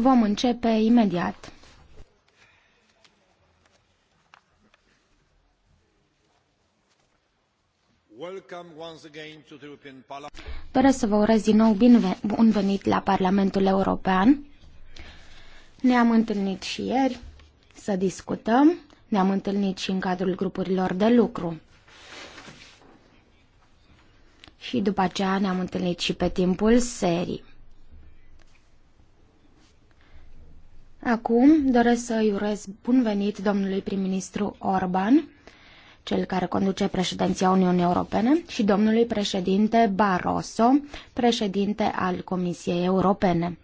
Vom începe imediat. Doresc să vă urez din nou bun venit la Parlamentul European. Ne-am întâlnit și ieri să discutăm, ne-am întâlnit și în cadrul grupurilor de lucru. Și după aceea ne-am întâlnit și pe timpul serii. Acum doresc să-i urez bun venit domnului prim-ministru Orban, cel care conduce președinția Uniunii Europene, și domnului președinte Barroso, președinte al Comisiei Europene.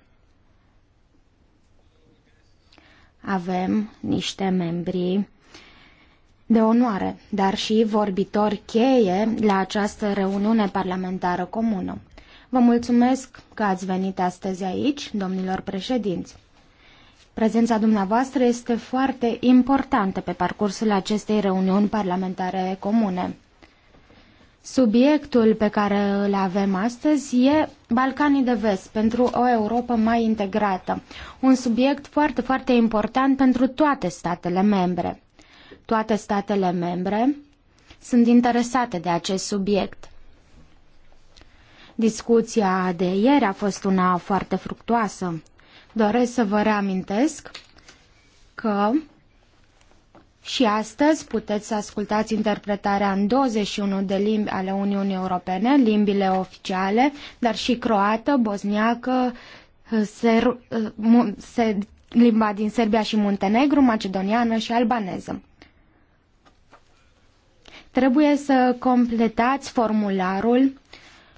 Avem niște membri de onoare, dar și vorbitori cheie la această reuniune parlamentară comună. Vă mulțumesc că ați venit astăzi aici, domnilor președinți. Prezența dumneavoastră este foarte importantă pe parcursul acestei reuniuni parlamentare comune. Subiectul pe care îl avem astăzi e Balcanii de Vest pentru o Europa mai integrată. Un subiect foarte, foarte important pentru toate statele membre. Toate statele membre sunt interesate de acest subiect. Discuția de ieri a fost una foarte fructuoasă. Doresc să vă reamintesc că și astăzi puteți să ascultați interpretarea în 21 de limbi ale Uniunii Europene, limbile oficiale, dar și croată, bosniacă, ser, se, limba din Serbia și Muntenegru, macedoniană și albaneză. Trebuie să completați formularul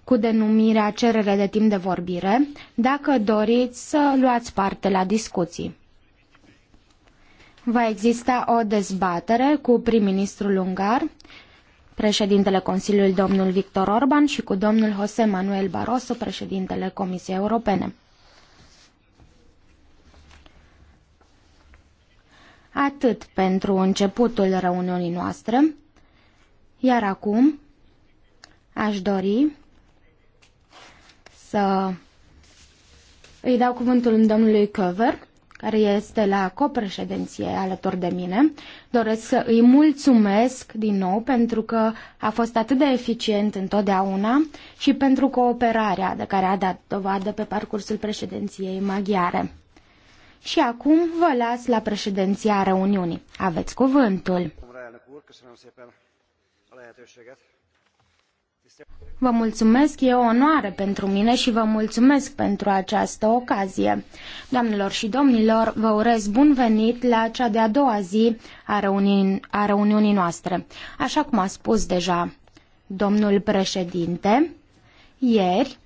cu denumirea cerere de timp de vorbire, dacă doriți să luați parte la discuții. Va exista o dezbatere cu prim-ministrul ungar, președintele Consiliului domnul Victor Orban și cu domnul José Manuel Barroso, președintele Comisiei Europene. Atât pentru începutul reuniunii noastre, iar acum aș dori să îi dau cuvântul domnului Cover, care este la copreședinție alături de mine. Doresc să îi mulțumesc din nou pentru că a fost atât de eficient întotdeauna și pentru cooperarea de care a dat dovadă pe parcursul președinției maghiare. Și acum vă las la președinția reuniunii. Aveți cuvântul. Köszönöm szépen a lehetőséget. Vă mulțumesc, e o onoare pentru mine și vă mulțumesc pentru această ocazie. Doamnelor și domnilor, vă urez bun venit la cea de-a doua zi a, reuni- a reuniunii noastre. Așa cum a spus deja domnul președinte, ieri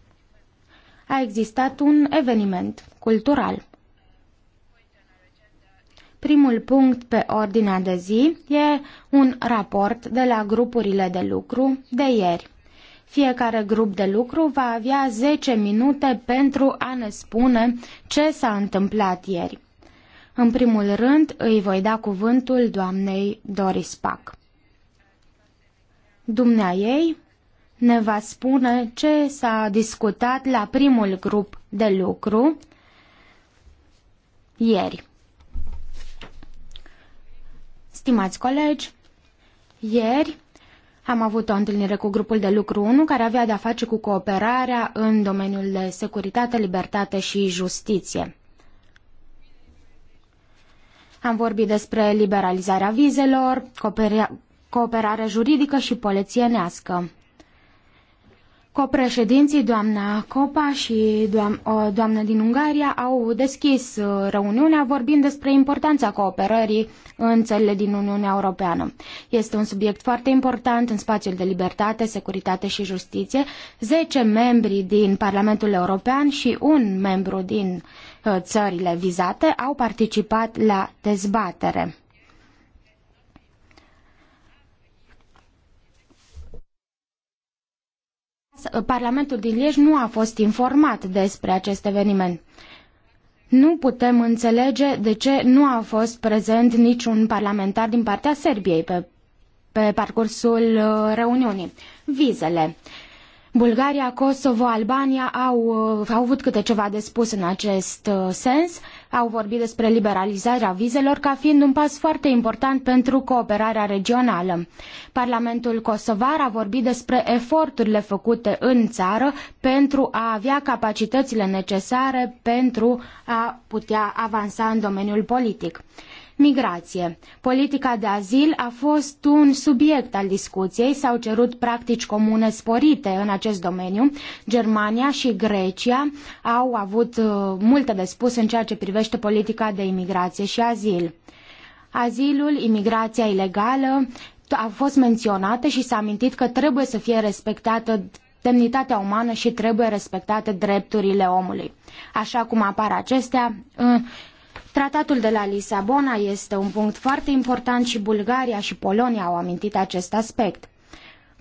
a existat un eveniment cultural. Primul punct pe ordinea de zi e un raport de la grupurile de lucru de ieri. Fiecare grup de lucru va avea 10 minute pentru a ne spune ce s-a întâmplat ieri. În primul rând, îi voi da cuvântul doamnei Doris Pack. Dumnea ei ne va spune ce s-a discutat la primul grup de lucru ieri. Stimați colegi, ieri am avut o întâlnire cu grupul de lucru 1 care avea de-a face cu cooperarea în domeniul de securitate, libertate și justiție. Am vorbit despre liberalizarea vizelor, cooperarea juridică și polițienească. Copreședinții, doamna Copa și doam, o doamnă din Ungaria, au deschis uh, reuniunea vorbind despre importanța cooperării în țările din Uniunea Europeană. Este un subiect foarte important în spațiul de libertate, securitate și justiție. Zece membri din Parlamentul European și un membru din uh, țările vizate au participat la dezbatere. Parlamentul din Liej nu a fost informat despre acest eveniment. Nu putem înțelege de ce nu a fost prezent niciun parlamentar din partea Serbiei pe, pe parcursul uh, reuniunii. Vizele. Bulgaria, Kosovo, Albania au, uh, au avut câte ceva de spus în acest uh, sens au vorbit despre liberalizarea vizelor ca fiind un pas foarte important pentru cooperarea regională. Parlamentul Kosovar a vorbit despre eforturile făcute în țară pentru a avea capacitățile necesare pentru a putea avansa în domeniul politic. Migrație. Politica de azil a fost un subiect al discuției, s-au cerut practici comune sporite în acest domeniu. Germania și Grecia au avut uh, multe de spus în ceea ce privește politica de imigrație și azil. Azilul, imigrația ilegală a fost menționată și s-a amintit că trebuie să fie respectată demnitatea umană și trebuie respectate drepturile omului, așa cum apar acestea Tratatul de la Lisabona este un punct foarte important și Bulgaria și Polonia au amintit acest aspect.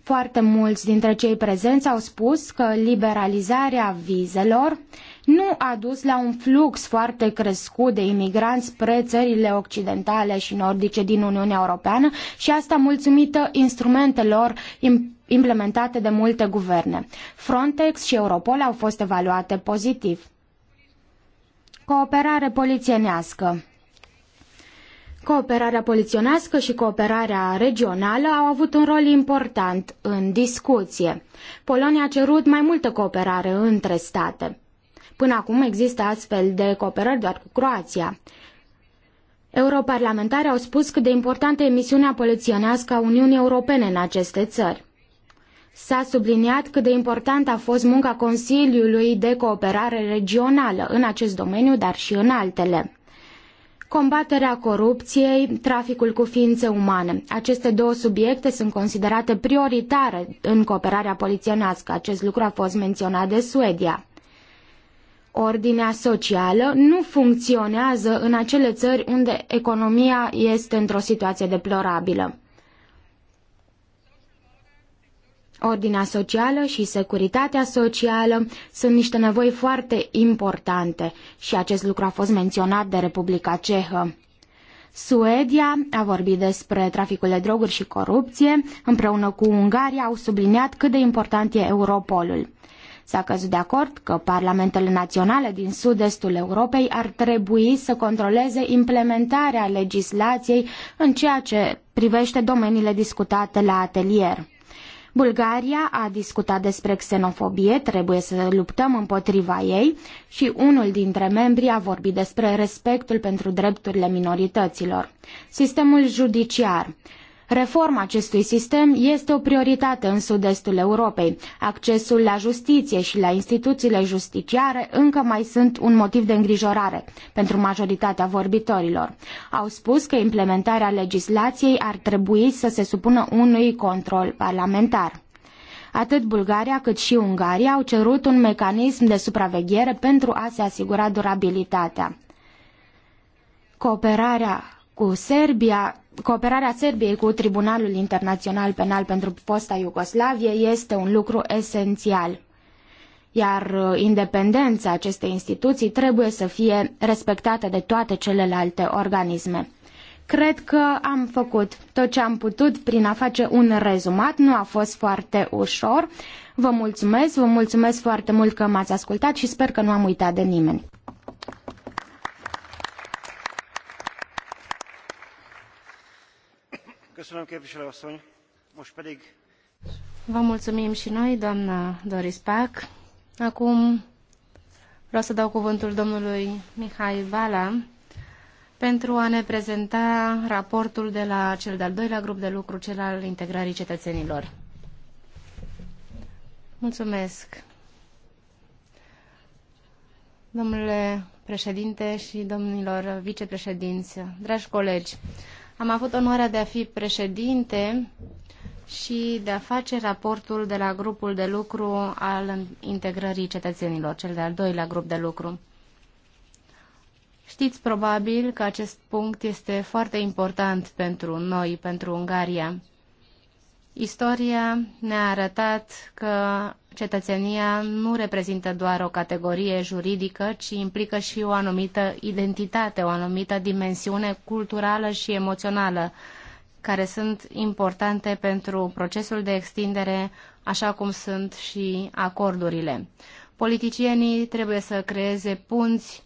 Foarte mulți dintre cei prezenți au spus că liberalizarea vizelor nu a dus la un flux foarte crescut de imigranți spre țările occidentale și nordice din Uniunea Europeană și asta mulțumită instrumentelor implementate de multe guverne. Frontex și Europol au fost evaluate pozitiv. Cooperare polițienească Cooperarea poliționească și cooperarea regională au avut un rol important în discuție. Polonia a cerut mai multă cooperare între state. Până acum există astfel de cooperări doar cu Croația. Europarlamentarii au spus cât de importantă e misiunea poliționească a Uniunii Europene în aceste țări. S-a subliniat cât de importantă a fost munca Consiliului de Cooperare Regională în acest domeniu, dar și în altele combaterea corupției, traficul cu ființe umane. Aceste două subiecte sunt considerate prioritare în cooperarea poliționească. Acest lucru a fost menționat de Suedia. Ordinea socială nu funcționează în acele țări unde economia este într-o situație deplorabilă. Ordinea socială și securitatea socială sunt niște nevoi foarte importante și acest lucru a fost menționat de Republica Cehă. Suedia a vorbit despre traficul de droguri și corupție, împreună cu Ungaria au subliniat cât de important e Europolul. S-a căzut de acord că parlamentele naționale din sud-estul Europei ar trebui să controleze implementarea legislației în ceea ce privește domeniile discutate la atelier. Bulgaria a discutat despre xenofobie, trebuie să luptăm împotriva ei și unul dintre membri a vorbit despre respectul pentru drepturile minorităților. Sistemul judiciar. Reforma acestui sistem este o prioritate în sud-estul Europei. Accesul la justiție și la instituțiile justiciare încă mai sunt un motiv de îngrijorare pentru majoritatea vorbitorilor. Au spus că implementarea legislației ar trebui să se supună unui control parlamentar. Atât Bulgaria cât și Ungaria au cerut un mecanism de supraveghere pentru a se asigura durabilitatea. Cooperarea cu Serbia cooperarea Serbiei cu Tribunalul Internațional Penal pentru fosta Iugoslavie este un lucru esențial iar uh, independența acestei instituții trebuie să fie respectată de toate celelalte organisme. Cred că am făcut tot ce am putut prin a face un rezumat, nu a fost foarte ușor. Vă mulțumesc, vă mulțumesc foarte mult că m-ați ascultat și sper că nu am uitat de nimeni. Vă mulțumim și noi, doamna Doris Pac. Acum vreau să dau cuvântul domnului Mihai Vala pentru a ne prezenta raportul de la cel de-al doilea grup de lucru, cel al integrării cetățenilor. Mulțumesc. Domnule președinte și domnilor vicepreședinți, dragi colegi, am avut onoarea de a fi președinte și de a face raportul de la grupul de lucru al integrării cetățenilor, cel de-al doilea grup de lucru. Știți probabil că acest punct este foarte important pentru noi, pentru Ungaria. Istoria ne-a arătat că cetățenia nu reprezintă doar o categorie juridică, ci implică și o anumită identitate, o anumită dimensiune culturală și emoțională, care sunt importante pentru procesul de extindere, așa cum sunt și acordurile. Politicienii trebuie să creeze punți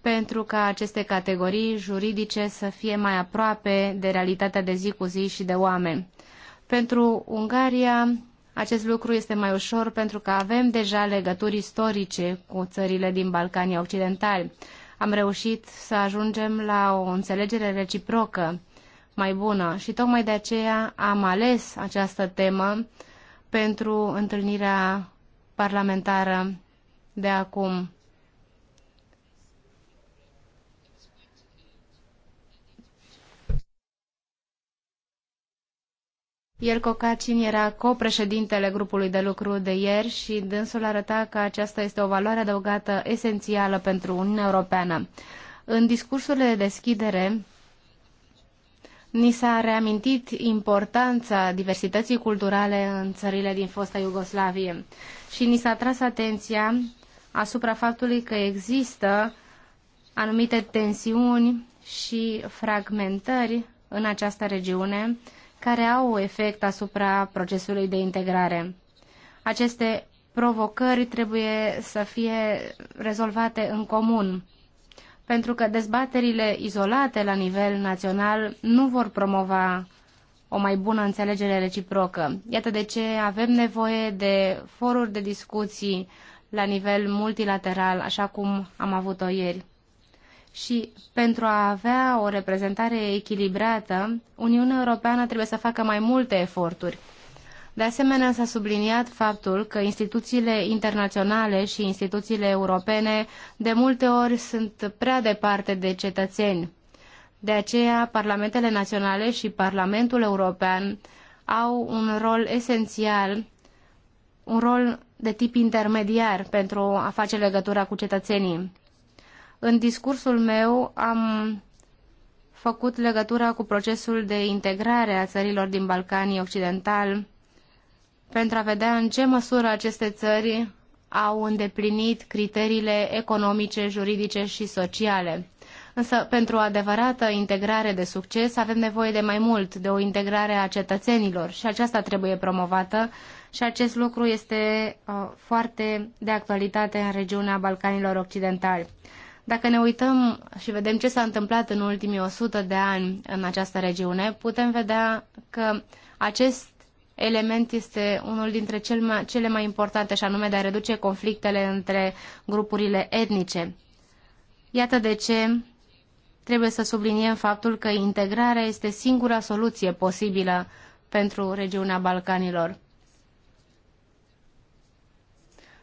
pentru ca aceste categorii juridice să fie mai aproape de realitatea de zi cu zi și de oameni. Pentru Ungaria acest lucru este mai ușor pentru că avem deja legături istorice cu țările din Balcanii Occidentali. Am reușit să ajungem la o înțelegere reciprocă mai bună și tocmai de aceea am ales această temă pentru întâlnirea parlamentară de acum. Ierko Kacin era copreședintele grupului de lucru de ieri și dânsul arăta că aceasta este o valoare adăugată esențială pentru Uniunea Europeană. În discursurile de deschidere, ni s-a reamintit importanța diversității culturale în țările din fosta Iugoslavie și ni s-a tras atenția asupra faptului că există anumite tensiuni și fragmentări în această regiune, care au efect asupra procesului de integrare. Aceste provocări trebuie să fie rezolvate în comun, pentru că dezbaterile izolate la nivel național nu vor promova o mai bună înțelegere reciprocă. Iată de ce avem nevoie de foruri de discuții la nivel multilateral, așa cum am avut-o ieri. Și pentru a avea o reprezentare echilibrată, Uniunea Europeană trebuie să facă mai multe eforturi. De asemenea, s-a subliniat faptul că instituțiile internaționale și instituțiile europene de multe ori sunt prea departe de cetățeni. De aceea, parlamentele naționale și Parlamentul European au un rol esențial, un rol de tip intermediar pentru a face legătura cu cetățenii. În discursul meu am făcut legătura cu procesul de integrare a țărilor din Balcanii Occidental pentru a vedea în ce măsură aceste țări au îndeplinit criteriile economice, juridice și sociale. Însă, pentru o adevărată integrare de succes, avem nevoie de mai mult, de o integrare a cetățenilor și aceasta trebuie promovată și acest lucru este uh, foarte de actualitate în regiunea Balcanilor Occidentali. Dacă ne uităm și vedem ce s-a întâmplat în ultimii 100 de ani în această regiune, putem vedea că acest element este unul dintre cele mai importante, și anume de a reduce conflictele între grupurile etnice. Iată de ce trebuie să subliniem faptul că integrarea este singura soluție posibilă pentru regiunea Balcanilor.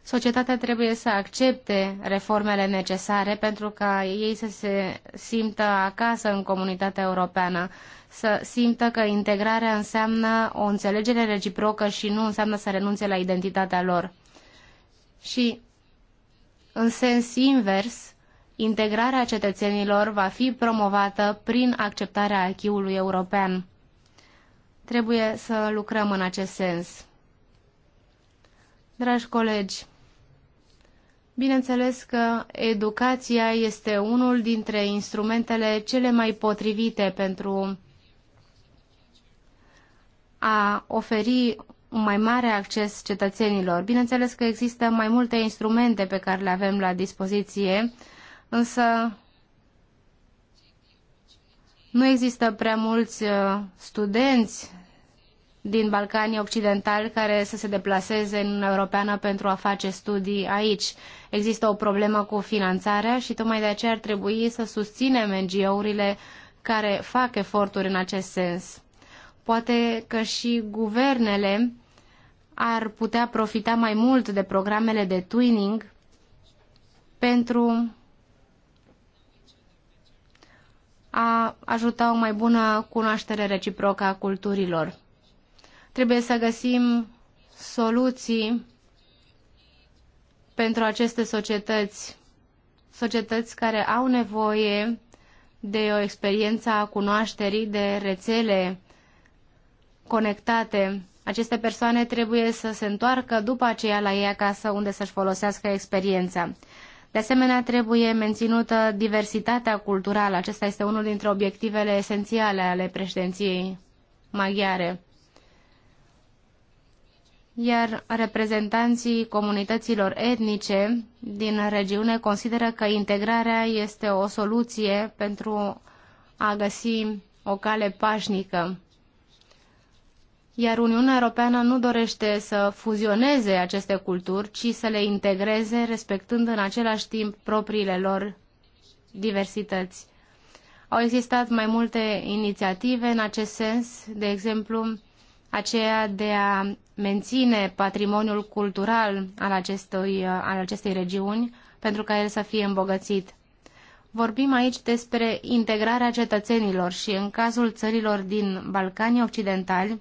Societatea trebuie să accepte reformele necesare pentru ca ei să se simtă acasă în comunitatea europeană, să simtă că integrarea înseamnă o înțelegere reciprocă și nu înseamnă să renunțe la identitatea lor. Și, în sens invers, integrarea cetățenilor va fi promovată prin acceptarea acquis-ului european. Trebuie să lucrăm în acest sens. Dragi colegi, Bineînțeles că educația este unul dintre instrumentele cele mai potrivite pentru a oferi un mai mare acces cetățenilor. Bineînțeles că există mai multe instrumente pe care le avem la dispoziție, însă nu există prea mulți uh, studenți din Balcanii Occidentali care să se deplaseze în Uniunea Europeană pentru a face studii aici. Există o problemă cu finanțarea și tocmai de aceea ar trebui să susținem NGO-urile care fac eforturi în acest sens. Poate că și guvernele ar putea profita mai mult de programele de twinning pentru a ajuta o mai bună cunoaștere reciprocă a culturilor. Trebuie să găsim soluții pentru aceste societăți, societăți care au nevoie de o experiență a cunoașterii, de rețele conectate. Aceste persoane trebuie să se întoarcă după aceea la ei acasă unde să-și folosească experiența. De asemenea, trebuie menținută diversitatea culturală. Acesta este unul dintre obiectivele esențiale ale președinției maghiare iar reprezentanții comunităților etnice din regiune consideră că integrarea este o soluție pentru a găsi o cale pașnică. Iar Uniunea Europeană nu dorește să fuzioneze aceste culturi, ci să le integreze, respectând în același timp propriile lor diversități. Au existat mai multe inițiative în acest sens, de exemplu, aceea de a menține patrimoniul cultural al, acestui, uh, al acestei regiuni pentru ca el să fie îmbogățit. Vorbim aici despre integrarea cetățenilor și în cazul țărilor din Balcanii Occidentali,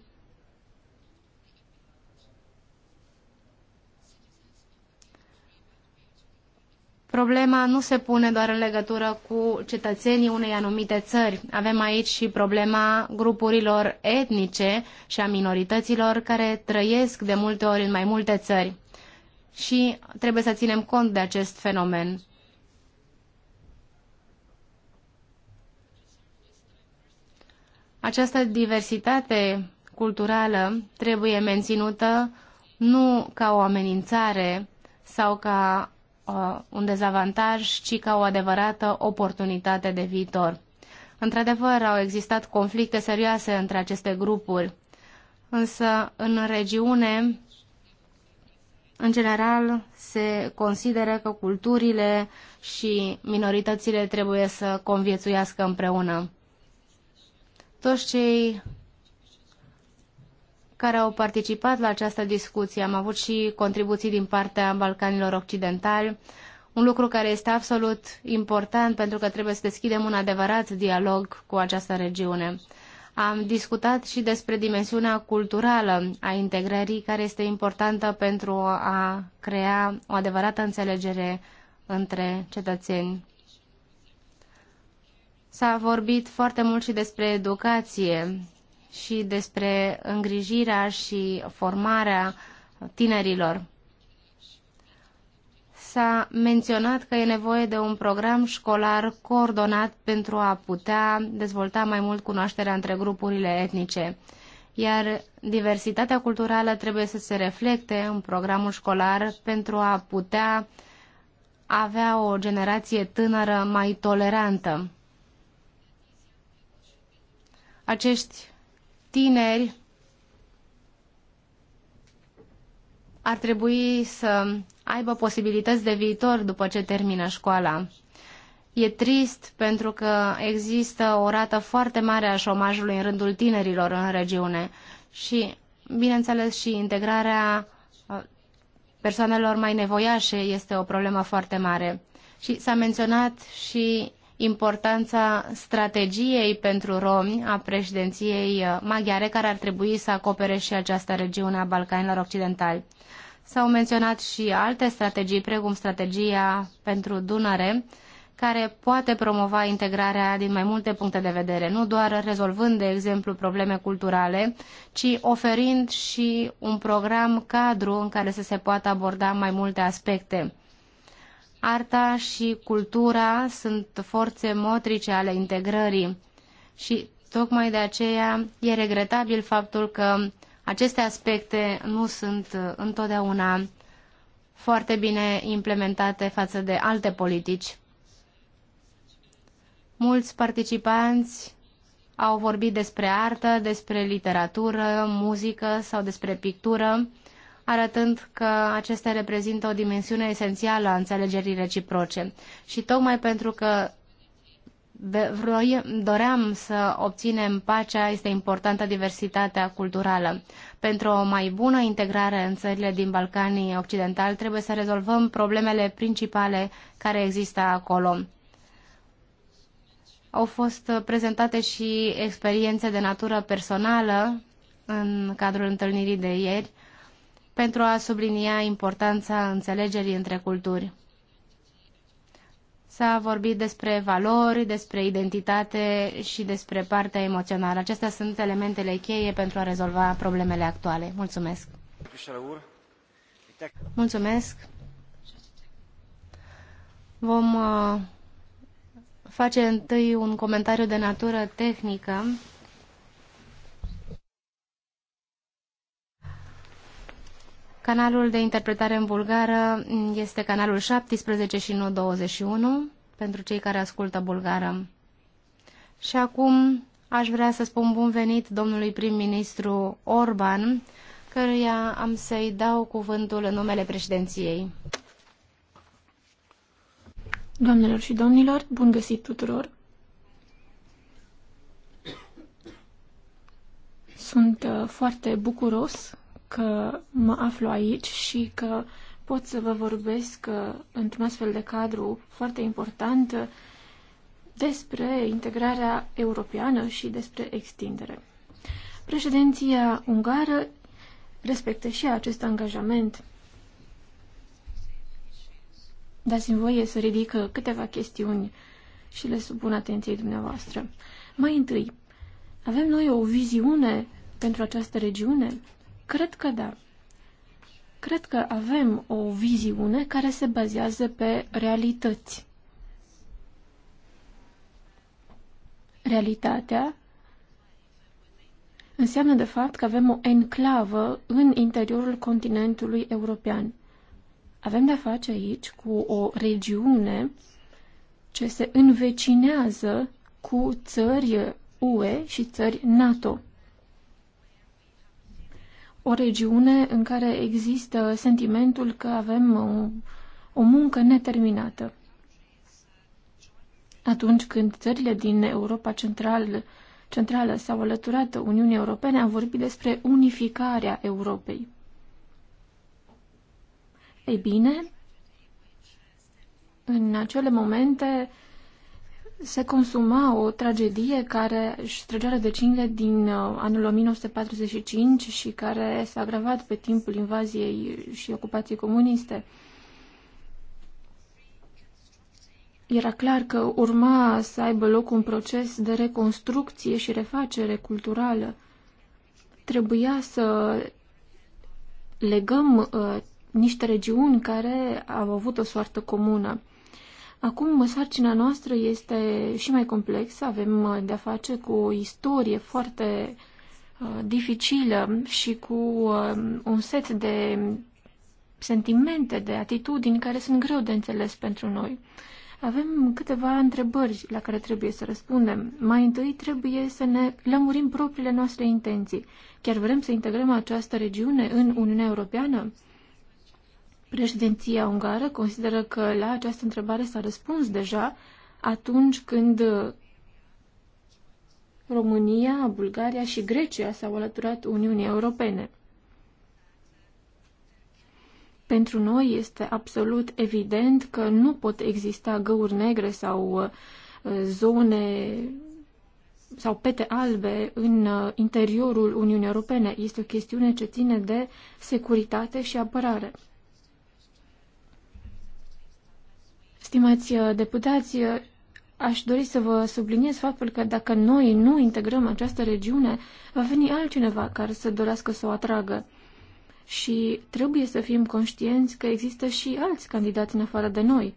problema nu se pune doar în legătură cu cetățenii unei anumite țări. Avem aici și problema grupurilor etnice și a minorităților care trăiesc de multe ori în mai multe țări. Și trebuie să ținem cont de acest fenomen. Această diversitate culturală trebuie menținută nu ca o amenințare sau ca Uh, un dezavantaj, ci ca o adevărată oportunitate de viitor. Într-adevăr, au existat conflicte serioase între aceste grupuri, însă în regiune, în general, se consideră că culturile și minoritățile trebuie să conviețuiască împreună. Toți cei care au participat la această discuție. Am avut și contribuții din partea Balcanilor Occidentali, un lucru care este absolut important pentru că trebuie să deschidem un adevărat dialog cu această regiune. Am discutat și despre dimensiunea culturală a integrării, care este importantă pentru a crea o adevărată înțelegere între cetățeni. S-a vorbit foarte mult și despre educație și despre îngrijirea și formarea tinerilor. S-a menționat că e nevoie de un program școlar coordonat pentru a putea dezvolta mai mult cunoașterea între grupurile etnice, iar diversitatea culturală trebuie să se reflecte în programul școlar pentru a putea avea o generație tânără mai tolerantă. Acești tineri ar trebui să aibă posibilități de viitor după ce termină școala. E trist pentru că există o rată foarte mare a șomajului în rândul tinerilor în regiune și, bineînțeles, și integrarea uh, persoanelor mai nevoiașe este o problemă foarte mare. Și s-a menționat și importanța strategiei pentru romi a președinției uh, maghiare, care ar trebui să acopere și această regiune a Balcanilor Occidentali. S-au menționat și alte strategii, precum strategia pentru Dunăre, care poate promova integrarea din mai multe puncte de vedere, nu doar rezolvând, de exemplu, probleme culturale, ci oferind și un program cadru în care să se poată aborda mai multe aspecte. Arta și cultura sunt forțe motrice ale integrării și tocmai de aceea e regretabil faptul că aceste aspecte nu sunt întotdeauna foarte bine implementate față de alte politici. Mulți participanți au vorbit despre artă, despre literatură, muzică sau despre pictură arătând că acestea reprezintă o dimensiune esențială a înțelegerii reciproce. Și tocmai pentru că doream să obținem pacea, este importantă diversitatea culturală. Pentru o mai bună integrare în țările din Balcanii Occidental, trebuie să rezolvăm problemele principale care există acolo. Au fost prezentate și experiențe de natură personală în cadrul întâlnirii de ieri pentru a sublinia importanța înțelegerii între culturi. S-a vorbit despre valori, despre identitate și despre partea emoțională. Acestea sunt elementele cheie pentru a rezolva problemele actuale. Mulțumesc! Mulțumesc! Vom uh, face întâi un comentariu de natură tehnică Canalul de interpretare în bulgară este canalul 17 și nu 21, pentru cei care ascultă bulgară. Și acum aș vrea să spun bun venit domnului prim-ministru Orban, căruia am să-i dau cuvântul în numele președinției. Doamnelor și domnilor, bun găsit tuturor! Sunt uh, foarte bucuros că mă aflu aici și că pot să vă vorbesc uh, într-un astfel de cadru foarte important uh, despre integrarea europeană și despre extindere. Președinția ungară respectă și acest angajament. Dați-mi voie să ridic uh, câteva chestiuni și le supun atenției dumneavoastră. Mai întâi, avem noi o viziune pentru această regiune? Cred că da. Cred că avem o viziune care se bazează pe realități. Realitatea înseamnă de fapt că avem o enclavă în interiorul continentului european. Avem de-a face aici cu o regiune ce se învecinează cu țări UE și țări NATO o regiune în care există sentimentul că avem o, o muncă neterminată. Atunci când țările din Europa Central, Centrală s-au alăturat Uniunii Europene, am vorbit despre unificarea Europei. Ei bine, în acele momente se consuma o tragedie care își trăgea rădăcinile din uh, anul 1945 și care s-a agravat pe timpul invaziei și ocupației comuniste. Era clar că urma să aibă loc un proces de reconstrucție și refacere culturală. Trebuia să legăm uh, niște regiuni care au avut o soartă comună. Acum, sarcina noastră este și mai complexă, avem uh, de-a face cu o istorie foarte uh, dificilă și cu uh, un set de sentimente, de atitudini care sunt greu de înțeles pentru noi. Avem câteva întrebări la care trebuie să răspundem. Mai întâi trebuie să ne lămurim propriile noastre intenții. Chiar vrem să integrăm această regiune în Uniunea Europeană? Președinția ungară consideră că la această întrebare s-a răspuns deja atunci când România, Bulgaria și Grecia s-au alăturat Uniunii Europene. Pentru noi este absolut evident că nu pot exista găuri negre sau uh, zone sau pete albe în uh, interiorul Uniunii Europene. Este o chestiune ce ține de securitate și apărare. Stimați uh, deputați, uh, aș dori să vă subliniez faptul că dacă noi nu integrăm această regiune, va veni altcineva care să dorească să o atragă. Și trebuie să fim conștienți că există și alți candidați în afară de noi.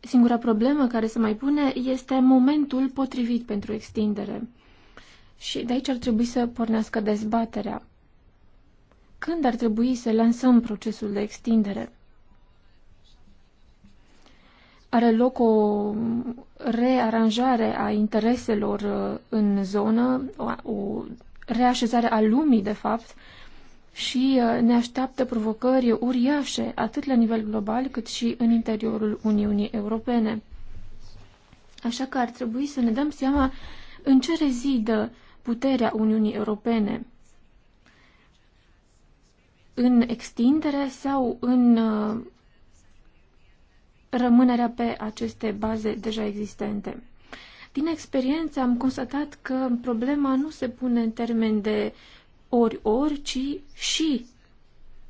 Singura problemă care se mai pune este momentul potrivit pentru extindere. Și de aici ar trebui să pornească dezbaterea. Când ar trebui să lansăm procesul de extindere? are loc o rearanjare a intereselor uh, în zonă, o reașezare a lumii, de fapt, și uh, ne așteaptă provocări uriașe, atât la nivel global, cât și în interiorul Uniunii Europene. Așa că ar trebui să ne dăm seama în ce rezidă puterea Uniunii Europene. În extindere sau în uh, rămânerea pe aceste baze deja existente. Din experiență am constatat că problema nu se pune în termen de ori-ori, ci și.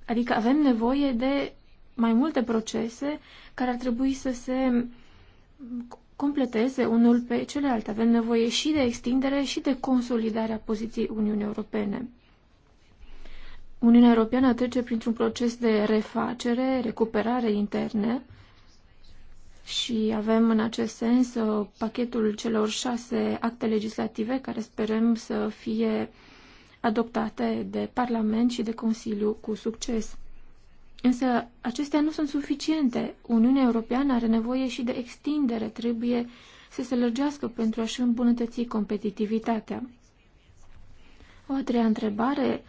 Adică avem nevoie de mai multe procese care ar trebui să se completeze unul pe celălalt. Avem nevoie și de extindere și de consolidarea poziției Uniunii Europene. Uniunea Europeană trece printr-un proces de refacere, recuperare interne, și avem în acest sens uh, pachetul celor șase acte legislative care sperăm să fie adoptate de Parlament și de Consiliu cu succes. Însă acestea nu sunt suficiente. Uniunea Europeană are nevoie și de extindere, trebuie să se lărgească pentru a-și îmbunătăți competitivitatea. O a treia întrebare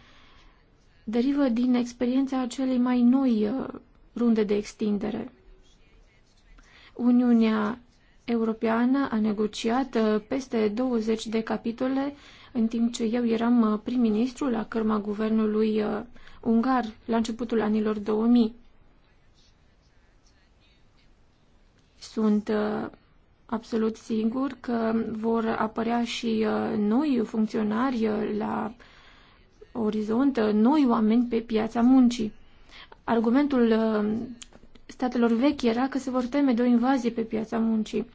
derivă din experiența acelei mai noi uh, runde de extindere. Uniunea Europeană a negociat uh, peste 20 de capitole în timp ce eu eram uh, prim-ministru la cărma guvernului uh, ungar la începutul anilor 2000. Sunt absolut sigur că vor apărea și noi funcționari la orizont, noi oameni pe piața muncii. Argumentul statelor vechi era că se vor teme de o invazie pe piața muncii.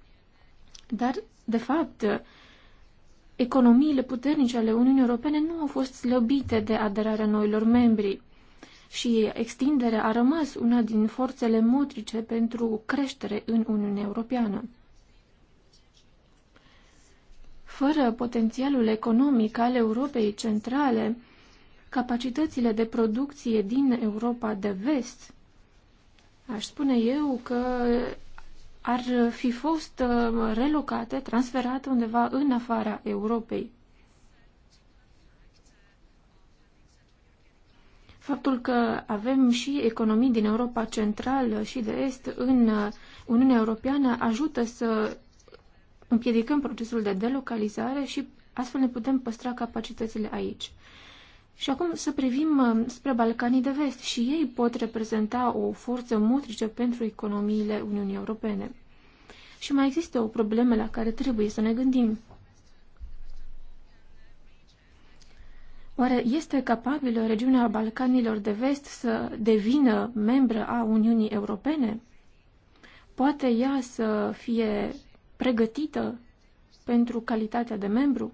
Dar, de fapt, economiile puternice ale Uniunii Europene nu au fost slăbite de aderarea noilor membri și extinderea a rămas una din forțele motrice pentru creștere în Uniunea Europeană. Fără potențialul economic al Europei centrale, capacitățile de producție din Europa de vest Aș spune eu că ar fi fost uh, relocate, transferate undeva în afara Europei. Faptul că avem și economii din Europa Centrală și de Est în uh, Uniunea Europeană ajută să împiedicăm procesul de delocalizare și astfel ne putem păstra capacitățile aici. Și acum să privim uh, spre Balcanii de Vest și ei pot reprezenta o forță motrice pentru economiile Uniunii Europene. Și mai există o problemă la care trebuie să ne gândim. Oare este capabilă regiunea Balcanilor de Vest să devină membră a Uniunii Europene? Poate ea să fie pregătită pentru calitatea de membru?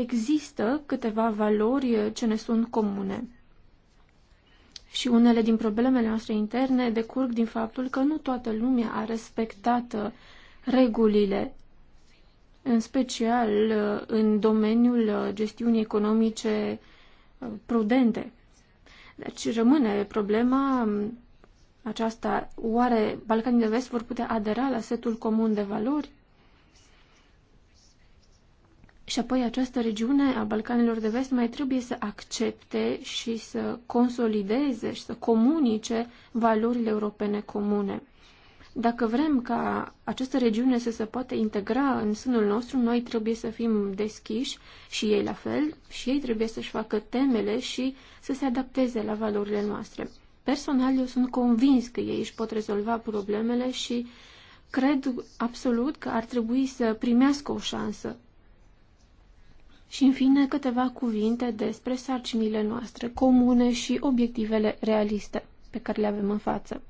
există câteva valori eh, ce ne sunt comune. Și unele din problemele noastre interne decurg din faptul că nu toată lumea a respectat eh, regulile, în special eh, în domeniul gestiunii economice prudente. Deci rămâne problema mm, aceasta, oare Balcanii de Vest vor putea adera la setul comun de valori? Și apoi această regiune a Balcanilor de Vest mai trebuie să accepte și să consolideze și să comunice valorile europene comune. Dacă vrem ca această regiune să se poată integra în sânul nostru, noi trebuie să fim deschiși și ei la fel, și ei trebuie să-și facă temele și să se adapteze la valorile noastre. Personal, eu sunt convins că ei își pot rezolva problemele și cred absolut că ar trebui să primească o șansă și, în fine, câteva cuvinte despre sarcinile noastre comune și obiectivele realiste pe care le avem în față.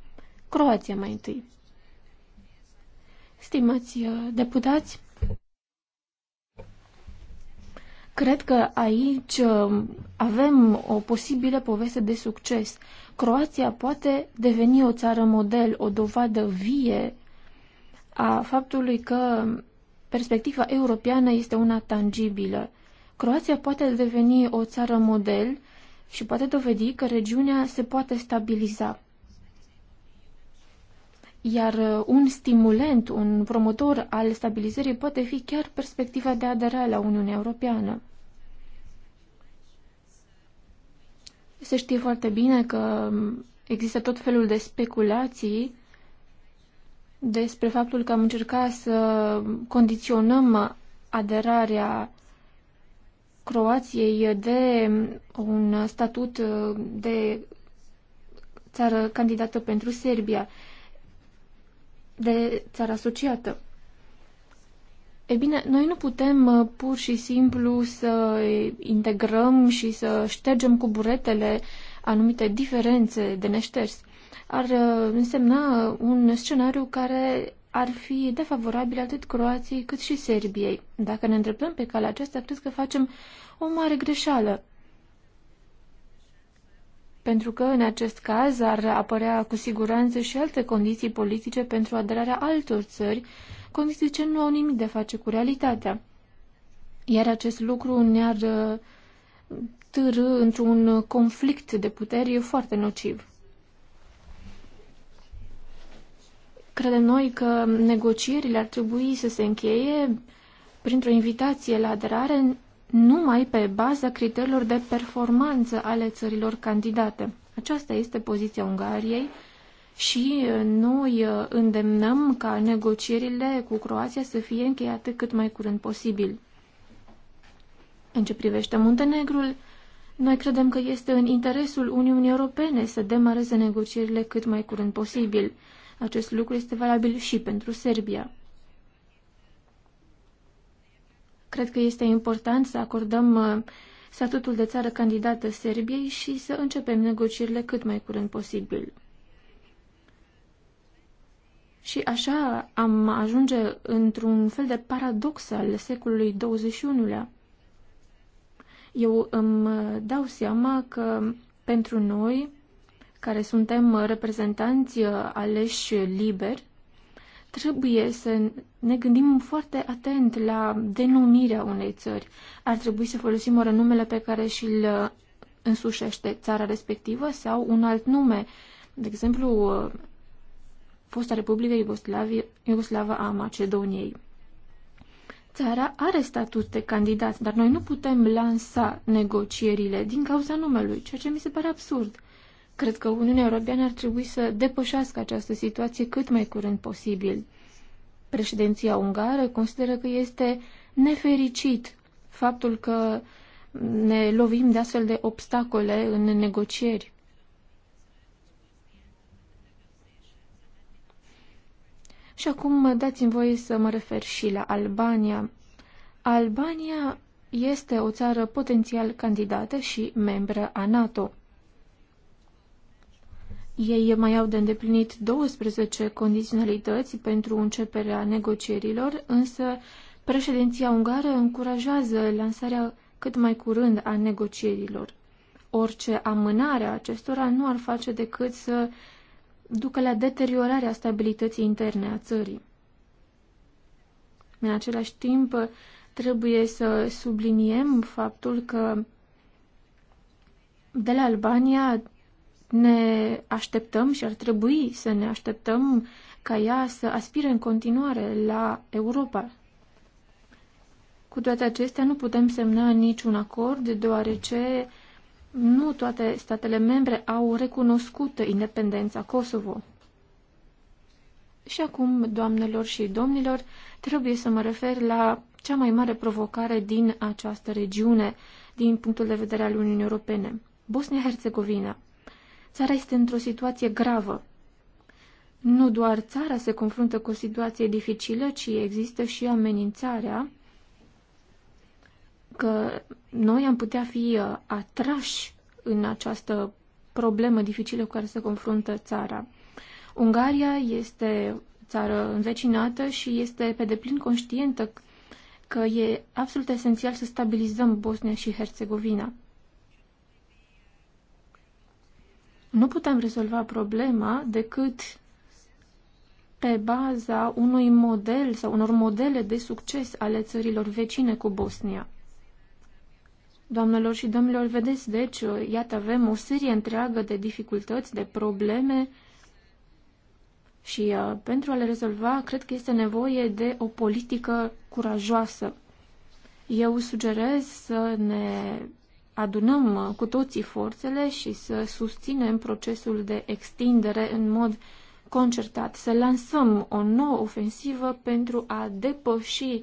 Croația mai întâi. Stimați uh, deputați, Cred că aici uh, avem o posibilă poveste de succes. Croația poate deveni o țară model, o dovadă vie a faptului că perspectiva europeană este una tangibilă Croația poate deveni o țară model și poate dovedi că regiunea se poate stabiliza. Iar uh, un stimulent, un promotor al stabilizării poate fi chiar perspectiva de aderare la Uniunea Europeană. Se știe foarte bine că um, există tot felul de speculații despre faptul că am încercat să condiționăm aderarea Croației de un statut de țară candidată pentru Serbia, de țară asociată. E bine, noi nu putem uh, pur și simplu să integrăm și să ștergem cu buretele anumite diferențe de neșters. Ar uh, însemna un scenariu care ar fi defavorabile atât Croației cât și Serbiei. Dacă ne întrebăm pe calea aceasta, cred că facem o mare greșeală. Pentru că, în acest caz, ar apărea cu siguranță și alte condiții politice pentru aderarea altor țări, condiții ce nu au nimic de a face cu realitatea. Iar acest lucru ne-ar uh, târâ într-un conflict de puteri foarte nociv. Credem noi că negocierile ar trebui să se încheie printr-o invitație la aderare numai pe baza criteriilor de performanță ale țărilor candidate. Aceasta este poziția Ungariei și noi uh, îndemnăm ca negocierile cu Croația să fie încheiate cât mai curând posibil. În ce privește Muntenegrul, noi credem că este în interesul Uniunii Europene să demareze negocierile cât mai curând posibil. Acest lucru este valabil și pentru Serbia. Cred că este important să acordăm uh, statutul de țară candidată Serbiei și să începem negocierile cât mai curând posibil. Și așa am ajunge într-un fel de paradox al secolului 21-lea. Eu îmi uh, dau seama că pentru noi care suntem reprezentanți uh, aleși liberi, trebuie să ne gândim foarte atent la denumirea unei țări. Ar trebui să folosim ori numele pe care și-l uh, însușește țara respectivă sau un alt nume. De exemplu, uh, fosta Republică Iugoslavă a Macedoniei. Țara are statut de candidat, dar noi nu putem lansa negocierile din cauza numelui, ceea ce mi se pare absurd. Cred că Uniunea Europeană ar trebui să depășească această situație cât mai curând posibil. Președinția ungară consideră că este nefericit faptul că ne lovim de astfel de obstacole în negocieri. Și acum dați-mi voie să mă refer și la Albania. Albania este o țară potențial candidată și membră a NATO. Ei mai au de îndeplinit 12 condiționalități pentru începerea negocierilor, însă președinția ungară încurajează lansarea cât mai curând a negocierilor. Orice amânare a acestora nu ar face decât să ducă la deteriorarea stabilității interne a țării. În același timp, trebuie să subliniem faptul că de la Albania ne așteptăm și ar trebui să ne așteptăm ca ea să aspire în continuare la Europa. Cu toate acestea, nu putem semna niciun acord, deoarece nu toate statele membre au recunoscut independența Kosovo. Și acum, doamnelor și domnilor, trebuie să mă refer la cea mai mare provocare din această regiune, din punctul de vedere al Uniunii Europene, Bosnia-Herzegovina. Țara este într-o situație gravă. Nu doar țara se confruntă cu o situație dificilă, ci există și amenințarea că noi am putea fi uh, atrași în această problemă dificilă cu care se confruntă țara. Ungaria este țară învecinată și este pe deplin conștientă că e absolut esențial să stabilizăm Bosnia și Herțegovina. Nu putem rezolva problema decât pe baza unui model sau unor modele de succes ale țărilor vecine cu Bosnia. Doamnelor și domnilor, vedeți, deci, iată, avem o serie întreagă de dificultăți, de probleme și uh, pentru a le rezolva, cred că este nevoie de o politică curajoasă. Eu sugerez să ne adunăm uh, cu toții forțele și să susținem procesul de extindere în mod concertat, să lansăm o nouă ofensivă pentru a depăși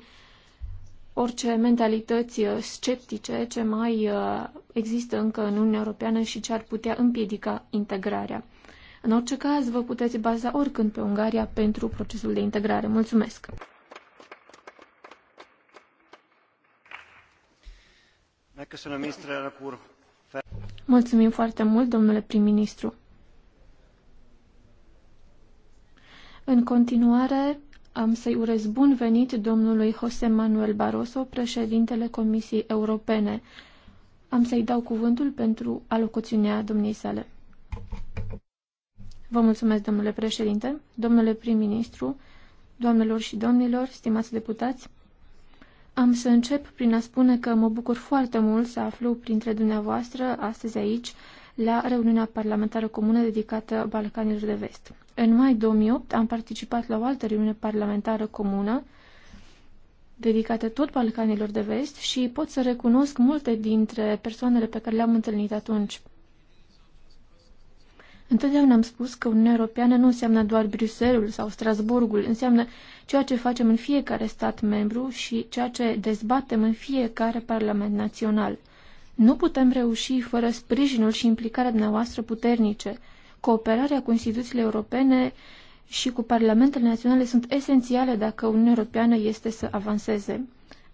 orice mentalități uh, sceptice ce mai uh, există încă în Uniunea Europeană și ce ar putea împiedica integrarea. În orice caz, vă puteți baza oricând pe Ungaria pentru procesul de integrare. Mulțumesc! Mulțumim foarte mult, domnule prim-ministru. În continuare, am să-i urez bun venit domnului José Manuel Barroso, președintele Comisiei Europene. Am să-i dau cuvântul pentru alocuțiunea domniei sale. Vă mulțumesc, domnule președinte, domnule prim-ministru, doamnelor și domnilor, stimați deputați. Am să încep prin a spune că mă bucur foarte mult să aflu printre dumneavoastră astăzi aici la reuniunea parlamentară comună dedicată Balcanilor de Vest. În mai 2008 am participat la o altă reuniune parlamentară comună dedicată tot Balcanilor de Vest și pot să recunosc multe dintre persoanele pe care le-am întâlnit atunci – Întotdeauna am spus că Uniunea Europeană nu înseamnă doar Bruxelles sau Strasburgul, înseamnă ceea ce facem în fiecare stat membru și ceea ce dezbatem în fiecare parlament național. Nu putem reuși fără sprijinul și implicarea dumneavoastră puternice. Cooperarea cu instituțiile europene și cu parlamentele naționale sunt esențiale dacă Uniunea Europeană este să avanseze.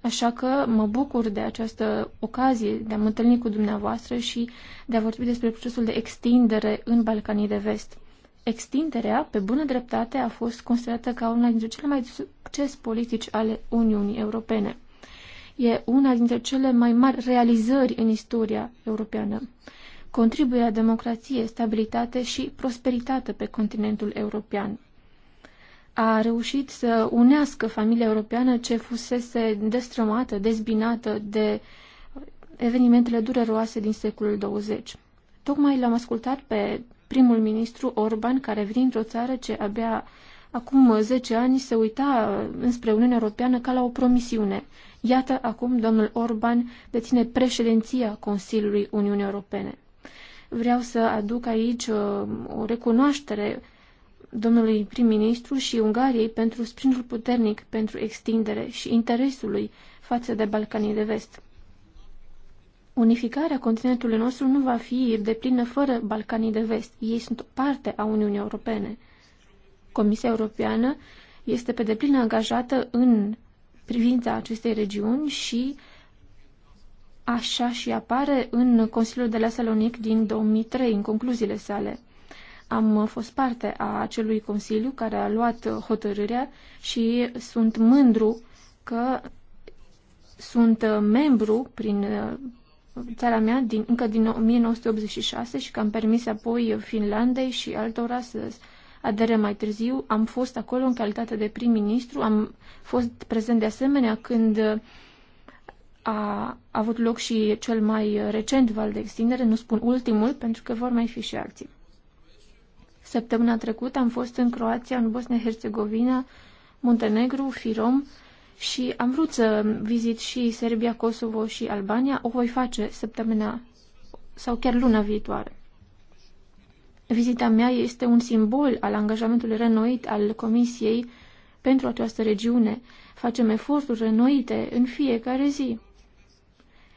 Așa că mă bucur de această ocazie de a mă întâlni cu dumneavoastră și de a vorbi despre procesul de extindere în Balcanii de Vest. Extinderea, pe bună dreptate, a fost considerată ca una dintre cele mai succes politici ale Uniunii Europene. E una dintre cele mai mari realizări în istoria europeană. Contribuie la democrație, stabilitate și prosperitate pe continentul european a reușit să unească familia europeană ce fusese destrămată, dezbinată de evenimentele dureroase din secolul 20. Tocmai l-am ascultat pe primul ministru Orban, care vine într-o țară ce abia acum 10 ani se uita înspre Uniunea Europeană ca la o promisiune. Iată acum domnul Orban deține președinția Consiliului Uniunii Europene. Vreau să aduc aici uh, o recunoaștere domnului prim-ministru și Ungariei pentru sprijinul puternic pentru extindere și interesul lui față de Balcanii de Vest. Unificarea continentului nostru nu va fi deplină fără Balcanii de Vest. Ei sunt parte a Uniunii Europene. Comisia Europeană este pe deplin angajată în privința acestei regiuni și așa și apare în Consiliul de la Salonic din 2003, în concluziile sale. Am fost parte a acelui consiliu care a luat hotărârea și sunt mândru că sunt membru prin uh, țara mea din, încă din 1986 și că am permis apoi Finlandei și altora să adere mai târziu. Am fost acolo în calitate de prim-ministru, am fost prezent de asemenea când a avut loc și cel mai recent val de extindere, nu spun ultimul, pentru că vor mai fi și alții. Săptămâna trecută am fost în Croația, în Bosnia-Herzegovina, Muntenegru, Firom și am vrut să vizit și Serbia, Kosovo și Albania. O voi face săptămâna sau chiar luna viitoare. Vizita mea este un simbol al angajamentului renoit al Comisiei pentru această regiune. Facem eforturi renoite în fiecare zi.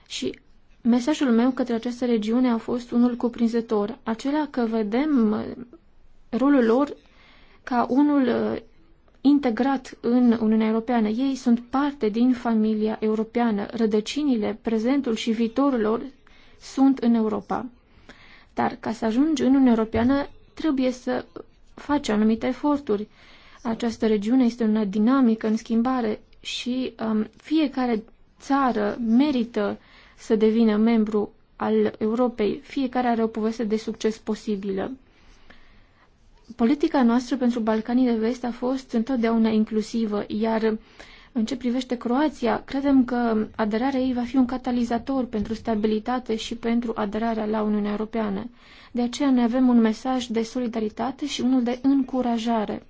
Și mesajul meu către această regiune a fost unul cuprinzător, acela că vedem rolul lor ca unul uh, integrat în Uniunea Europeană. Ei sunt parte din familia europeană. Rădăcinile, prezentul și viitorul lor sunt în Europa. Dar ca să ajungi în Uniunea Europeană, trebuie să faci anumite eforturi. Această regiune este una dinamică, în schimbare și um, fiecare țară merită să devină membru al Europei. Fiecare are o poveste de succes posibilă. Politica noastră pentru Balcanii de Vest a fost întotdeauna inclusivă, iar în ce privește Croația, credem că aderarea ei va fi un catalizator pentru stabilitate și pentru aderarea la Uniunea Europeană. De aceea ne avem un mesaj de solidaritate și unul de încurajare.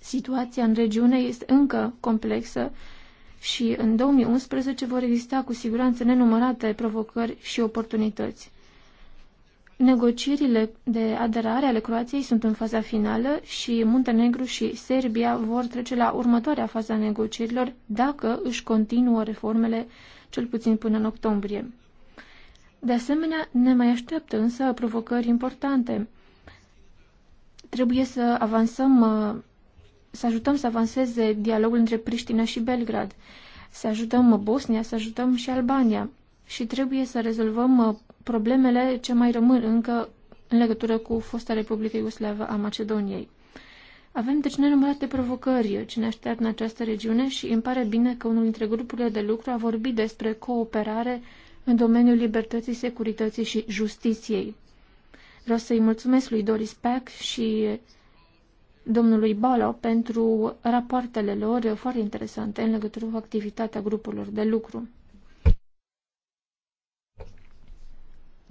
Situația în regiune este încă complexă și în 2011 vor exista cu siguranță nenumărate provocări și oportunități. Negocierile de aderare ale Croației sunt în faza finală și Muntenegru și Serbia vor trece la următoarea fază a negocierilor dacă își continuă reformele cel puțin până în octombrie. De asemenea, ne mai așteaptă însă provocări importante. Trebuie să avansăm, uh, să ajutăm să avanseze dialogul între Priștina și Belgrad, să ajutăm Bosnia, să ajutăm și Albania și trebuie să rezolvăm uh, problemele ce mai rămân încă în legătură cu fosta Republică Iugoslavă a Macedoniei. Avem deci nenumărate provocări ce ne așteaptă în această regiune și îmi pare bine că unul dintre grupurile de lucru a vorbit despre cooperare în domeniul libertății, securității și justiției. Vreau să-i mulțumesc lui Doris Peck și domnului Balo pentru rapoartele lor foarte interesante în legătură cu activitatea grupurilor de lucru.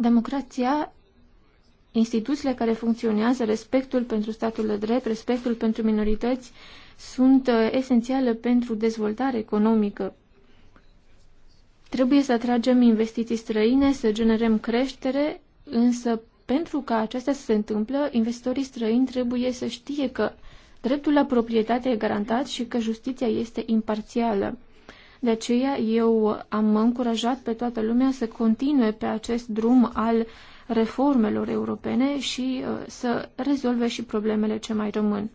Democrația, instituțiile care funcționează, respectul pentru statul de drept, respectul pentru minorități, sunt uh, esențiale pentru dezvoltare economică. Trebuie să atragem investiții străine, să generăm creștere, însă pentru ca aceasta să se întâmplă, investitorii străini trebuie să știe că dreptul la proprietate e garantat și că justiția este imparțială. De aceea eu am încurajat pe toată lumea să continue pe acest drum al reformelor europene și uh, să rezolve și problemele ce mai rămân.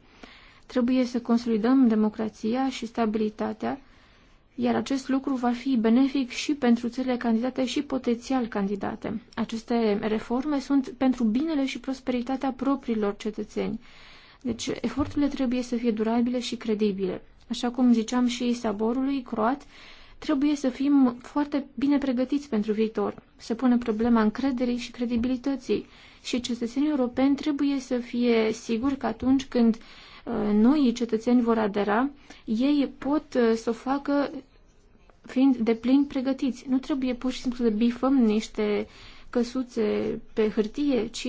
Trebuie să consolidăm democrația și stabilitatea, iar acest lucru va fi benefic și pentru țările candidate și potențial candidate. Aceste reforme sunt pentru binele și prosperitatea propriilor cetățeni. Deci eforturile trebuie să fie durabile și credibile așa cum ziceam și saborului croat, trebuie să fim foarte bine pregătiți pentru viitor. Se pune problema încrederii și credibilității și cetățenii europeni trebuie să fie siguri că atunci când uh, noi cetățeni vor adera, ei pot uh, să o facă fiind de plin pregătiți. Nu trebuie pur și simplu să bifăm niște căsuțe pe hârtie, ci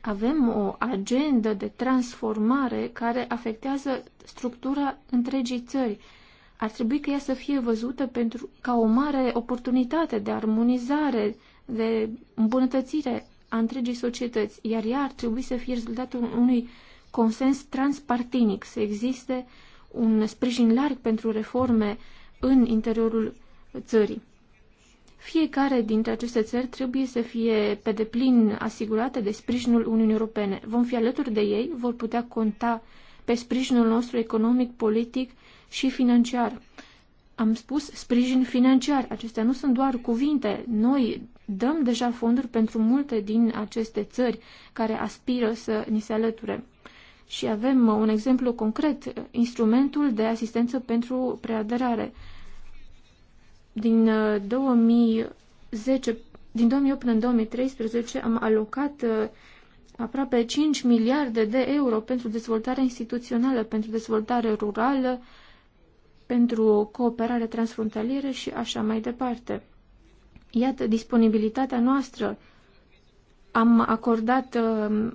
avem o agendă de transformare care afectează structura întregii țări. Ar trebui ca ea să fie văzută pentru, ca o mare oportunitate de armonizare, de îmbunătățire a întregii societăți, iar ea ar trebui să fie rezultatul unui consens transpartinic, să existe un sprijin larg pentru reforme în interiorul țării. Fiecare dintre aceste țări trebuie să fie pe deplin asigurată de sprijinul Uniunii Europene. Vom fi alături de ei, vor putea conta pe sprijinul nostru economic, politic și financiar. Am spus sprijin financiar. Acestea nu sunt doar cuvinte. Noi dăm deja fonduri pentru multe din aceste țări care aspiră să ni se alăture. Și avem un exemplu concret, instrumentul de asistență pentru preaderare. Din 2010, uh, din 2008 până în 2013 am alocat uh, aproape 5 miliarde de euro pentru dezvoltare instituțională, pentru dezvoltare rurală, pentru cooperare transfrontalieră și așa mai departe. Iată disponibilitatea noastră. Am acordat uh,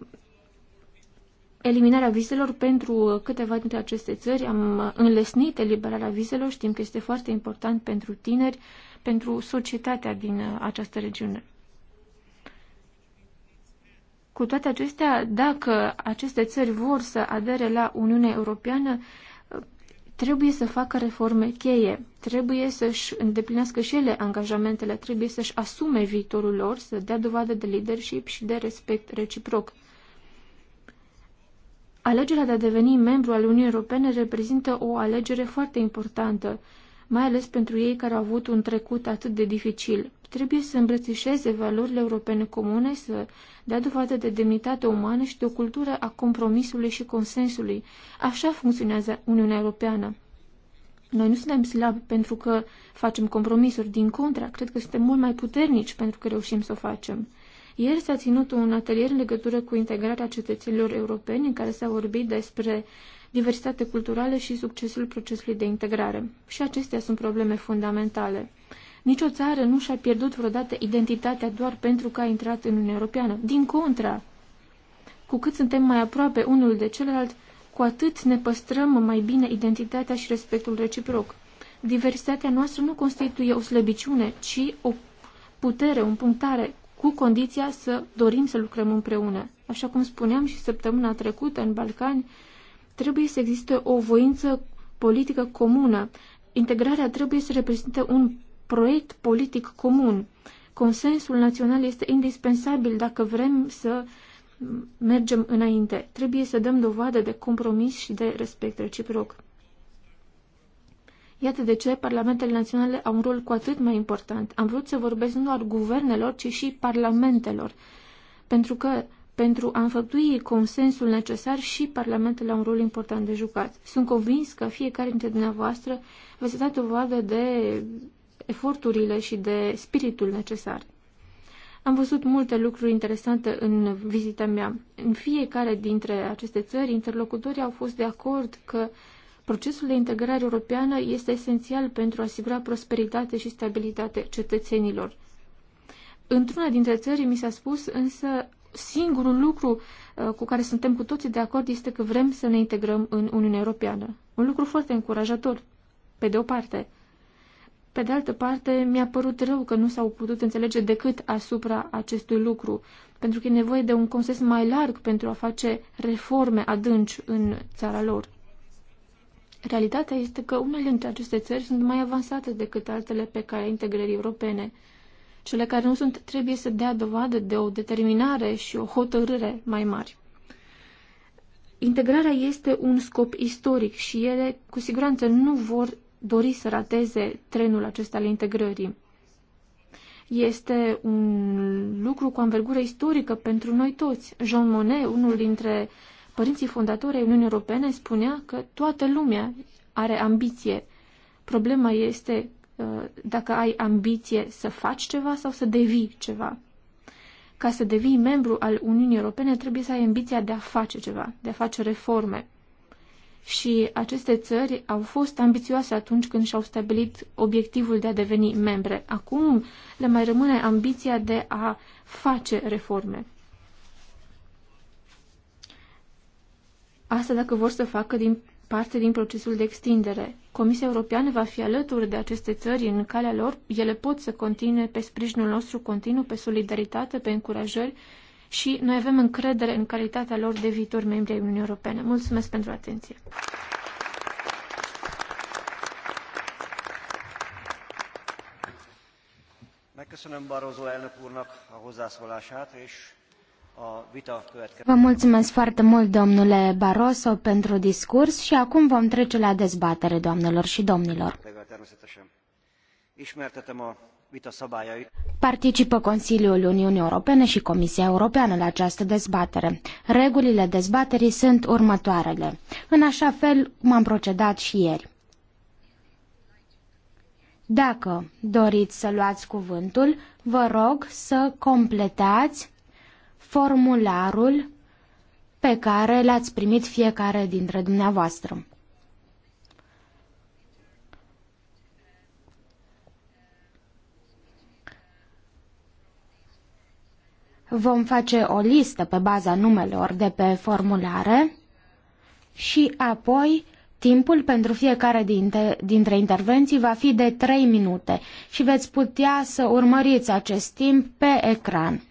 eliminarea vizelor pentru câteva dintre aceste țări. Am înlesnit eliberarea vizelor, știm că este foarte important pentru tineri, pentru societatea din această regiune. Cu toate acestea, dacă aceste țări vor să adere la Uniunea Europeană, trebuie să facă reforme cheie, trebuie să-și îndeplinească și ele angajamentele, trebuie să-și asume viitorul lor, să dea dovadă de leadership și de respect reciproc. Alegerea de a deveni membru al Uniunii Europene reprezintă o alegere foarte importantă, mai ales pentru ei care au avut un trecut atât de dificil. Trebuie să îmbrățișeze valorile europene comune, să dea dovadă de demnitate umană și de o cultură a compromisului și consensului. Așa funcționează Uniunea Europeană. Noi nu suntem slabi pentru că facem compromisuri, din contra, cred că suntem mult mai puternici pentru că reușim să o facem. Ieri s-a ținut un atelier în legătură cu integrarea cetățenilor europeni în care s-a vorbit despre diversitate culturală și succesul procesului de integrare. Și acestea sunt probleme fundamentale. Nici o țară nu și-a pierdut vreodată identitatea doar pentru că a intrat în Uniunea Europeană. Din contra, cu cât suntem mai aproape unul de celălalt, cu atât ne păstrăm mai bine identitatea și respectul reciproc. Diversitatea noastră nu constituie o slăbiciune, ci o putere, un punctare cu condiția să dorim să lucrăm împreună. Așa cum spuneam și săptămâna trecută în Balcani, trebuie să existe o voință politică comună. Integrarea trebuie să reprezinte un proiect politic comun. Consensul național este indispensabil dacă vrem să mergem înainte. Trebuie să dăm dovadă de compromis și de respect reciproc. Iată de ce parlamentele naționale au un rol cu atât mai important. Am vrut să vorbesc nu doar guvernelor, ci și parlamentelor. Pentru că pentru a înfăptui consensul necesar și parlamentele au un rol important de jucat. Sunt convins că fiecare dintre dumneavoastră veți da dovadă de eforturile și de spiritul necesar. Am văzut multe lucruri interesante în vizita mea. În fiecare dintre aceste țări, interlocutorii au fost de acord că Procesul de integrare europeană este esențial pentru a asigura prosperitate și stabilitate cetățenilor. Într-una dintre țări mi s-a spus însă singurul lucru uh, cu care suntem cu toții de acord este că vrem să ne integrăm în Uniunea Europeană. Un lucru foarte încurajator, pe de o parte. Pe de altă parte, mi-a părut rău că nu s-au putut înțelege decât asupra acestui lucru, pentru că e nevoie de un consens mai larg pentru a face reforme adânci în țara lor. Realitatea este că unele dintre aceste țări sunt mai avansate decât altele pe care integrării europene. Cele care nu sunt trebuie să dea dovadă de o determinare și o hotărâre mai mari. Integrarea este un scop istoric și ele cu siguranță nu vor dori să rateze trenul acesta al integrării. Este un lucru cu anvergură istorică pentru noi toți. Jean Monnet, unul dintre uh, Părinții fondatori ai Uniunii Europene spunea că toată lumea are ambiție. Problema este uh, dacă ai ambiție să faci ceva sau să devii ceva. Ca să devii membru al Uniunii Europene, trebuie să ai ambiția de a face ceva, de a face reforme. Și aceste țări au fost ambițioase atunci când și-au stabilit obiectivul de a deveni membre. Acum le mai rămâne ambiția de a face reforme. Asta dacă vor să facă din parte din procesul de extindere. Comisia Europeană va fi alături de aceste țări în calea lor. Ele pot să continue pe sprijinul nostru continuu, pe solidaritate, pe încurajări și noi avem încredere în calitatea lor de viitor membri ai Uniunii Europene. Mulțumesc pentru atenție! Mulțumesc, Vă mulțumesc foarte mult, domnule Barroso, pentru discurs și acum vom trece la dezbatere, doamnelor și domnilor. Participă Consiliul Uniunii Europene și Comisia Europeană la această dezbatere. Regulile dezbaterii sunt următoarele. În așa fel cum am procedat și ieri. Dacă doriți să luați cuvântul, vă rog să completați formularul pe care l-ați primit fiecare dintre dumneavoastră. Vom face o listă pe baza numelor de pe formulare și apoi timpul pentru fiecare dintre, dintre intervenții va fi de 3 minute și veți putea să urmăriți acest timp pe ecran.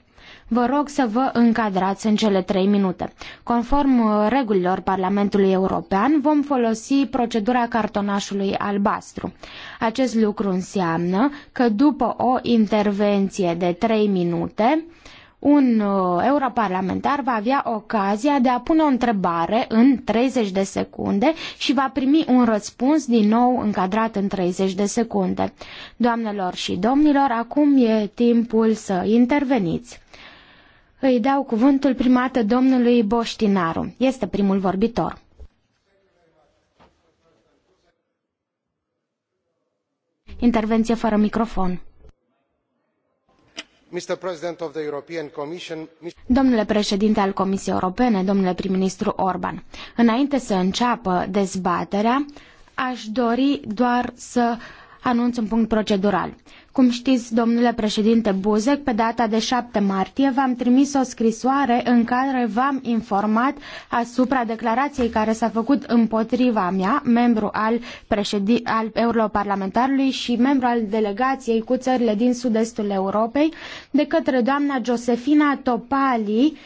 Vă rog să vă încadrați în cele trei minute. Conform uh, regulilor Parlamentului European, vom folosi procedura cartonașului albastru. Acest lucru înseamnă că după o intervenție de trei minute, un uh, europarlamentar va avea ocazia de a pune o întrebare în 30 de secunde și va primi un răspuns din nou încadrat în 30 de secunde. Doamnelor și domnilor, acum e timpul să interveniți. Îi dau cuvântul primată domnului Boștinaru. Este primul vorbitor. Intervenție fără microfon. Domnule președinte al Comisiei Europene, domnule prim-ministru Orban, înainte să înceapă dezbaterea, aș dori doar să uh, Anunț un punct procedural. Cum știți, domnule președinte Buzek, pe data de 7 martie v-am trimis o scrisoare în care v-am informat asupra declarației care s-a făcut împotriva mea, membru al, președin... al europarlamentarului și membru al delegației cu țările din sud-estul Europei, de către doamna Josefina Topali,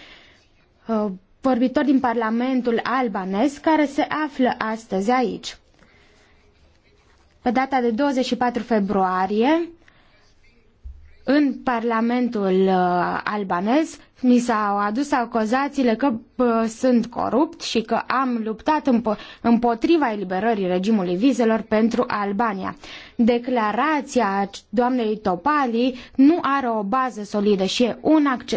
uh, vorbitor din Parlamentul albanez, care se află astăzi aici. Pe data de 24 februarie, în Parlamentul uh, albanez, mi s-au adus acuzațiile că uh, sunt corupt și că am luptat împotriva eliberării regimului vizelor pentru Albania. Declarația doamnei Topali nu are o bază solidă și e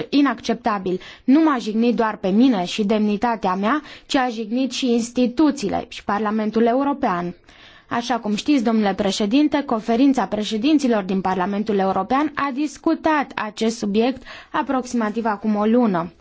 inacceptabil. Nu m-a jignit doar pe mine și demnitatea mea, ci a jignit și instituțiile și Parlamentul European. Așa cum știți, domnule președinte, conferința președinților din Parlamentul European a discutat acest subiect aproximativ acum o lună.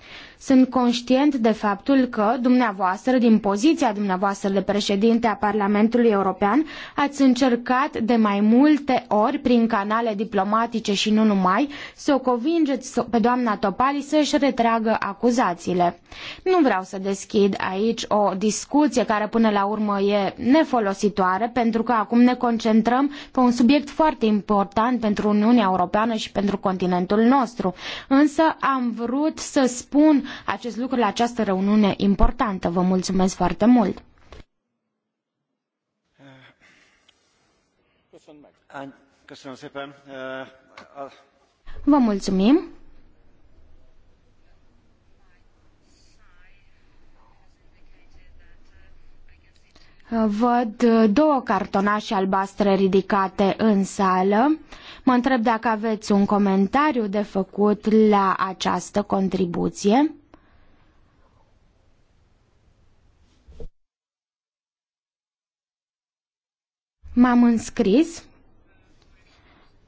Sunt conștient de faptul că dumneavoastră, din poziția dumneavoastră de președinte a Parlamentului European, ați încercat de mai multe ori, prin canale diplomatice și nu numai, să o convingeți pe doamna Topali să-și retragă acuzațiile. Nu vreau să deschid aici o discuție care până la urmă e nefolositoare, pentru că acum ne concentrăm pe un subiect foarte important pentru Uniunea Europeană și pentru continentul nostru. Însă am vrut să spun acest lucru la această reuniune importantă. Vă mulțumesc foarte mult! Vă mulțumim! Văd două cartonașe albastre ridicate în sală. Mă întreb dacă aveți un comentariu de făcut la această contribuție. M-am înscris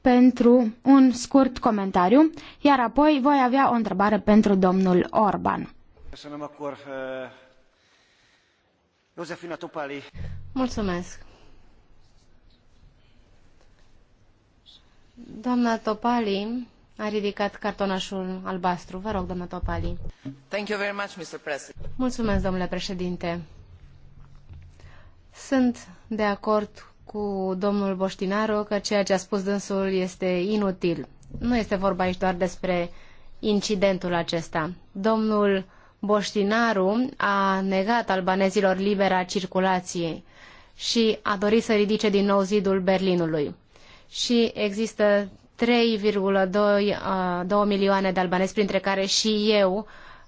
pentru un scurt comentariu, iar apoi voi avea o întrebare pentru domnul Orban. Eh, Mulțumesc. Doamna Topali a ridicat cartonașul albastru. Vă rog, doamna Topali. Thank you very much, Mr. President. Mulțumesc, domnule președinte. Sunt de acord cu domnul Boștinaru că ceea ce a spus dânsul este inutil. Nu este vorba aici doar despre incidentul acesta. Domnul Boștinaru a negat albanezilor libera circulației și a dorit să ridice din nou zidul Berlinului. Și există 3,2 uh, milioane de albanezi, printre care și eu,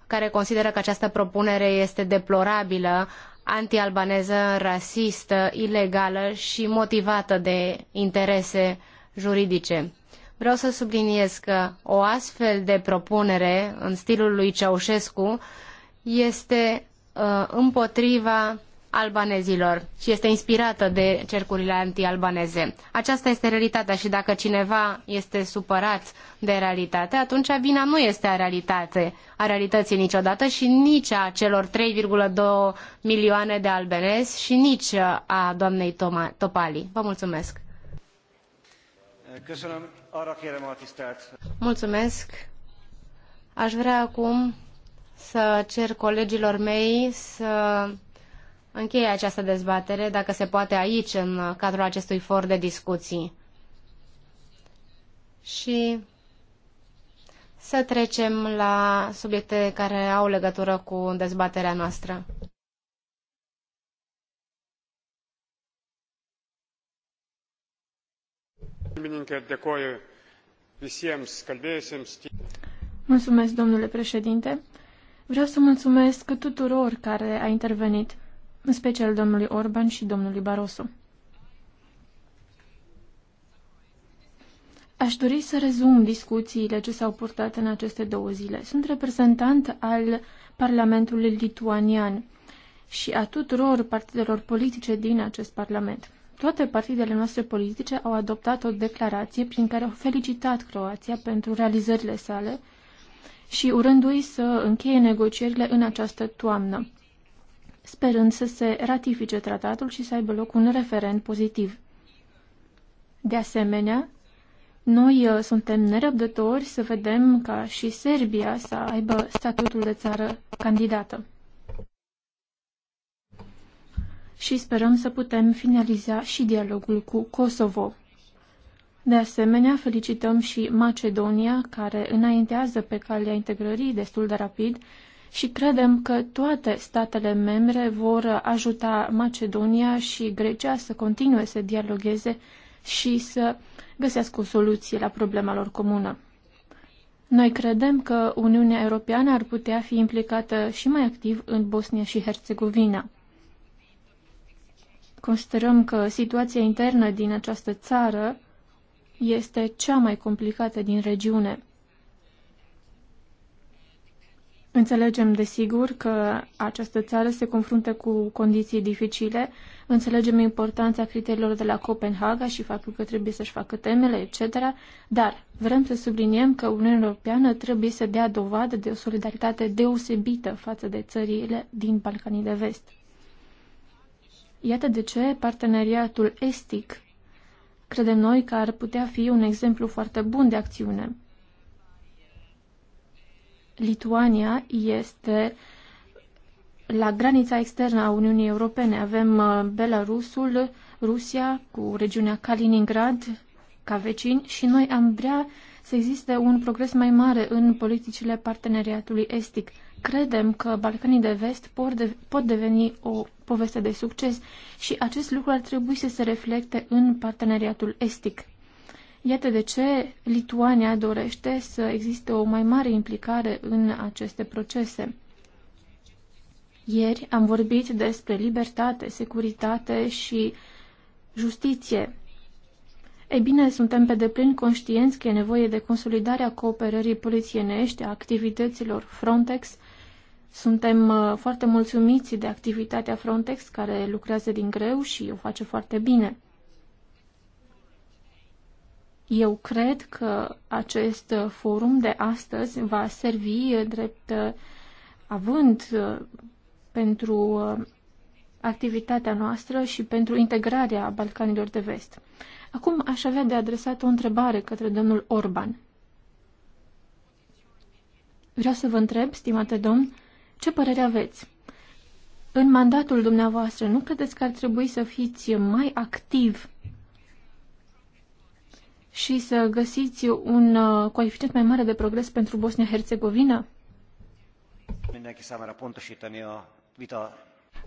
care consideră că această propunere este deplorabilă antialbaneză, rasistă, ilegală și motivată de interese juridice. Vreau să subliniez că o astfel de propunere în stilul lui Ceaușescu este uh, împotriva albanezilor și este inspirată de cercurile anti-albaneze. Aceasta este realitatea și dacă cineva este supărat de realitate, atunci vina nu este a realitate, a realității niciodată și nici a celor 3,2 milioane de albanezi și nici a doamnei Toma, Topali. Vă mulțumesc! Mulțumesc! Aș vrea acum să cer colegilor mei să încheie această dezbatere, dacă se poate aici, în cadrul acestui for de discuții. Și să trecem la subiecte care au legătură cu dezbaterea noastră. Mulțumesc, domnule președinte. Vreau să mulțumesc tuturor care a intervenit în special domnului Orban și domnului Barroso. Aș dori să rezum discuțiile ce s-au purtat în aceste două zile. Sunt reprezentant al Parlamentului lituanian și a tuturor partidelor politice din acest Parlament. Toate partidele noastre politice au adoptat o declarație prin care au felicitat Croația pentru realizările sale și urându-i să încheie negocierile în această toamnă sperând să se ratifice tratatul și să aibă loc un referent pozitiv. De asemenea, noi uh, suntem nerăbdători să vedem ca și Serbia să aibă statutul de țară candidată. Și sperăm să putem finaliza și dialogul cu Kosovo. De asemenea, felicităm și Macedonia, care înaintează pe calea integrării destul de rapid și credem că toate statele membre vor ajuta Macedonia și Grecia să continue să dialogueze și să găsească o soluție la problema lor comună. Noi credem că Uniunea Europeană ar putea fi implicată și mai activ în Bosnia și Herțegovina. Considerăm că situația internă din această țară este cea mai complicată din regiune. Înțelegem, desigur, că această țară se confruntă cu condiții dificile, înțelegem importanța criteriilor de la Copenhaga și faptul că trebuie să-și facă temele, etc., dar vrem să subliniem că Uniunea Europeană trebuie să dea dovadă de o solidaritate deosebită față de țările din Balcanii de Vest. Iată de ce parteneriatul estic credem noi că ar putea fi un exemplu foarte bun de acțiune – Lituania este la granița externă a Uniunii Europene. Avem uh, Belarusul, Rusia cu regiunea Kaliningrad ca vecini și noi am vrea să existe un progres mai mare în politicile parteneriatului estic. Credem că Balcanii de Vest pot, pot deveni o poveste de succes și acest lucru ar trebui să se reflecte în parteneriatul estic. Iată de ce Lituania dorește să existe o mai mare implicare în aceste procese. Ieri am vorbit despre libertate, securitate și justiție. Ei bine, suntem pe deplin conștienți că e nevoie de consolidarea cooperării polițienești, a activităților Frontex. Suntem uh, foarte mulțumiți de activitatea Frontex, care lucrează din greu și o face foarte bine. Eu cred că acest forum de astăzi va servi eh, drept eh, având eh, pentru activitatea noastră și pentru integrarea Balcanilor de Vest. Acum aș avea de adresat o întrebare către domnul Orban. Vreau să vă întreb, stimate domn, ce părere aveți? În mandatul dumneavoastră, nu credeți că ar trebui să fiți mai activ și să găsiți un uh, coeficient mai mare de progres pentru Bosnia-Herzegovina?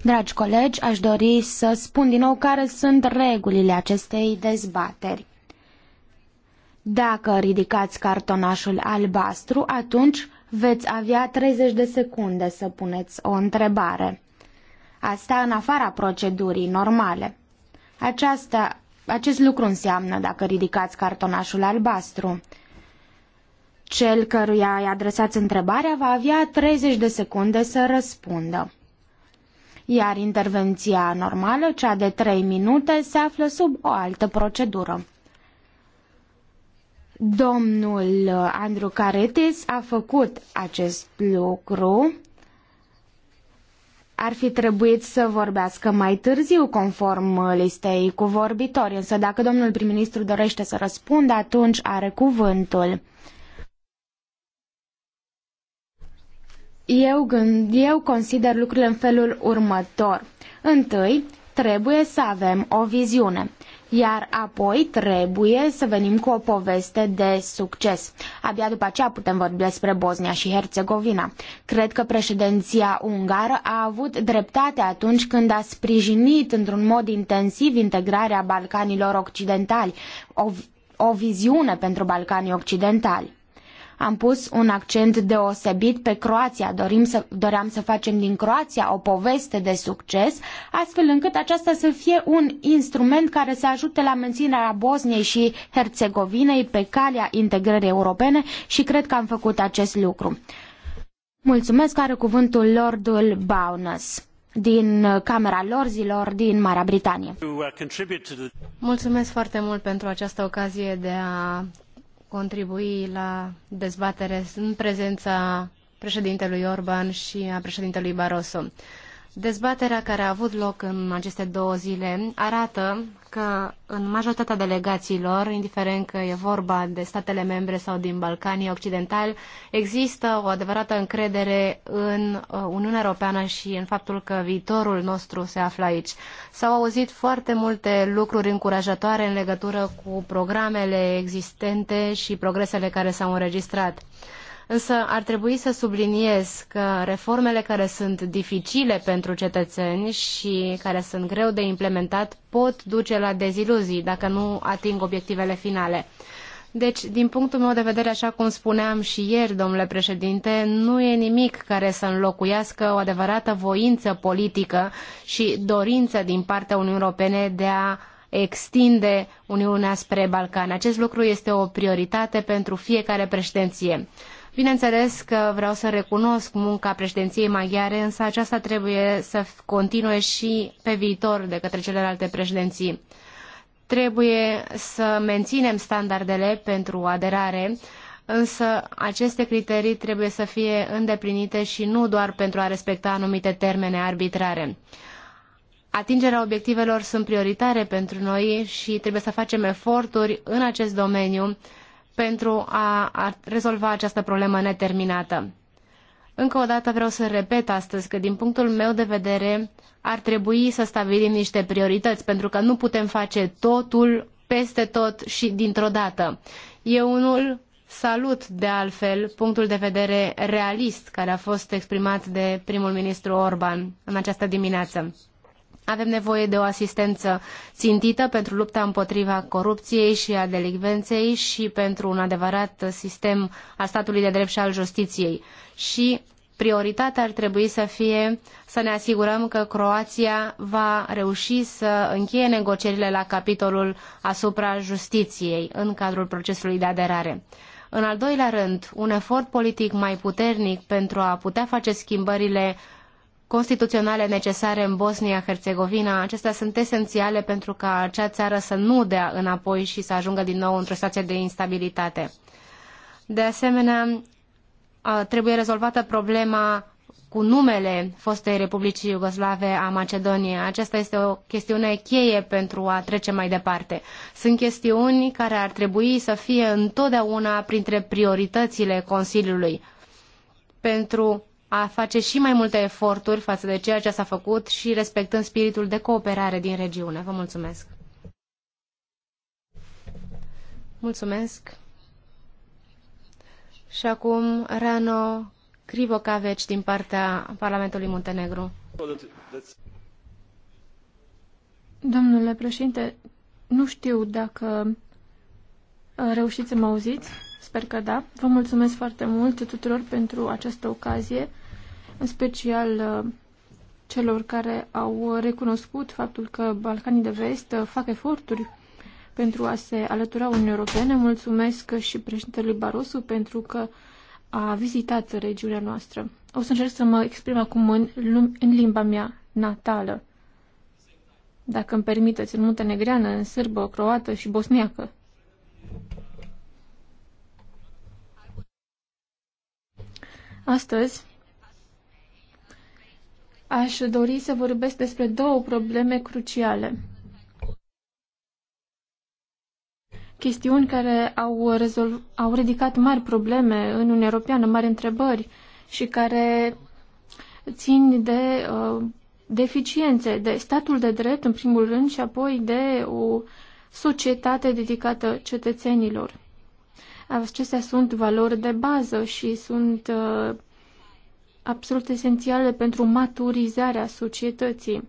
Dragi colegi, aș dori să spun din nou care sunt regulile acestei dezbateri. Dacă ridicați cartonașul albastru, atunci veți avea 30 de secunde să puneți o întrebare. Asta în afara procedurii normale. Aceasta acest lucru înseamnă dacă ridicați cartonașul albastru. Cel căruia îi adresați întrebarea va avea 30 de secunde să răspundă. Iar intervenția normală, cea de 3 minute, se află sub o altă procedură. Domnul Andrew Caretis a făcut acest lucru ar fi trebuit să vorbească mai târziu conform listei cu vorbitori, însă dacă domnul prim-ministru dorește să răspundă, atunci are cuvântul. Eu, gând, eu consider lucrurile în felul următor. Întâi, trebuie să avem o viziune iar apoi trebuie să venim cu o poveste de succes. Abia după aceea putem vorbi despre Bosnia și Herțegovina. Cred că președinția ungară a avut dreptate atunci când a sprijinit într-un mod intensiv integrarea Balcanilor Occidentali, o, o viziune pentru Balcanii Occidentali. Am pus un accent deosebit pe Croația. Dorim să, doream să facem din Croația o poveste de succes, astfel încât aceasta să fie un instrument care să ajute la menținerea Bosniei și Herțegovinei pe calea integrării europene și cred că am făcut acest lucru. Mulțumesc, are cuvântul Lordul Baunus din Camera Lorzilor din Marea Britanie. Mulțumesc foarte mult pentru această ocazie de a contribui la dezbatere în prezența președintelui Orban și a președintelui Barroso. Dezbaterea care a avut loc în aceste două zile arată că în majoritatea delegațiilor, indiferent că e vorba de statele membre sau din Balcanii Occidentali, există o adevărată încredere în uh, Uniunea Europeană și în faptul că viitorul nostru se află aici. S-au auzit foarte multe lucruri încurajatoare în legătură cu programele existente și progresele care s-au înregistrat. Însă ar trebui să subliniez că reformele care sunt dificile pentru cetățeni și care sunt greu de implementat pot duce la deziluzii dacă nu ating obiectivele finale. Deci, din punctul meu de vedere, așa cum spuneam și ieri, domnule președinte, nu e nimic care să înlocuiască o adevărată voință politică și dorință din partea Uniunii Europene de a extinde Uniunea spre Balcani. Acest lucru este o prioritate pentru fiecare președinție. Bineînțeles că vreau să recunosc munca președinției maghiare, însă aceasta trebuie să continue și pe viitor de către celelalte președinții. Trebuie să menținem standardele pentru aderare, însă aceste criterii trebuie să fie îndeplinite și nu doar pentru a respecta anumite termene arbitrare. Atingerea obiectivelor sunt prioritare pentru noi și trebuie să facem eforturi în acest domeniu pentru a, a rezolva această problemă neterminată. Încă o dată vreau să repet astăzi că din punctul meu de vedere ar trebui să stabilim niște priorități pentru că nu putem face totul peste tot și dintr-o dată. Eu unul salut de altfel punctul de vedere realist care a fost exprimat de primul ministru Orban în această dimineață. Avem nevoie de o asistență țintită pentru lupta împotriva corupției și a delicvenței și pentru un adevărat sistem al statului de drept și al justiției. Și prioritatea ar trebui să fie să ne asigurăm că Croația va reuși să încheie negocierile la capitolul asupra justiției în cadrul procesului de aderare. În al doilea rând, un efort politic mai puternic pentru a putea face schimbările constituționale necesare în Bosnia-Herzegovina, acestea sunt esențiale pentru ca acea țară să nu dea înapoi și să ajungă din nou într-o situație de instabilitate. De asemenea, trebuie rezolvată problema cu numele fostei Republicii Iugoslave a Macedoniei. Aceasta este o chestiune cheie pentru a trece mai departe. Sunt chestiuni care ar trebui să fie întotdeauna printre prioritățile Consiliului pentru a face și mai multe eforturi față de ceea ce s-a făcut și respectând spiritul de cooperare din regiune. Vă mulțumesc! Mulțumesc! Și acum Rano Krivokaveci din partea Parlamentului Muntenegru. Domnule președinte, nu știu dacă uh, reușiți să mă auziți. Sper că da. Vă mulțumesc foarte mult tuturor pentru această ocazie în special uh, celor care au recunoscut faptul că Balcanii de Vest uh, fac eforturi pentru a se alătura Uniunii Europene. Mulțumesc și președintelui Barosu pentru că a vizitat regiunea noastră. O să încerc să mă exprim acum în, în limba mea natală. Dacă îmi permiteți, în muntenegreană, în sârbă, croată și bosniacă. Astăzi aș dori să vorbesc despre două probleme cruciale. Chestiuni care au, rezolv, au ridicat mari probleme în Uniunea Europeană, mari întrebări și care țin de uh, deficiențe, de statul de drept în primul rând și apoi de o societate dedicată cetățenilor. Acestea sunt valori de bază și sunt uh, absolut esențiale pentru maturizarea societății.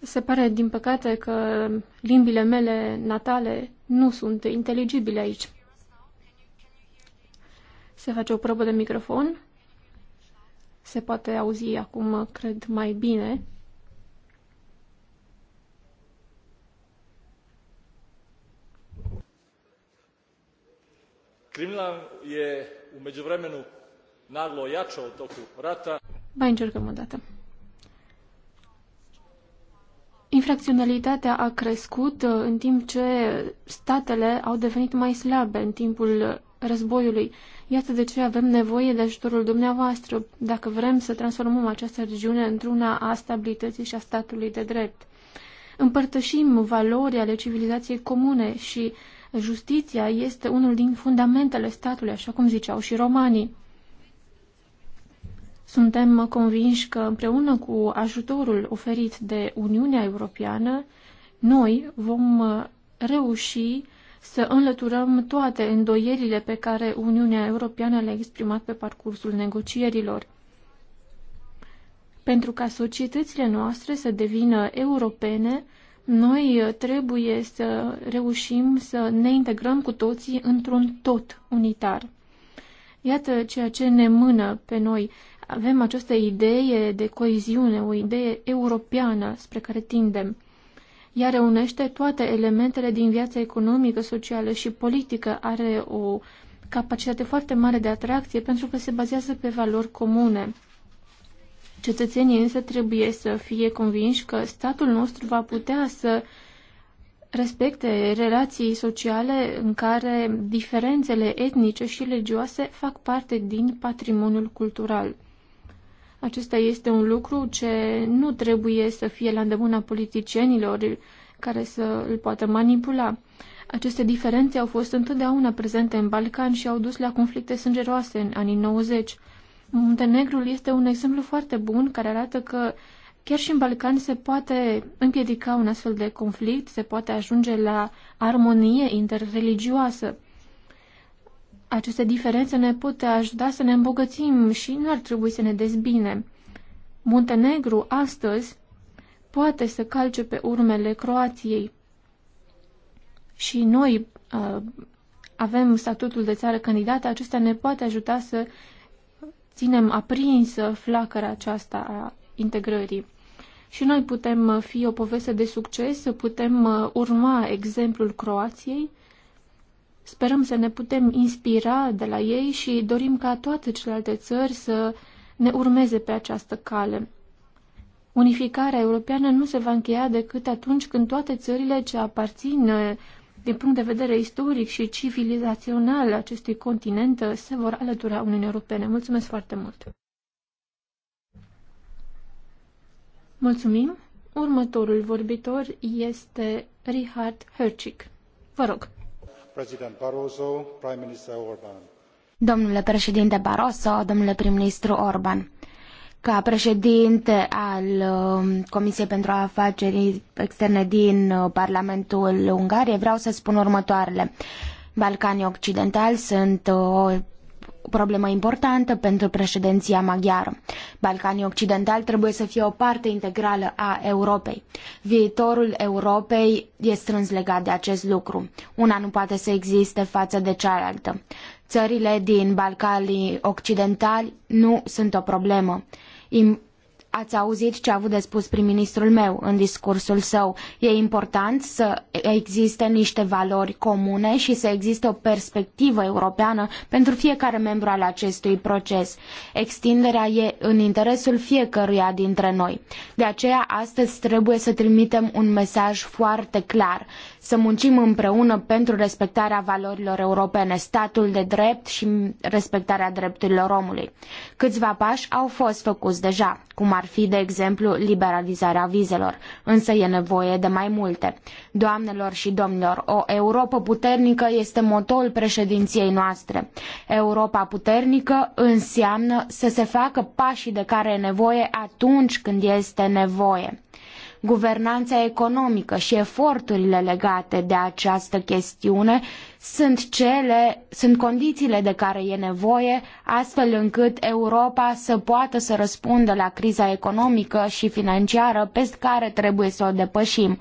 Se pare, din păcate, că limbile mele natale nu sunt inteligibile aici. Se face o probă de microfon se poate auzi acum, cred, mai bine. Kriminal e în međuvremenu naglo jačao u toku rata. Mai încercăm o dată. Infracționalitatea a crescut uh, în timp ce statele au devenit mai slabe în timpul uh, războiului. Iată de ce avem nevoie de ajutorul dumneavoastră dacă vrem să transformăm această regiune într-una a stabilității și a statului de drept. Împărtășim valori ale civilizației comune și justiția este unul din fundamentele statului, așa cum ziceau și romanii. Suntem convinși că împreună cu ajutorul oferit de Uniunea Europeană, noi vom reuși să înlăturăm toate îndoierile pe care Uniunea Europeană le-a exprimat pe parcursul negocierilor. Pentru ca societățile noastre să devină europene, noi trebuie să reușim să ne integrăm cu toții într-un tot unitar. Iată ceea ce ne mână pe noi. Avem această idee de coeziune, o idee europeană spre care tindem. Ea reunește toate elementele din viața economică, socială și politică. Are o capacitate foarte mare de atracție pentru că se bazează pe valori comune. Cetățenii însă trebuie să fie convinși că statul nostru va putea să respecte relații sociale în care diferențele etnice și religioase fac parte din patrimoniul cultural. Acesta este un lucru ce nu trebuie să fie la îndemâna politicienilor care să îl poată manipula. Aceste diferențe au fost întotdeauna prezente în Balcan și au dus la conflicte sângeroase în anii 90. Muntenegrul este un exemplu foarte bun care arată că chiar și în Balcan se poate împiedica un astfel de conflict, se poate ajunge la armonie interreligioasă. Aceste diferențe ne pot ajuta să ne îmbogățim și nu ar trebui să ne dezbinem. Muntenegru astăzi poate să calce pe urmele Croației. Și noi uh, avem statutul de țară candidată, acesta ne poate ajuta să ținem aprinsă flacăra aceasta a integrării. Și noi putem fi o poveste de succes, putem uh, urma exemplul Croației Sperăm să ne putem inspira de la ei și dorim ca toate celelalte țări să ne urmeze pe această cale. Unificarea europeană nu se va încheia decât atunci când toate țările ce aparțin eh, din punct de vedere istoric și civilizațional acestui continent eh, se vor alătura Uniunii Europene. Mulțumesc foarte mult! Mulțumim! Următorul vorbitor este Richard Hercik. Vă rog! Barroso, domnule președinte Barroso, domnule prim-ministru Orban, ca președinte al um, Comisiei pentru Afaceri Externe din uh, Parlamentul Ungariei, vreau să spun următoarele. Balcanii Occidentali sunt uh, o problemă importantă pentru președinția maghiară. Balcanii Occidentali trebuie să fie o parte integrală a Europei. Viitorul Europei este strâns legat de acest lucru. Una nu poate să existe față de cealaltă. Țările din Balcanii Occidentali nu sunt o problemă. Ați auzit ce a avut de spus prim-ministrul meu în discursul său. E important să existe niște valori comune și să existe o perspectivă europeană pentru fiecare membru al acestui proces. Extinderea e în interesul fiecăruia dintre noi. De aceea, astăzi trebuie să trimitem un mesaj foarte clar să muncim împreună pentru respectarea valorilor europene, statul de drept și respectarea drepturilor omului. Câțiva pași au fost făcuți deja, cum ar fi, de exemplu, liberalizarea vizelor, însă e nevoie de mai multe. Doamnelor și domnilor, o Europa puternică este motorul președinției noastre. Europa puternică înseamnă să se facă pașii de care e nevoie atunci când este nevoie guvernanța economică și eforturile legate de această chestiune sunt cele, sunt condițiile de care e nevoie astfel încât Europa să poată să răspundă la criza economică și financiară pe care trebuie să o depășim.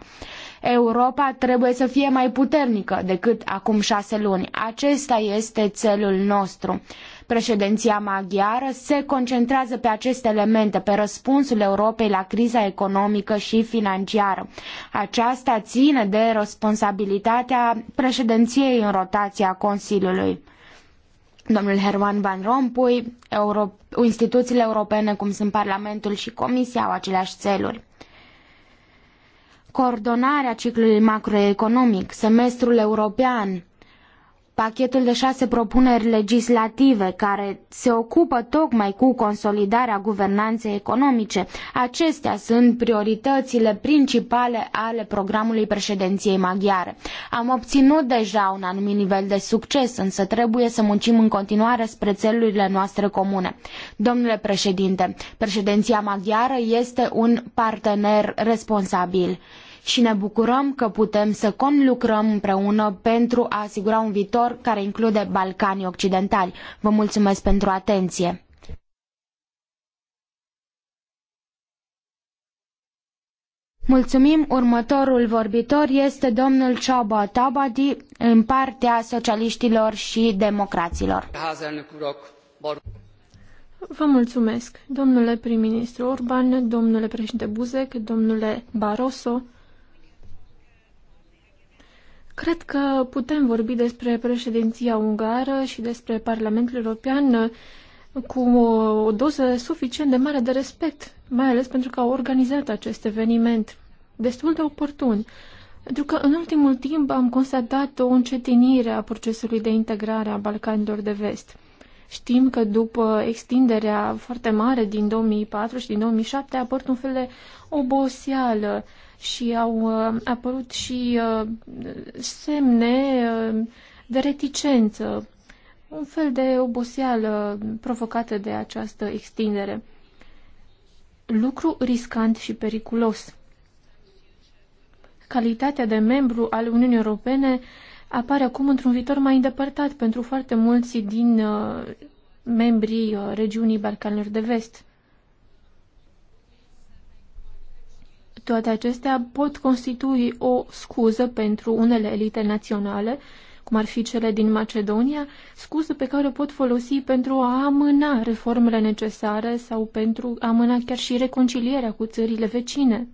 Europa trebuie să fie mai puternică decât acum șase luni. Acesta este țelul nostru. Președinția maghiară se concentrează pe aceste elemente, pe răspunsul Europei la criza economică și financiară. Aceasta ține de responsabilitatea președinției în rotația Consiliului domnul Herman Van Rompuy, Euro, instituțiile europene cum sunt Parlamentul și Comisia au aceleași țeluri. Coordonarea ciclului macroeconomic, semestrul european, pachetul de șase propuneri legislative care se ocupă tocmai cu consolidarea guvernanței economice. Acestea sunt prioritățile principale ale programului președinției maghiare. Am obținut deja un anumit nivel de succes, însă trebuie să muncim în continuare spre țelurile noastre comune. Domnule președinte, președinția maghiară este un partener responsabil și ne bucurăm că putem să conlucrăm împreună pentru a asigura un viitor care include Balcanii Occidentali. Vă mulțumesc pentru atenție! Mulțumim. Următorul vorbitor este domnul Csaba Tabadi în partea socialiștilor și democraților. Vă mulțumesc, domnule prim-ministru Orban, domnule președinte Buzek, domnule Barroso, Cred că putem vorbi despre președinția ungară și despre Parlamentul European cu o doză suficient de mare de respect, mai ales pentru că au organizat acest eveniment destul de oportun. Pentru că în ultimul timp am constatat o încetinire a procesului de integrare a Balcanilor de Vest. Știm că după extinderea foarte mare din 2004 și din 2007 a apărut un fel de oboseală, uh, și au uh, apărut și uh, semne uh, de reticență, un fel de oboseală provocată de această extindere. Lucru riscant și periculos. Calitatea de membru al Uniunii Europene apare acum într-un viitor mai îndepărtat pentru foarte mulți din membrii regiunii Balcanilor de Vest. Toate acestea pot constitui o scuză pentru unele elite naționale, cum ar fi cele din Macedonia, scuză pe care o pot folosi pentru a amâna reformele necesare sau pentru a amâna chiar și reconcilierea cu țările vecine.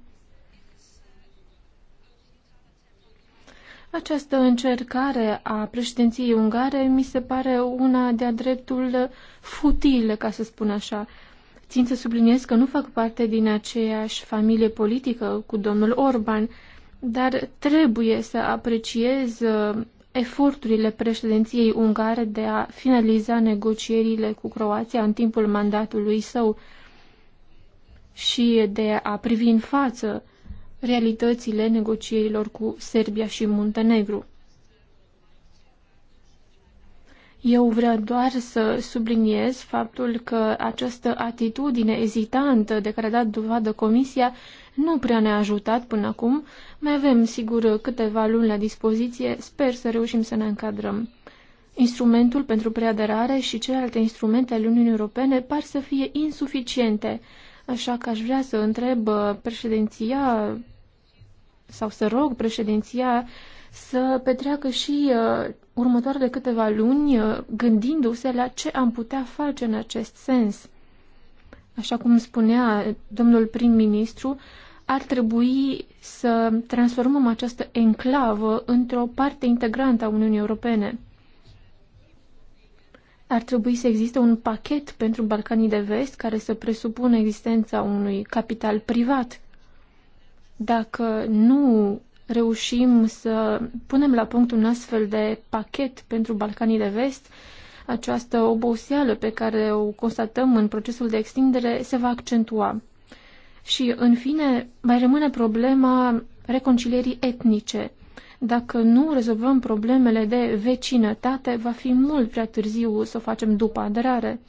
Această încercare a președinției ungare mi se pare una de-a dreptul futilă, ca să spun așa. Țin să subliniez că nu fac parte din aceeași familie politică cu domnul Orban, dar trebuie să apreciez uh, eforturile președinției ungare de a finaliza negocierile cu Croația în timpul mandatului său și de a privi în față realitățile negocierilor cu Serbia și Muntenegru. Eu vreau doar să subliniez faptul că această atitudine ezitantă de care a dat dovadă Comisia nu prea ne-a ajutat până acum. Mai avem, sigur, câteva luni la dispoziție. Sper să reușim să ne încadrăm. Instrumentul pentru preaderare și celelalte instrumente ale Uniunii Europene par să fie insuficiente, așa că aș vrea să întreb președinția sau să rog președinția să petreacă și uh, următoarele câteva luni uh, gândindu-se la ce am putea face în acest sens. Așa cum spunea domnul prim-ministru, ar trebui să transformăm această enclavă într-o parte integrantă a Uniunii Europene. Ar trebui să existe un pachet pentru Balcanii de Vest care să presupună existența unui capital privat. Dacă nu reușim să punem la punct un astfel de pachet pentru Balcanii de Vest, această oboseală pe care o constatăm în procesul de extindere se va accentua. Și, în fine, mai rămâne problema reconcilierii etnice. Dacă nu rezolvăm problemele de vecinătate, va fi mult prea târziu să o facem după aderare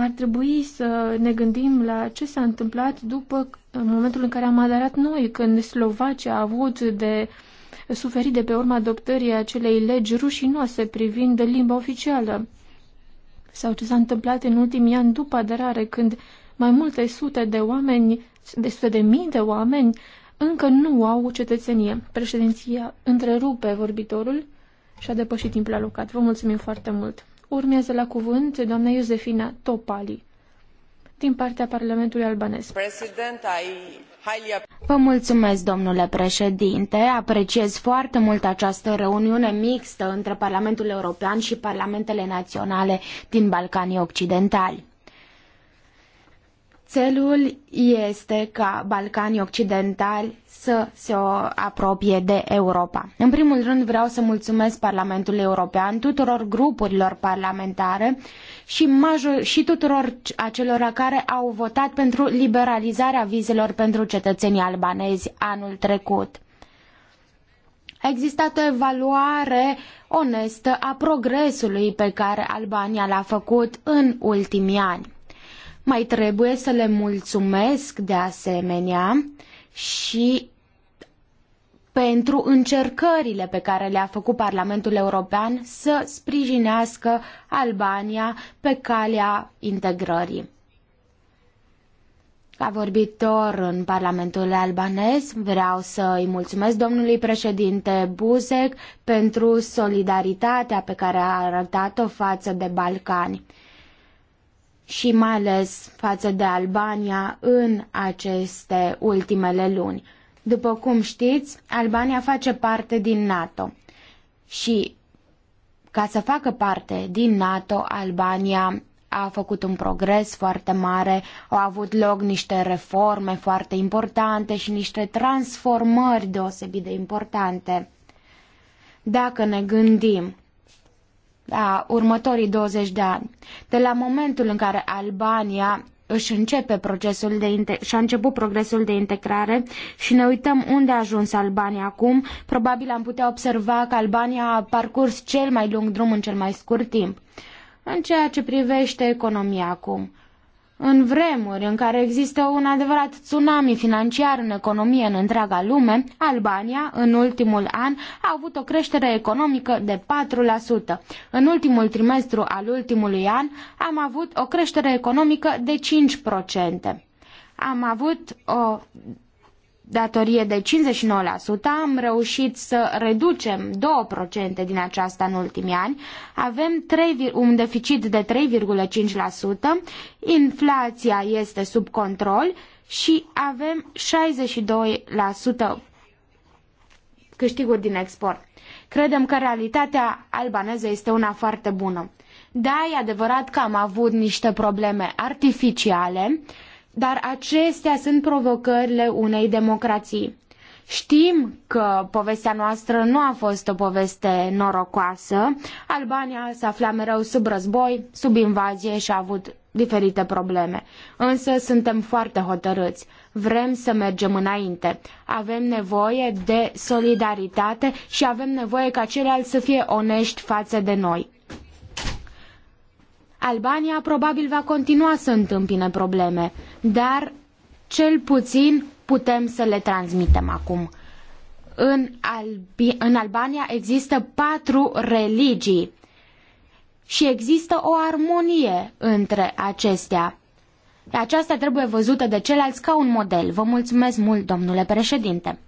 ar trebui să ne gândim la ce s-a întâmplat după în momentul în care am aderat noi, când Slovacia a avut de suferit de pe urma adoptării acelei legi rușinoase privind de limba oficială. Sau ce s-a întâmplat în ultimii ani după aderare, când mai multe sute de oameni, de sute de mii de oameni, încă nu au cetățenie. Președinția întrerupe vorbitorul și a depășit timpul alocat. Vă mulțumim foarte mult! Urmează la cuvânt doamna Iosefina Topali din partea Parlamentului albanez. Vă mulțumesc, domnule președinte. Apreciez foarte mult această reuniune mixtă între Parlamentul European și Parlamentele Naționale din Balcanii Occidentali. Celul este ca Balcanii Occidentali să se apropie de Europa. În primul rând vreau să mulțumesc Parlamentului European, tuturor grupurilor parlamentare și, major- și tuturor acelora care au votat pentru liberalizarea vizelor pentru cetățenii albanezi anul trecut. A existat o evaluare onestă a progresului pe care Albania l-a făcut în ultimii ani. Mai trebuie să le mulțumesc de asemenea și pentru încercările pe care le-a făcut Parlamentul European să sprijinească Albania pe calea integrării. Ca vorbitor în Parlamentul albanez, vreau să îi mulțumesc domnului președinte Buzek pentru solidaritatea pe care a arătat-o față de Balcani și mai ales față de Albania în aceste ultimele luni. După cum știți, Albania face parte din NATO și ca să facă parte din NATO, Albania a făcut un progres foarte mare, au avut loc niște reforme foarte importante și niște transformări deosebit de importante. Dacă ne gândim a următorii 20 de ani. De la momentul în care Albania își începe procesul de și-a început progresul de integrare și ne uităm unde a ajuns Albania acum, probabil am putea observa că Albania a parcurs cel mai lung drum în cel mai scurt timp. În ceea ce privește economia acum, în vremuri în care există un adevărat tsunami financiar în economie în întreaga lume, Albania, în ultimul an, a avut o creștere economică de 4%. În ultimul trimestru al ultimului an am avut o creștere economică de 5%. Am avut o datorie de 59%, am reușit să reducem 2% din aceasta în ultimii ani, avem 3, un deficit de 3,5%, inflația este sub control și avem 62% câștiguri din export. Credem că realitatea albaneză este una foarte bună. Da, e adevărat că am avut niște probleme artificiale, uh, dar acestea sunt provocările unei democrații. Știm că povestea noastră nu a fost o poveste norocoasă. Albania s-a aflat mereu sub război, sub invazie și a avut diferite probleme. Însă suntem foarte hotărâți. Vrem să mergem înainte. Avem nevoie de solidaritate și avem nevoie ca ceilalți să fie onești față de noi. Albania probabil va continua să întâmpine probleme, dar cel puțin putem să le transmitem acum. În, Albi, în Albania există patru religii și există o armonie între acestea. Aceasta trebuie văzută de ceilalți ca un model. Vă mulțumesc mult, domnule președinte.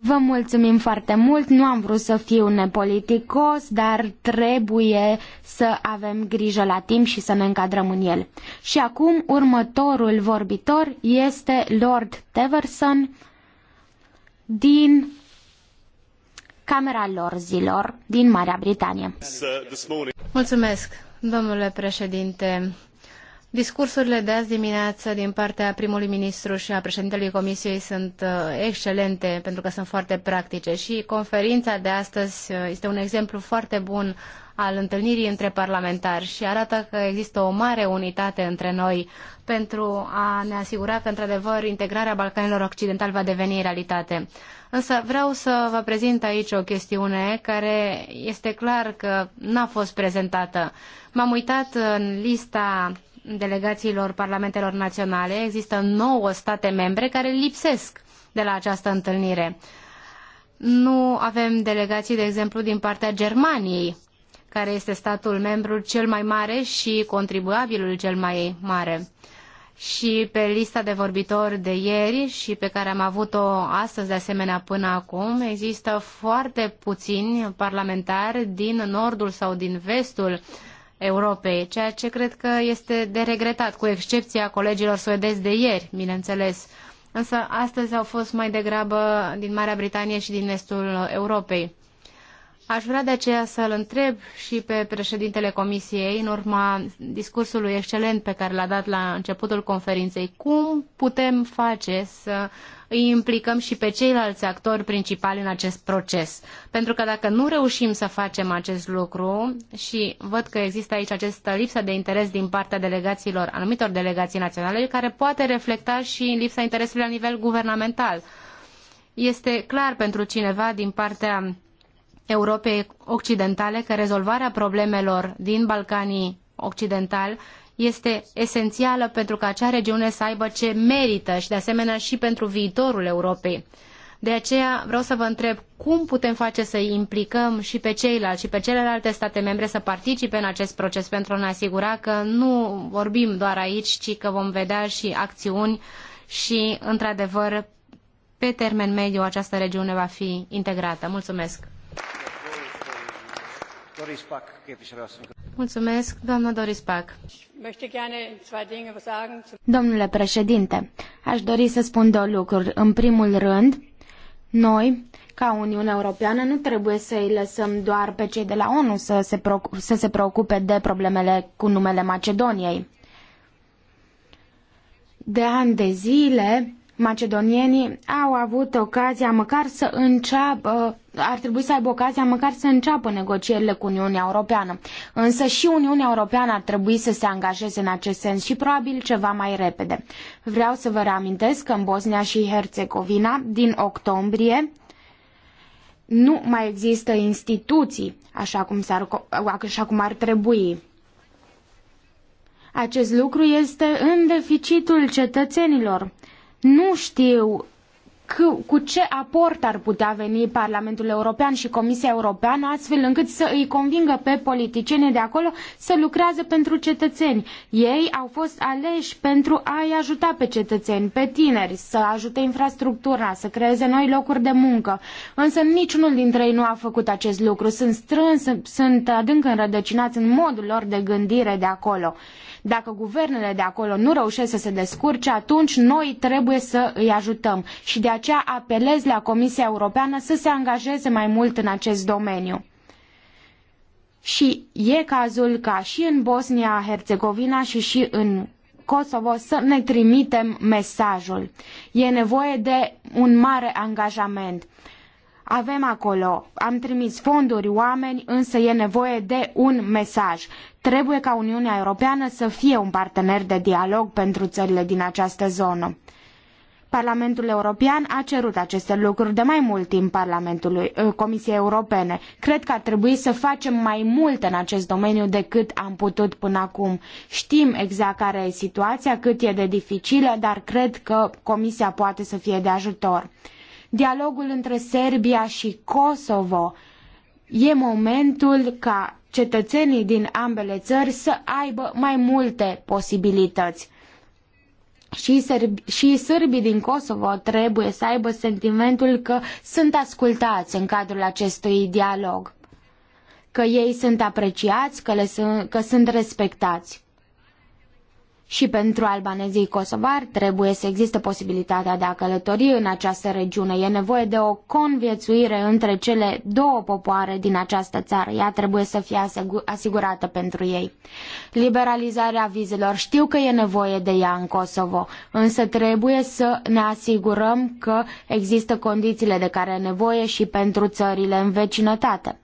Vă mulțumim foarte mult, nu am vrut să fiu nepoliticos, dar trebuie să avem grijă la timp și să ne încadrăm în el. Și acum următorul vorbitor este Lord Teverson din Camera Lorzilor din Marea Britanie. Mulțumesc, domnule președinte. Discursurile de azi dimineață din partea primului ministru și a președintelui Comisiei sunt uh, excelente pentru că sunt foarte practice și conferința de astăzi uh, este un exemplu foarte bun al întâlnirii între parlamentari și arată că există o mare unitate între noi pentru a ne asigura că, într-adevăr, integrarea Balcanilor Occidentali va deveni realitate. Însă vreau să vă prezint aici o chestiune care este clar că n-a fost prezentată. M-am uitat în lista delegațiilor parlamentelor naționale, există nouă state membre care lipsesc de la această întâlnire. Nu avem delegații, de exemplu, din partea Germaniei, care este statul membru cel mai mare și contribuabilul cel mai mare. Și pe lista de vorbitori de ieri și pe care am avut-o astăzi de asemenea până acum, există foarte puțini parlamentari din nordul sau din vestul uh, Europei, ceea ce cred că este de regretat, cu excepția colegilor suedezi de ieri, bineînțeles. Însă astăzi au fost mai degrabă din Marea Britanie și din estul Europei. Aș vrea de aceea să-l întreb și pe președintele Comisiei, în urma discursului excelent pe care l-a dat la începutul conferinței, cum putem face să uh, îi implicăm și pe ceilalți actori principali în acest proces. Pentru că dacă nu reușim să facem acest lucru și văd că există aici această lipsă de interes din partea delegațiilor, anumitor delegații naționale, care poate reflecta și lipsa interesului la nivel guvernamental. Este clar pentru cineva din partea Europei Occidentale că rezolvarea problemelor din Balcanii Occidentali este esențială pentru ca acea regiune să aibă ce merită și de asemenea și pentru viitorul Europei. De aceea vreau să vă întreb cum putem face să îi implicăm și pe ceilalți și pe celelalte state membre să participe în acest proces pentru a ne asigura că nu vorbim doar aici, ci că vom vedea și acțiuni și, într-adevăr, pe termen mediu această regiune va fi integrată. Mulțumesc! Mulțumesc, Doris Domnule președinte, aș dori să spun două lucruri. În primul rând, noi, ca Uniunea Europeană, nu trebuie să îi lăsăm doar pe cei de la ONU să se, să se preocupe de problemele cu numele Macedoniei. De ani de zile, macedonienii au avut ocazia măcar să înceapă, ar trebui să aibă ocazia măcar să înceapă negocierile cu Uniunea Europeană. Însă și Uniunea Europeană ar trebui să se angajeze în acest sens și probabil ceva mai repede. Vreau să vă reamintesc că în Bosnia și Herțegovina, din octombrie, nu mai există instituții așa cum, ar așa cum ar trebui. Acest lucru este în deficitul cetățenilor nu știu cu ce aport ar putea veni Parlamentul European și Comisia Europeană astfel încât să îi convingă pe politicienii de acolo să lucrează pentru cetățeni. Ei au fost aleși pentru a-i ajuta pe cetățeni, pe tineri, să ajute infrastructura, să creeze noi locuri de muncă. Însă niciunul dintre ei nu a făcut acest lucru. Sunt strâns, sunt adânc înrădăcinați în modul lor de gândire de acolo. Dacă guvernele de acolo nu reușesc să se descurce, atunci noi trebuie să îi ajutăm și de aceea apelez la Comisia Europeană să se angajeze mai mult în acest domeniu. Și e cazul ca și în Bosnia-Herzegovina și și în Kosovo să ne trimitem mesajul. E nevoie de un mare angajament. Avem acolo, am trimis fonduri, oameni, însă e nevoie de un mesaj. Trebuie ca Uniunea Europeană să fie un partener de dialog pentru țările din această zonă. Parlamentul European a cerut aceste lucruri de mai mult timp Parlamentului ă, Comisiei Europene. Cred că ar trebui să facem mai mult în acest domeniu decât am putut până acum. Știm exact care e situația, cât e de dificilă, dar cred că Comisia poate să fie de ajutor dialogul între Serbia și Kosovo. E momentul ca cetățenii din ambele țări să aibă mai multe posibilități. Și, Serbi și sârbii din Kosovo trebuie să aibă sentimentul că sunt ascultați în cadrul acestui dialog, că ei sunt apreciați, că, le sunt, că sunt respectați. Și pentru albanezii kosovari trebuie să existe posibilitatea de a călători în această regiune. E nevoie de o conviețuire între cele două popoare din această țară. Ea trebuie să fie asigurată pentru ei. Liberalizarea vizelor. Știu că e nevoie de ea în Kosovo, însă trebuie să ne asigurăm că există condițiile de care e nevoie și pentru țările în vecinătate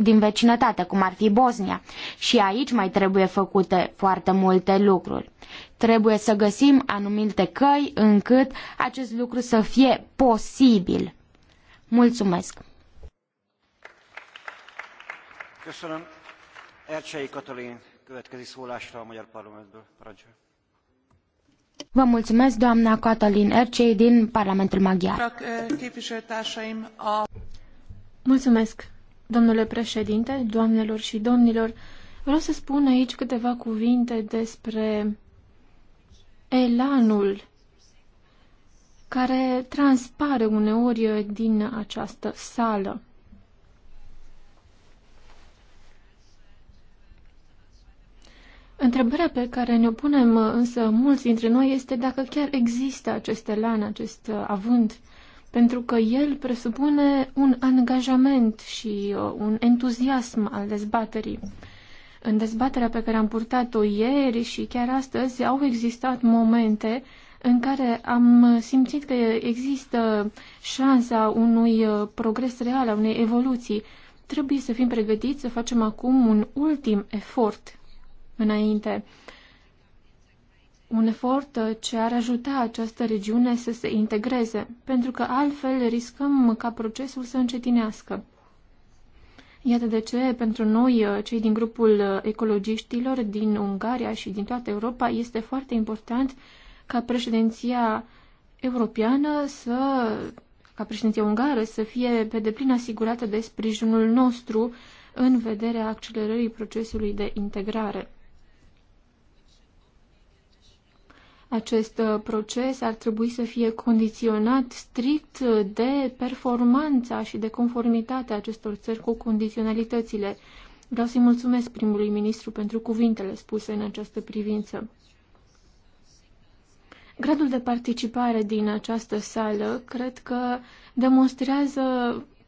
din vecinătate, cum ar fi Bosnia. Și aici mai trebuie făcute foarte multe lucruri. Trebuie să găsim anumite căi încât acest lucru să fie posibil. Mulțumesc! Köszönöm. Ercsei Katalin szólásra a Magyar Parlamentből. Vă mulțumesc, doamna Catalin Ercei din Parlamentul Maghiar. Mulțumesc. Domnule președinte, doamnelor și domnilor, vreau să spun aici câteva cuvinte despre elanul care transpare uneori din această sală. Întrebarea pe care ne-o punem însă mulți dintre noi este dacă chiar există acest elan, acest avânt, pentru că el presupune un angajament și uh, un entuziasm al dezbaterii. În dezbaterea pe care am purtat-o ieri și chiar astăzi au existat momente în care am simțit că există șansa unui uh, progres real, a unei evoluții. Trebuie să fim pregătiți să facem acum un ultim efort înainte. Uh, un efort uh, ce ar ajuta această regiune să se integreze, pentru că altfel riscăm ca procesul să încetinească. Iată de ce, pentru noi, uh, cei din grupul uh, ecologiștilor din Ungaria și din toată Europa, este foarte important ca președinția europeană să, ca președinția ungară, să fie pe deplin asigurată de sprijinul nostru în vederea accelerării procesului de integrare. Acest uh, proces ar trebui să fie condiționat strict de performanța și de conformitatea acestor țări cu condiționalitățile. Vreau să-i mulțumesc primului ministru pentru cuvintele spuse în această privință. Gradul de participare din această sală cred că demonstrează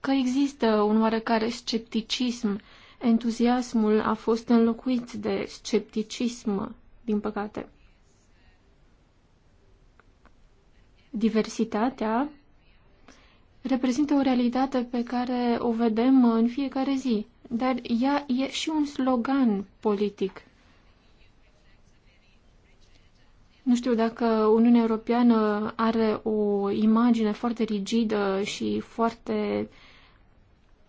că există un oarecare scepticism. Entuziasmul a fost înlocuit de scepticism, din păcate. diversitatea reprezintă o realitate pe care o vedem în fiecare zi, dar ea e și un slogan politic. Nu știu dacă Uniunea Europeană are o imagine foarte rigidă și foarte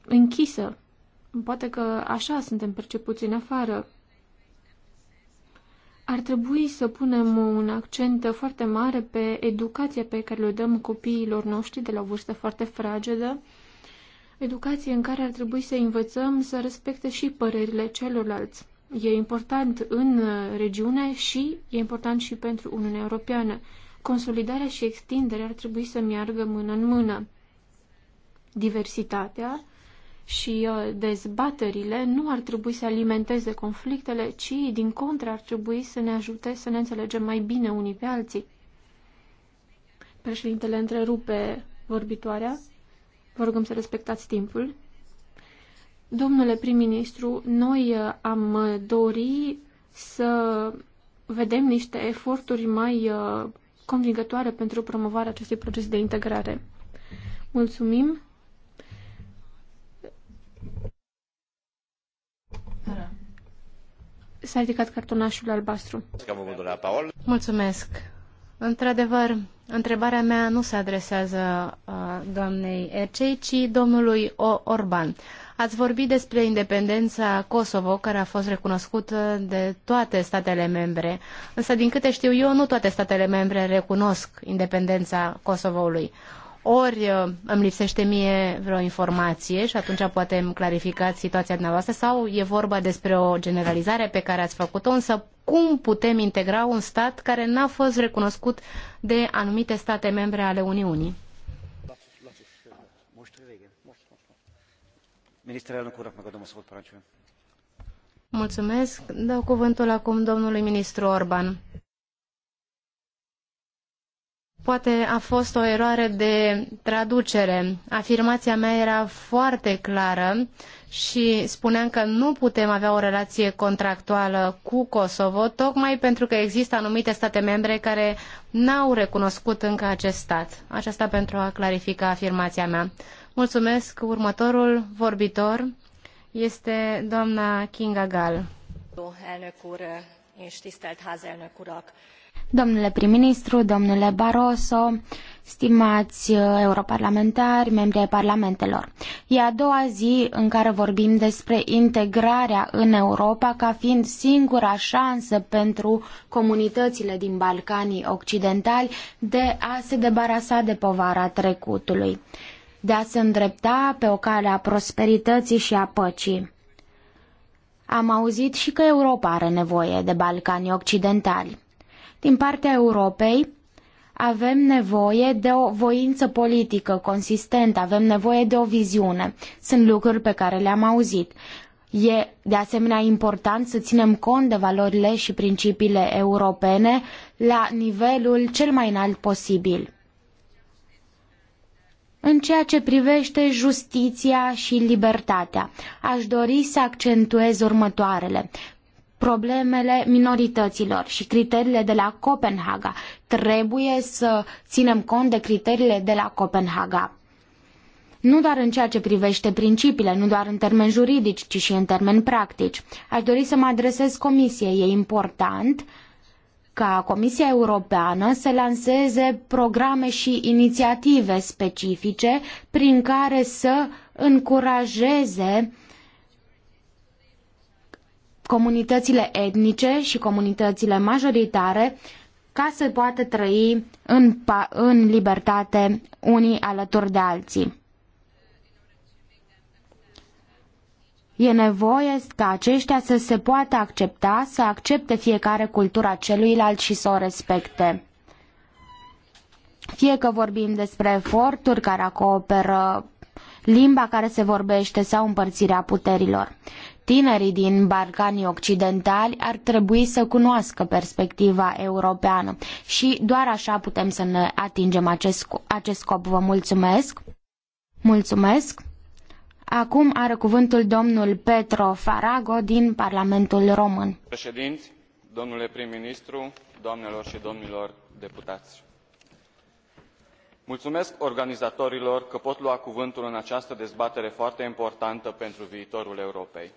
închisă. Poate că așa suntem percepuți în afară. Ar trebui să punem un accent foarte mare pe educația pe care le dăm copiilor noștri de la o vârstă foarte fragedă, educație în care ar trebui să învățăm să respecte și părerile celorlalți. E important în regiune și e important și pentru Uniunea Europeană. Consolidarea și extinderea ar trebui să meargă mână în mână. Diversitatea și uh, dezbaterile nu ar trebui să alimenteze conflictele, ci, din contră, ar trebui să ne ajute să ne înțelegem mai bine unii pe alții. Președintele întrerupe vorbitoarea. Vă rugăm să respectați timpul. Domnule prim-ministru, noi uh, am uh, dori să vedem niște eforturi mai convingătoare pentru promovarea acestui proces de integrare. Mulțumim! S-a ridicat cartonașul albastru. Mulțumesc. Într-adevăr, întrebarea mea nu se adresează uh, doamnei Ercei, ci domnului o Orban. Ați vorbit despre independența Kosovo, care a fost recunoscută de toate statele membre, însă din câte știu eu, nu toate statele membre recunosc independența Kosovoului ori uh, îmi lipsește mie vreo informație și atunci poate îmi clarificați situația dumneavoastră sau e vorba despre o generalizare pe care ați făcut-o, însă cum putem integra un stat care n-a fost recunoscut de anumite state membre ale Uniunii? Mulțumesc. Dau cuvântul acum domnului ministru Orban. Poate a fost o eroare de traducere. Afirmația mea era foarte clară și spuneam că nu putem avea o relație contractuală cu Kosovo, tocmai pentru că există anumite state membre care n-au recunoscut încă acest stat. Aceasta pentru a clarifica afirmația mea. Mulțumesc. Următorul vorbitor este doamna Kinga Gal. Elnök és tisztelt házelnök urak! Domnule prim-ministru, domnule Barroso, stimați uh, europarlamentari, membri ai parlamentelor. E a doua zi în care vorbim despre integrarea în Europa ca fiind singura șansă pentru comunitățile din Balcanii Occidentali de a se debarasa de povara trecutului, de a se îndrepta pe o cale a prosperității și a păcii. Am auzit și că Europa are nevoie de Balcanii Occidentali. Din partea Europei avem nevoie de o voință politică consistentă, avem nevoie de o viziune. Sunt lucruri pe care le-am auzit. E de asemenea important să ținem cont de valorile și principiile europene la nivelul cel mai înalt posibil. În ceea ce privește justiția și libertatea, aș dori să accentuez următoarele problemele minorităților și criteriile de la Copenhaga. Trebuie să ținem cont de criteriile de la Copenhaga. Nu doar în ceea ce privește principiile, nu doar în termeni juridici, ci și în termeni practici. Aș dori să mă adresez comisiei. E important ca Comisia Europeană să lanseze programe și inițiative specifice prin care să încurajeze uh, comunitățile etnice și comunitățile majoritare ca să poată trăi în, în libertate unii alături de alții. E nevoie ca aceștia să se poată accepta, să accepte fiecare cultura celuilalt și să o respecte. Fie că vorbim despre eforturi care acoperă limba care se vorbește sau împărțirea puterilor. Tinerii din Balcanii Occidentali ar trebui să cunoască perspectiva europeană și doar așa putem să ne atingem acest, acest scop. Vă mulțumesc! Mulțumesc! Acum are cuvântul domnul Petro Farago din Parlamentul Român. Președinți, domnule prim-ministru, doamnelor și domnilor deputați. Mulțumesc organizatorilor că pot lua cuvântul în această dezbatere foarte importantă pentru viitorul Europei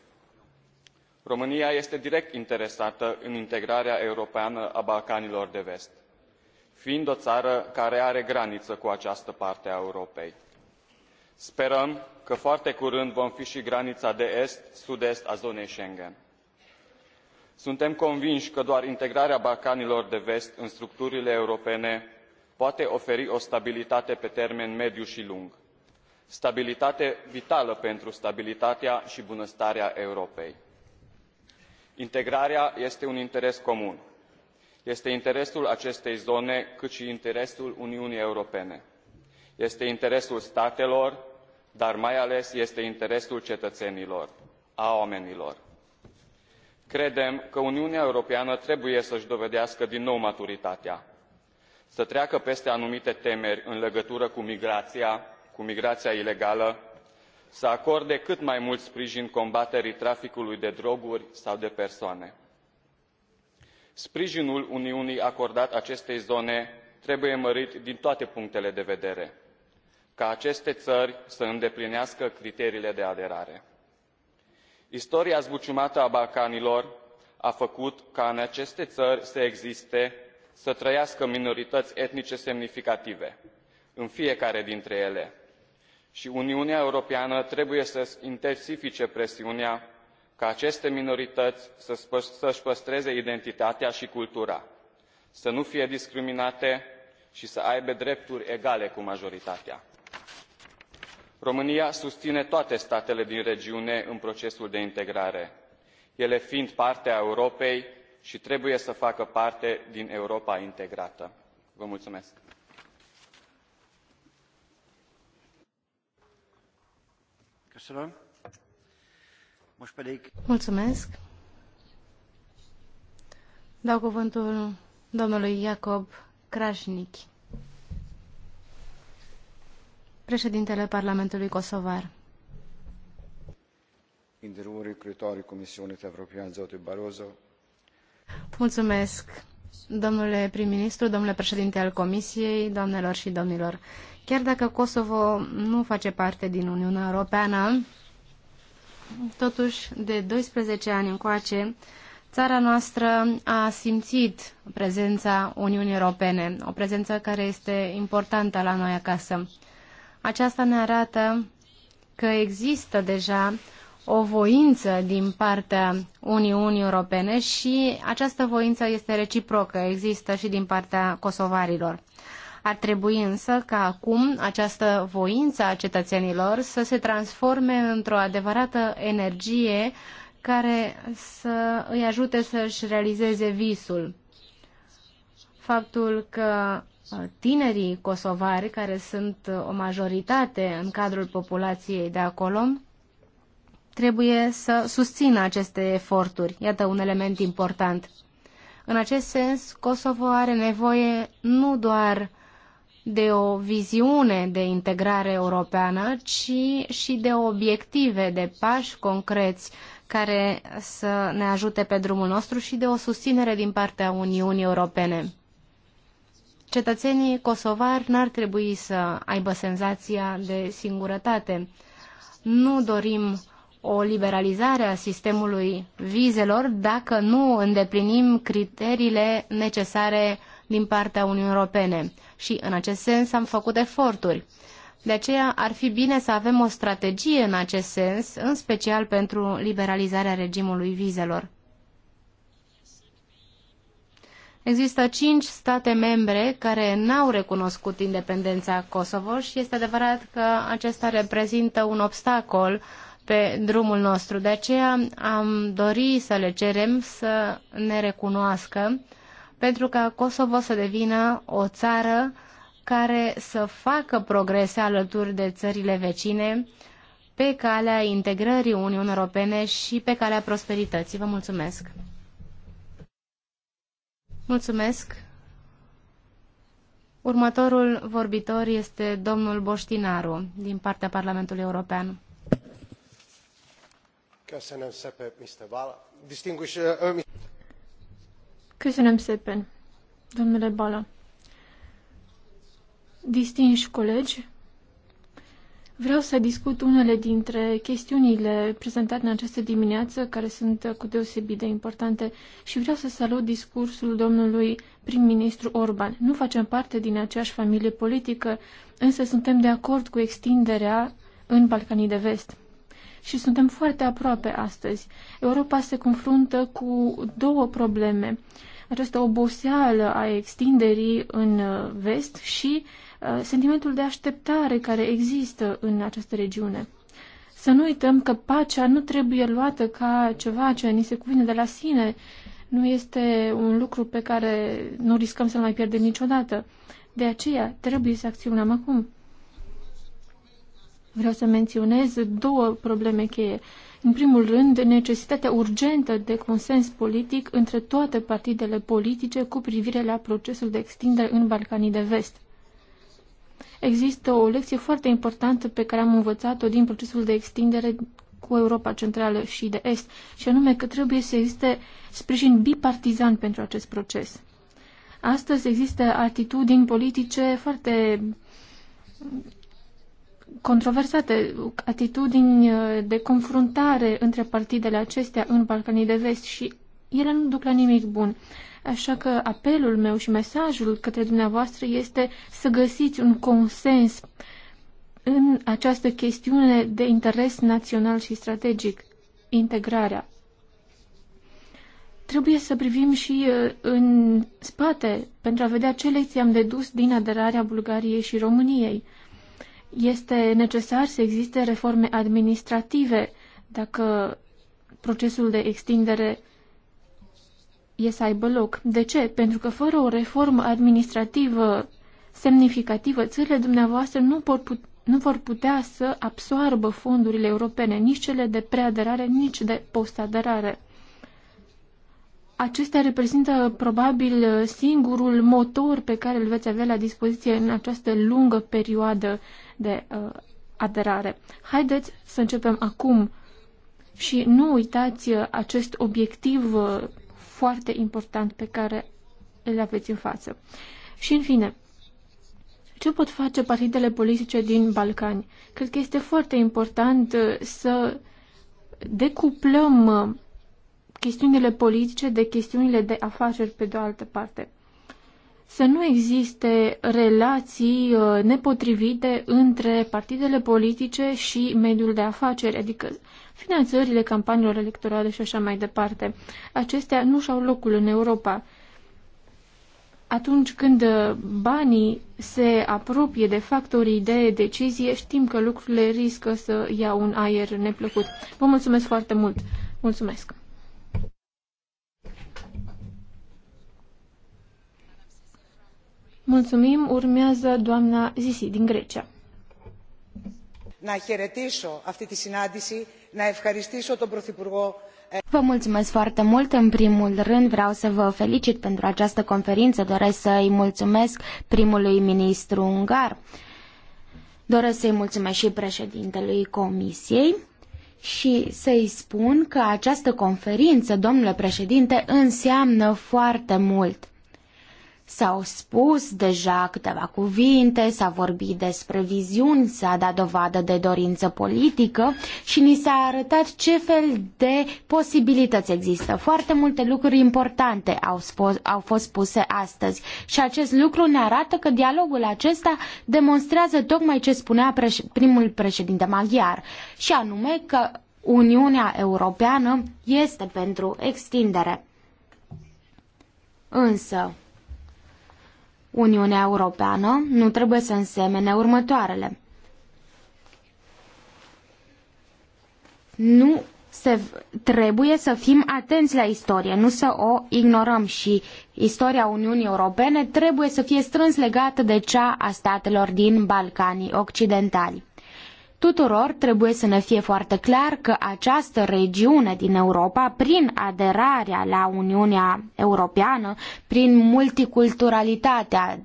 românia este direct interesată în integrarea europeană a balcanilor de vest fiind o ară care are graniă cu această parte a europei. sperăm că foarte curând vom fi i grania de est sud est a zonei schengen. suntem convini că doar integrarea balcanilor de vest în structurile europene poate oferi o stabilitate pe termen mediu i lung stabilitate vitală pentru stabilitatea i bunăstarea europei integrarea este un interes comun este interesul acestei zone cât i interesul uniunii europene este interesul statelor dar mai ales este interesul cetăenilor a oamenilor. credem că uniunea europeană trebuie să i dovedească din nou maturitatea să treacă peste anumite temeri în legătură cu migraia cu migraia ilegală să acorde cât mai mult sprijin combaterii traficului de droguri sau de persoane. sprijinul uniunii acordat acestei zone trebuie mărit din toate punctele de vedere ca aceste ări să îndeplinească criteriile de aderare. istoria zbuciumată a balcanilor a făcut ca în aceste ări să existe să trăiască minorităi etnice semnificative în fiecare dintre ele i uniunea europeană trebuie să i intensifice presiunea ca aceste minorităi să îi păstreze identitatea i cultura să nu fie discriminate i să aibă drepturi egale cu majoritatea. românia susine toate statele din regiune în procesul de integrare ele fiind parte a europei i trebuie să facă parte din europa integrată. Vă mulțumesc. Mulțumesc. Dau cuvântul domnului Iacob Krașnic, președintele Parlamentului Kosovar. Mulțumesc, domnule prim-ministru, domnule președinte al Comisiei, doamnelor și domnilor. Chiar dacă Kosovo nu face parte din Uniunea Europeană, totuși de 12 ani încoace, țara noastră a simțit prezența Uniunii Europene, o prezență care este importantă la noi acasă. Aceasta ne arată că există deja o voință din partea Uniunii Europene și această voință este reciprocă, există și din partea kosovarilor. Ar trebui însă ca acum această voință a cetățenilor să se transforme într-o adevărată energie care să îi ajute să-și realizeze visul. Faptul că tinerii kosovari, care sunt o majoritate în cadrul populației de acolo, trebuie să susțină aceste eforturi. Iată un element important. În acest sens, Kosovo are nevoie nu doar de o viziune de integrare europeană, ci și de obiective, de pași concreți care să ne ajute pe drumul nostru și de o susținere din partea Uniunii Europene. Cetățenii kosovari n-ar trebui să aibă senzația de singurătate. Nu dorim o liberalizare a sistemului vizelor dacă nu îndeplinim criteriile necesare din partea Uniunii Europene și în acest sens am făcut eforturi. De aceea ar fi bine să avem o strategie în acest sens, în special pentru liberalizarea regimului vizelor. Există cinci state membre care n-au recunoscut independența Kosovo și este adevărat că acesta reprezintă un obstacol pe drumul nostru. De aceea am dori să le cerem să ne recunoască pentru ca Kosovo să devină o țară care să facă progrese alături de țările vecine pe calea integrării Uniunii Europene și pe calea prosperității. Vă mulțumesc! Mulțumesc! Următorul vorbitor este domnul Boștinaru, din partea Parlamentului European. Că să ne Mr. Bala, Köszönöm sepen, domnule Bala. Distinși colegi, vreau să discut unele dintre chestiunile prezentate în această dimineață, care sunt cu deosebit de importante, și vreau să salut discursul domnului prim-ministru Orban. Nu facem parte din aceeași familie politică, însă suntem de acord cu extinderea în Balcanii de Vest și suntem foarte aproape astăzi. Europa se confruntă cu două probleme. Această oboseală a extinderii în uh, vest și uh, sentimentul de așteptare care există în această regiune. Să nu uităm că pacea nu trebuie luată ca ceva ce ni se cuvine de la sine, nu este un lucru pe care nu riscăm să-l mai pierdem niciodată. De aceea trebuie să acționăm acum. Vreau să menționez două probleme cheie. În primul rând, necesitatea urgentă de consens politic între toate partidele politice cu privire la procesul de extindere în Balcanii de Vest. Există o lecție foarte importantă pe care am învățat-o din procesul de extindere cu Europa Centrală și de Est, și anume că trebuie să existe sprijin bipartizan pentru acest proces. Astăzi există atitudini politice foarte controversate, atitudini uh, de confruntare între partidele acestea în Balcanii de Vest și ele nu duc la nimic bun. Așa că apelul meu și mesajul către dumneavoastră este să găsiți un consens în această chestiune de interes național și strategic, integrarea. Trebuie să privim și uh, în spate pentru a vedea ce lecții am dedus din aderarea Bulgariei și României este necesar să existe reforme administrative dacă procesul de extindere e să aibă loc. De ce? Pentru că fără o reformă administrativă semnificativă, țările dumneavoastră nu, pot put- nu vor putea să absoarbă fondurile europene, nici cele de preaderare, nici de postaderare. Acestea reprezintă probabil singurul motor pe care îl veți avea la dispoziție în această lungă perioadă de uh, aderare. Haideți să începem acum și nu uitați uh, acest obiectiv uh, foarte important pe care îl aveți în față. Și în fine, ce pot face partidele politice din Balcani? Cred că este foarte important uh, să decuplăm uh, chestiunile politice de chestiunile de afaceri pe de o altă parte să nu existe relații uh, nepotrivite între partidele politice și mediul de afaceri, adică finanțările campaniilor electorale și așa mai departe. Acestea nu și-au locul în Europa. Atunci când uh, banii se apropie de factorii de decizie, știm că lucrurile riscă să ia un aer neplăcut. Vă mulțumesc foarte mult! Mulțumesc! Mulțumim, urmează doamna Zisi din Grecia. Να χαιρετήσω αυτή τη συνάντηση, να ευχαριστήσω τον Πρωθυπουργό Vă mulțumesc foarte mult. În primul rând vreau să vă felicit pentru această conferință. Doresc să îi mulțumesc primului ministru ungar. Doresc să-i mulțumesc și președintelui Comisiei și să-i spun că această conferință, domnule președinte, înseamnă foarte mult. S-au spus deja câteva cuvinte, s-a vorbit despre viziuni, s-a dat dovadă de dorință politică și ni s-a arătat ce fel de posibilități există. Foarte multe lucruri importante au, spus, au fost spuse astăzi și acest lucru ne arată că dialogul acesta demonstrează tocmai ce spunea preș- primul președinte maghiar și anume că Uniunea Europeană este pentru extindere. Însă, Uniunea Europeană nu trebuie să însemene următoarele. Nu se, trebuie să fim atenți la istorie, nu să o ignorăm și istoria Uniunii Europene trebuie să fie strâns legată de cea a statelor din Balcanii Occidentali. Tuturor trebuie să ne fie foarte clar că această regiune din Europa, prin aderarea la Uniunea Europeană, prin multiculturalitatea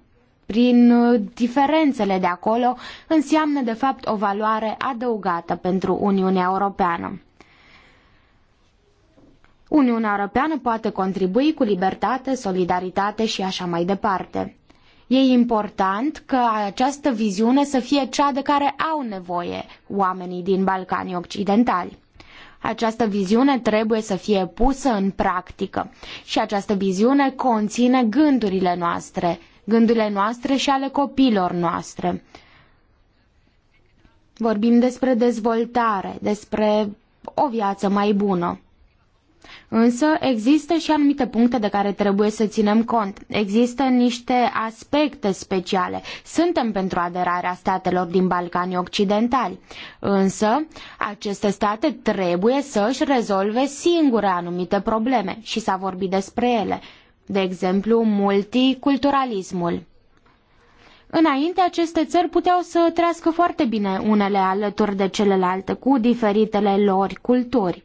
prin uh, diferențele de acolo, înseamnă de fapt o valoare adăugată pentru Uniunea Europeană. Uniunea Europeană poate contribui cu libertate, solidaritate și așa mai departe. E important ca această viziune să fie cea de care au nevoie oamenii din Balcanii Occidentali. Această viziune trebuie să fie pusă în practică și această viziune conține gândurile noastre, gândurile noastre și ale copiilor noastre. Vorbim despre dezvoltare, despre o viață mai bună. Însă există și anumite puncte de care trebuie să ținem cont. Există niște aspecte speciale. Suntem pentru aderarea statelor din Balcanii Occidentali. Însă aceste state trebuie să își rezolve singure anumite probleme și s-a vorbit despre ele. De exemplu, multiculturalismul. Înainte, aceste țări puteau să trăiască foarte bine unele alături de celelalte, cu diferitele lor culturi.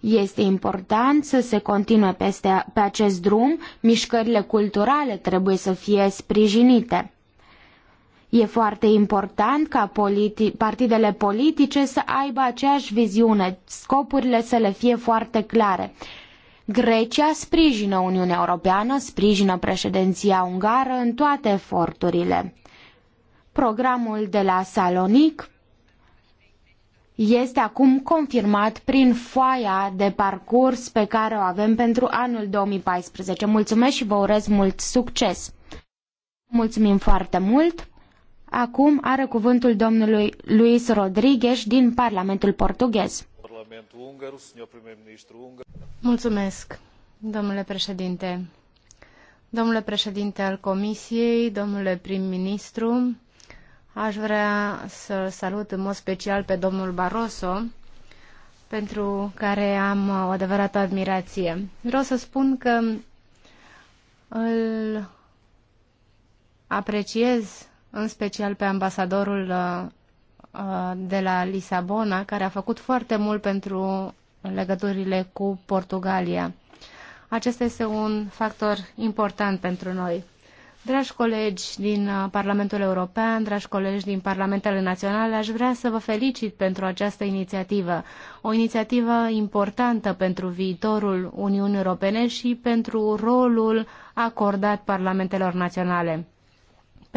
Este important să se continue peste, pe acest drum, mișcările culturale trebuie să fie sprijinite. E foarte important ca politi- partidele politice să aibă aceeași viziune, scopurile să le fie foarte clare. Grecia sprijină Uniunea Europeană, sprijină președinția ungară în toate eforturile. Programul de la Salonic este acum confirmat prin foaia de parcurs pe care o avem pentru anul 2014. Mulțumesc și vă urez mult succes! Mulțumim foarte mult! Acum are cuvântul domnului Luis Rodrigues din Parlamentul portughez. Parlamentul Ungar, Ungar. Mulțumesc, domnule președinte. Domnule președinte al Comisiei, domnule prim-ministru, Aș vrea să salut în mod special pe domnul Barroso, pentru care am o adevărată admirație. Vreau să spun că îl apreciez în special pe ambasadorul uh, uh, de la Lisabona, care a făcut foarte mult pentru legăturile cu Portugalia. Acesta este un factor important pentru noi. Dragi colegi din uh, Parlamentul European, dragi colegi din Parlamentele Naționale, aș vrea să vă felicit pentru această inițiativă. O inițiativă importantă pentru viitorul Uniunii Europene și pentru rolul acordat Parlamentelor Naționale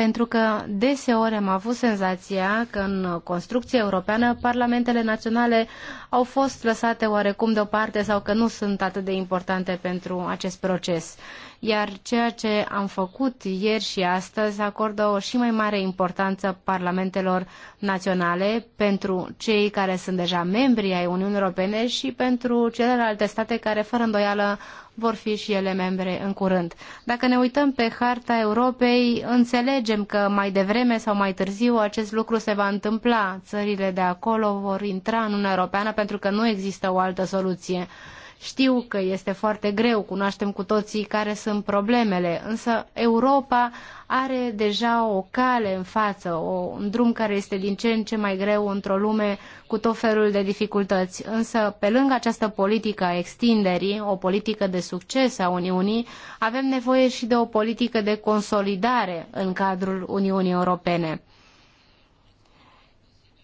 pentru că deseori am avut senzația că în construcția europeană parlamentele naționale au fost lăsate oarecum deoparte sau că nu sunt atât de importante pentru acest proces. Iar ceea ce am făcut ieri și astăzi acordă o și mai mare importanță parlamentelor naționale pentru cei care sunt deja membri ai Uniunii Europene și pentru celelalte state care fără îndoială vor fi și ele membre în curând. Dacă ne uităm pe harta Europei, înțelegem că mai devreme sau mai târziu acest lucru se va întâmpla. Țările de acolo vor intra în Uniunea Europeană pentru că nu există o altă soluție. Știu că este foarte greu, cunoaștem cu toții care sunt problemele, însă Europa are deja o cale în față, o, un drum care este din ce în ce mai greu într-o lume cu tot felul de dificultăți. Însă, pe lângă această politică a extinderii, o politică de succes a Uniunii, avem nevoie și de o politică de consolidare în cadrul Uniunii Europene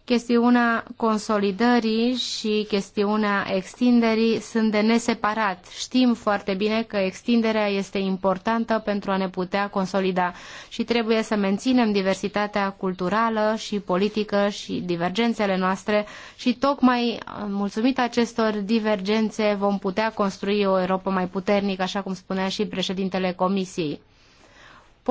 chestiunea consolidării și chestiunea extinderii sunt de neseparat. Știm foarte bine că extinderea este importantă pentru a ne putea consolida și trebuie să menținem diversitatea culturală și politică și divergențele noastre și tocmai mulțumit acestor divergențe vom putea construi o Europa mai puternică, așa cum spunea și președintele Comisiei.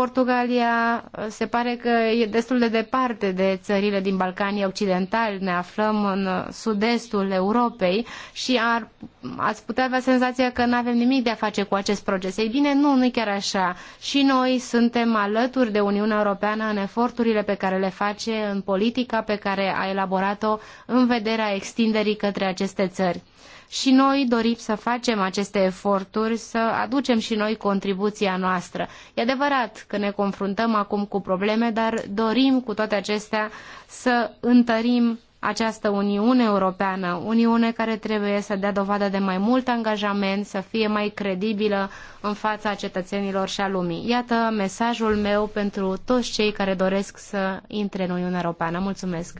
Portugalia uh, se pare că e destul de departe de țările din Balcanii Occidentali, ne aflăm în uh, sud-estul Europei și ar, ați putea avea senzația că nu avem nimic de a face cu acest proces. Ei bine, nu, nu e chiar așa. Și noi suntem alături de Uniunea Europeană în eforturile pe care le face, în politica pe care a elaborat-o în vederea extinderii către aceste țări și noi dorim să facem aceste eforturi, să aducem și noi contribuția noastră. E adevărat că ne confruntăm acum cu probleme, dar dorim cu toate acestea să întărim această Uniune Europeană, Uniune care trebuie să dea dovadă de mai mult angajament, să fie mai credibilă în fața cetățenilor și a lumii. Iată mesajul meu pentru toți cei care doresc să intre în Uniunea Europeană. Mulțumesc!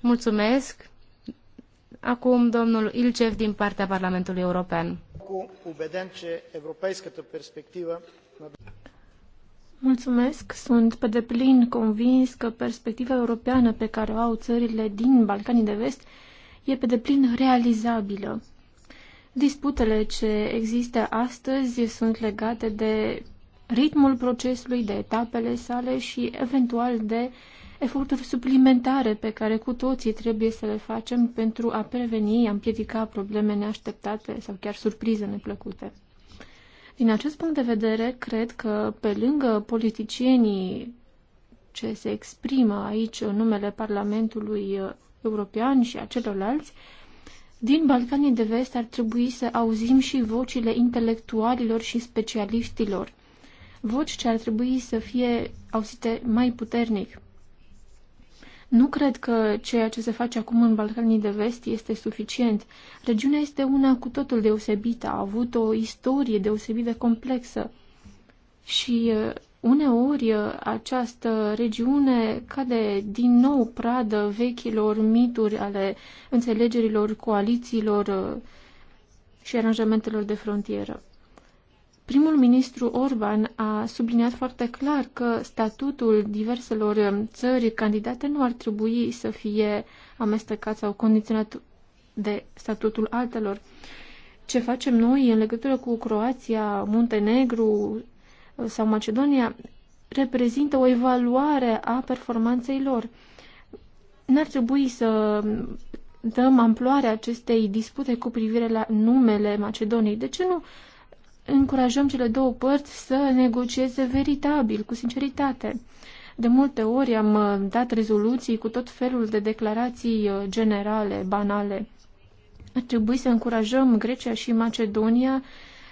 Mulțumesc! Acum domnul Ilcev din partea Parlamentului European. Mulțumesc, sunt pe deplin convins că perspectiva europeană pe care o au țările din Balcanii de Vest e pe deplin realizabilă. Disputele ce există astăzi sunt legate de ritmul procesului, de etapele sale și eventual de eforturi suplimentare pe care cu toții trebuie să le facem pentru a preveni, a împiedica probleme neașteptate sau chiar surprize neplăcute. Din acest punct de vedere, cred că pe lângă politicienii ce se exprimă aici în numele Parlamentului European și a celorlalți, din Balcanii de Vest ar trebui să auzim și vocile intelectualilor și specialiștilor, voci ce ar trebui să fie auzite mai puternic. Nu cred că ceea ce se face acum în Balcanii de Vest este suficient. Regiunea este una cu totul deosebită, a avut o istorie deosebit de complexă și uh, uneori uh, această regiune cade din nou pradă vechilor mituri ale înțelegerilor, coalițiilor uh, și aranjamentelor de frontieră. Primul ministru Orban a subliniat foarte clar că statutul diverselor um, țări candidate nu ar trebui să fie amestecat sau condiționat de statutul altelor. Ce facem noi în legătură cu Croația, Muntenegru uh, sau Macedonia reprezintă o evaluare a performanței lor. N-ar trebui să um, dăm amploare acestei dispute cu privire la numele Macedoniei. De ce nu încurajăm cele două părți să negocieze veritabil, cu sinceritate. De multe ori am uh, dat rezoluții cu tot felul de declarații uh, generale, banale. Ar trebui să încurajăm Grecia și Macedonia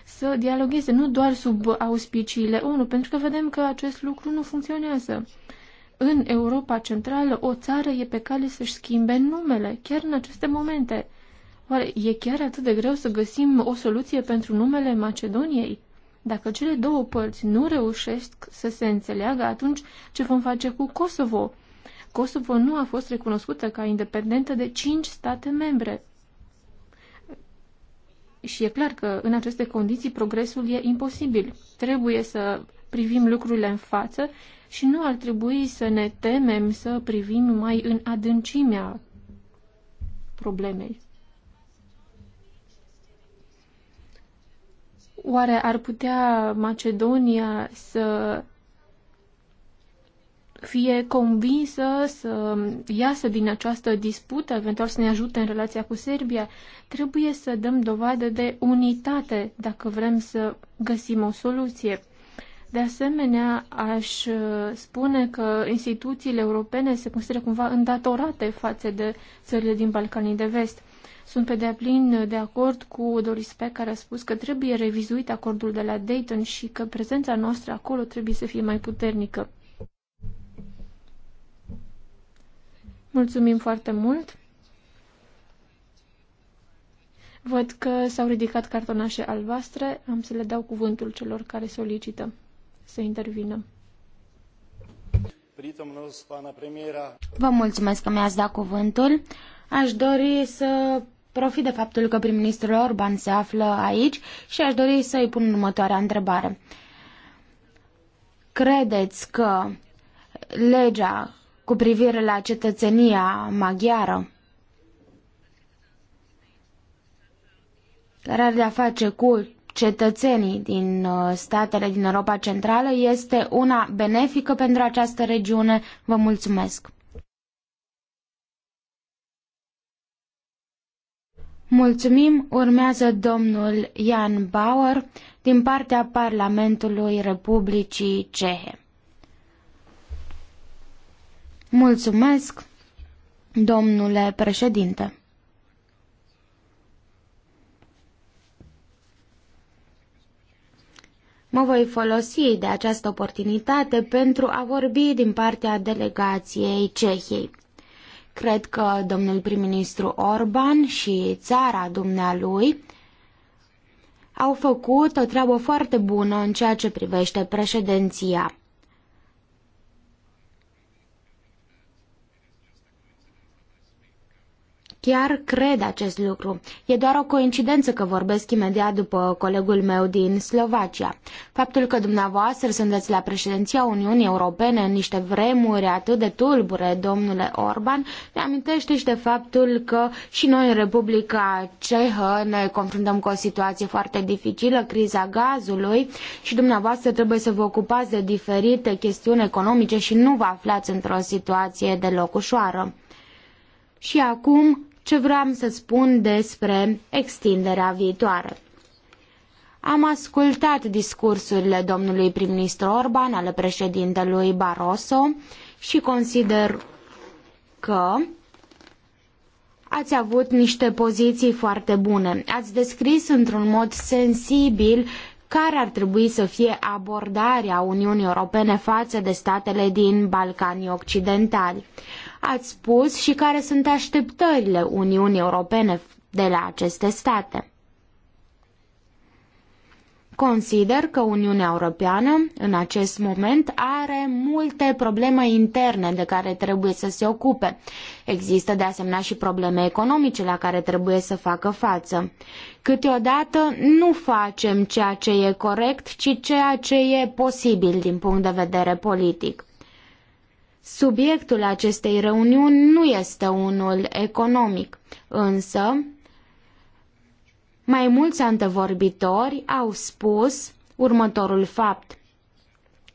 să dialogueze, nu doar sub auspiciile ONU, pentru că vedem că acest lucru nu funcționează. În Europa Centrală, o țară e pe cale să-și schimbe numele, chiar în aceste momente. Oare e chiar atât de greu să găsim o soluție pentru numele Macedoniei? Dacă cele două părți nu reușesc să se înțeleagă, atunci ce vom face cu Kosovo? Kosovo nu a fost recunoscută ca independentă de cinci state membre. Și e clar că în aceste condiții progresul e imposibil. Trebuie să privim lucrurile în față și nu ar trebui să ne temem să privim mai în adâncimea problemei. Oare ar putea Macedonia să fie convinsă să iasă din această dispută, eventual să ne ajute în relația cu Serbia, trebuie să dăm dovadă de unitate dacă vrem să găsim o soluție. De asemenea, aș spune că instituțiile europene se consideră cumva îndatorate față de țările din Balcanii de Vest. Sunt pe deplin de acord cu Doris Peck, care a spus că trebuie revizuit acordul de la Dayton și că prezența noastră acolo trebuie să fie mai puternică. Mulțumim foarte mult! Văd că s-au ridicat cartonașe albastre. Am să le dau cuvântul celor care solicită să intervină. Vă mulțumesc că mi-ați dat cuvântul. Aș dori să Profit de faptul că prim-ministrul Orban se află aici și aș dori să-i pun următoarea întrebare. Credeți că legea cu privire la cetățenia maghiară care are de-a face cu cetățenii din uh, statele din Europa Centrală este una benefică pentru această regiune. Vă mulțumesc! Mulțumim, urmează domnul Jan Bauer din partea Parlamentului Republicii Cehe. Mulțumesc, domnule președinte. Mă voi folosi de această oportunitate pentru a vorbi din partea delegației Cehiei. Cred că domnul prim-ministru Orban și țara dumnealui au făcut o treabă foarte bună în ceea ce privește președinția. Chiar cred acest lucru. E doar o coincidență că vorbesc imediat după colegul meu din Slovacia. Faptul că dumneavoastră sunteți la președinția Uniunii Europene în niște vremuri atât de tulbure, domnule Orban, ne amintește și de faptul că și noi în Republica Cehă ne confruntăm cu o situație foarte dificilă, criza gazului și dumneavoastră trebuie să vă ocupați de diferite chestiuni economice și nu vă aflați într-o situație deloc ușoară. Și acum ce vreau să spun despre extinderea viitoare. Am ascultat discursurile domnului prim-ministru Orban, ale președintelui Barroso și consider că ați avut niște poziții foarte bune. Ați descris într-un mod sensibil care ar trebui să fie abordarea Uniunii Europene față de statele din Balcanii Occidentali ați spus și care sunt așteptările Uniunii Europene de la aceste state. Consider că Uniunea Europeană în acest moment are multe probleme interne de care trebuie să se ocupe. Există de asemenea și probleme economice la care trebuie să facă față. Câteodată nu facem ceea ce e corect, ci ceea ce e posibil din punct de vedere politic. Subiectul acestei reuniuni nu este unul economic, însă mai mulți antevorbitori au spus următorul fapt.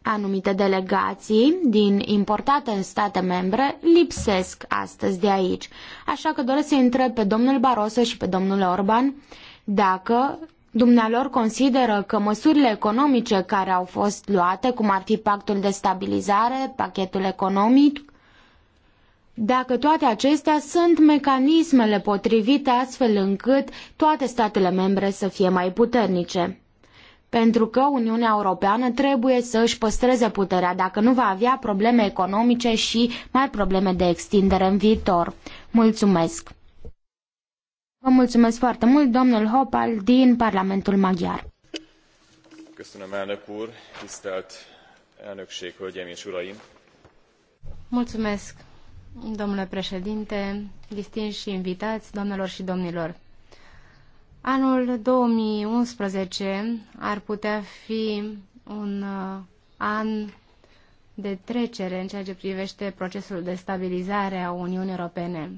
Anumite delegații din importate în state membre lipsesc astăzi de aici, așa că doresc să întreb pe domnul Barosă și pe domnul Orban dacă Dumnealor consideră că măsurile economice care au fost luate, cum ar fi pactul de stabilizare, pachetul economic, dacă toate acestea sunt mecanismele potrivite astfel încât toate statele membre să fie mai puternice. Pentru că Uniunea Europeană trebuie să își păstreze puterea dacă nu va avea probleme economice și mai probleme de extindere în viitor. Mulțumesc! Vă mulțumesc foarte mult, domnul Hopal din Parlamentul Maghiar. Köszönöm, elnök úr, tisztelt elnökség, hölgyeim és uraim! Mulțumesc, domnule președinte, distinși invitați, domnilor și domnilor. Anul 2011 ar putea fi un uh, an de trecere în ceea ce privește procesul de stabilizare a Uniunii Europene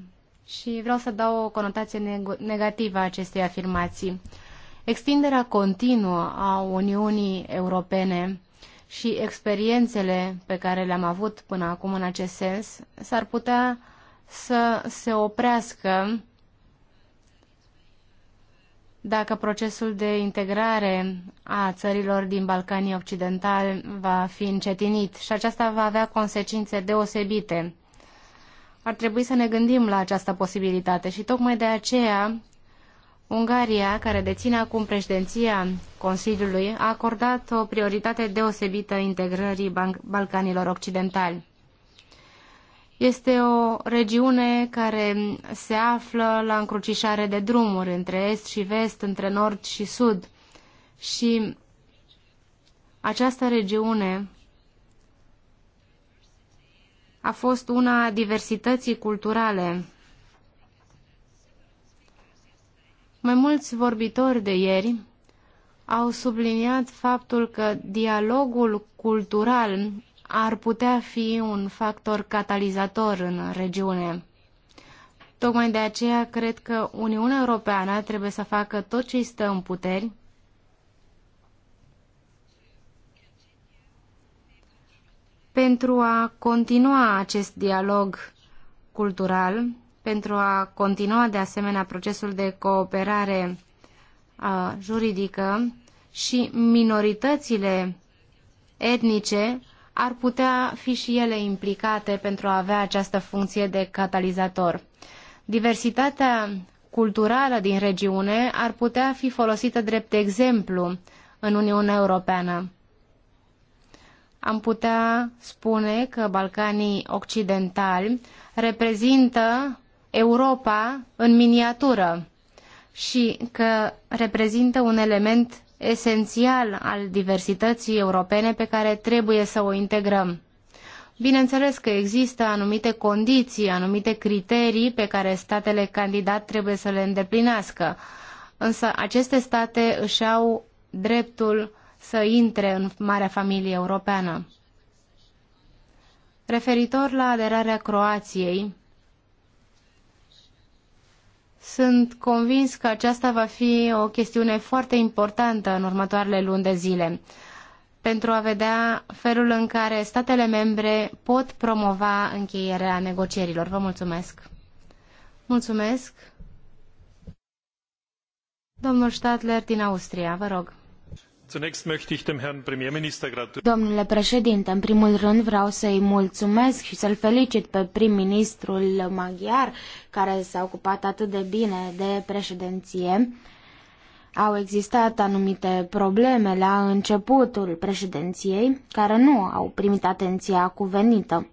și vreau să dau o conotație negativă a acestei afirmații. Extinderea continuă a Uniunii Europene și experiențele pe care le-am avut până acum în acest sens s-ar putea să se oprească dacă procesul de integrare a țărilor din Balcanii Occidentali va fi încetinit și aceasta va avea consecințe deosebite ar trebui să ne gândim la această posibilitate și tocmai de aceea Ungaria, care deține acum președinția Consiliului, a acordat o prioritate deosebită integrării Balcanilor Occidentali. Este o regiune care se află la încrucișare de drumuri între est și vest, între nord și sud. Și această regiune a fost una a diversității culturale. Mai mulți vorbitori de ieri au subliniat faptul că dialogul cultural ar putea fi un factor catalizator în regiune. Tocmai de aceea cred că Uniunea Europeană trebuie să facă tot ce stă în puteri pentru a continua acest dialog cultural, pentru a continua de asemenea procesul de cooperare uh, juridică și minoritățile etnice ar putea fi și ele implicate pentru a avea această funcție de catalizator. Diversitatea culturală din regiune ar putea fi folosită drept exemplu în Uniunea Europeană am putea spune că Balcanii Occidentali reprezintă Europa în miniatură și că reprezintă un element esențial al diversității europene pe care trebuie să o integrăm. Bineînțeles că există anumite condiții, anumite criterii pe care statele candidat trebuie să le îndeplinească, însă aceste state își au dreptul să intre în marea familie europeană. Referitor la aderarea Croației, sunt convins că aceasta va fi o chestiune foarte importantă în următoarele luni de zile pentru a vedea felul în care statele membre pot promova încheierea negocierilor. Vă mulțumesc! Mulțumesc! Domnul Stadler din Austria, vă rog. Domnule președinte, în primul rând vreau să-i mulțumesc și să-l felicit pe prim-ministrul maghiar care s-a ocupat atât de bine de președinție. Au existat anumite probleme la începutul președinției care nu au primit atenția cuvenită.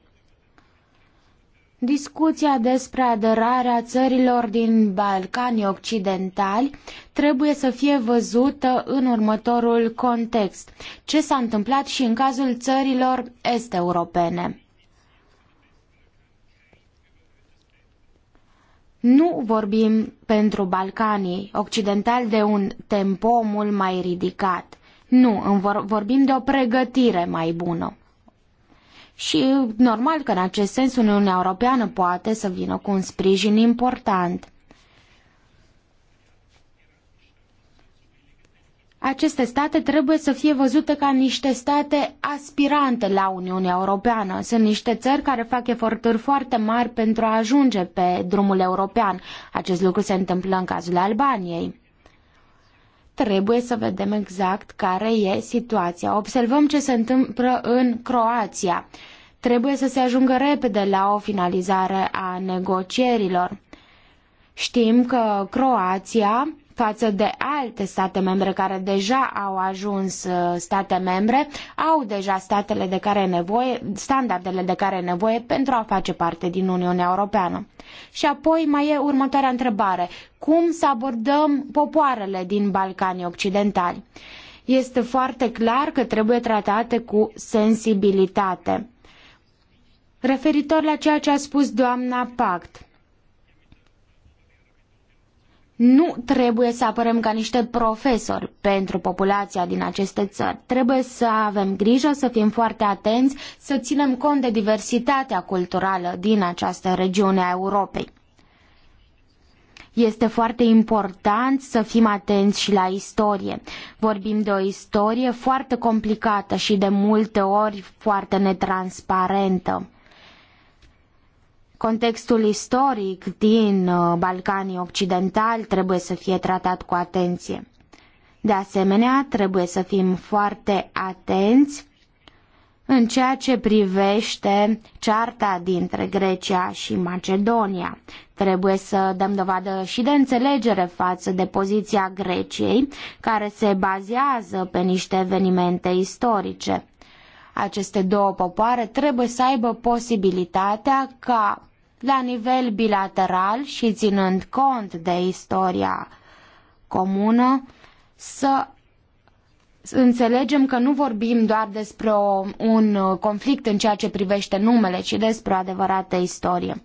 Discuția despre aderarea țărilor din Balcanii Occidentali trebuie să fie văzută în următorul context. Ce s-a întâmplat și în cazul țărilor est-europene? Nu vorbim pentru Balcanii Occidentali de un tempo mult mai ridicat. Nu, vorbim de o pregătire mai bună. Și normal că în acest sens Uniunea Europeană poate să vină cu un sprijin important. Aceste state trebuie să fie văzute ca niște state aspirante la Uniunea Europeană. Sunt niște țări care fac eforturi foarte mari pentru a ajunge pe drumul european. Acest lucru se întâmplă în cazul Albaniei. Trebuie să vedem exact care e situația. Observăm ce se întâmplă în Croația. Trebuie să se ajungă repede la o finalizare a negocierilor. Știm că Croația față de alte state membre care deja au ajuns uh, state membre, au deja statele de care e nevoie, standardele de care e nevoie pentru a face parte din Uniunea Europeană. Și apoi mai e următoarea întrebare. Cum să abordăm popoarele din Balcanii Occidentali? Este foarte clar că trebuie tratate cu sensibilitate. Referitor la ceea ce a spus doamna Pact, nu trebuie să apărăm ca niște profesori pentru populația din aceste țări. Trebuie să avem grijă, să fim foarte atenți, să ținem cont de diversitatea culturală din această regiune a Europei. Este foarte important să fim atenți și la istorie. Vorbim de o istorie foarte complicată și de multe ori foarte netransparentă. Contextul istoric din uh, Balcanii Occidentali trebuie să fie tratat cu atenție. De asemenea, trebuie să fim foarte atenți în ceea ce privește cearta dintre Grecia și Macedonia. Trebuie să dăm dovadă și de înțelegere față de poziția Greciei, care se bazează pe niște evenimente istorice. Aceste două popoare trebuie să aibă posibilitatea ca la nivel bilateral și ținând cont de istoria comună, să înțelegem că nu vorbim doar despre o, un conflict în ceea ce privește numele, ci despre o adevărată istorie.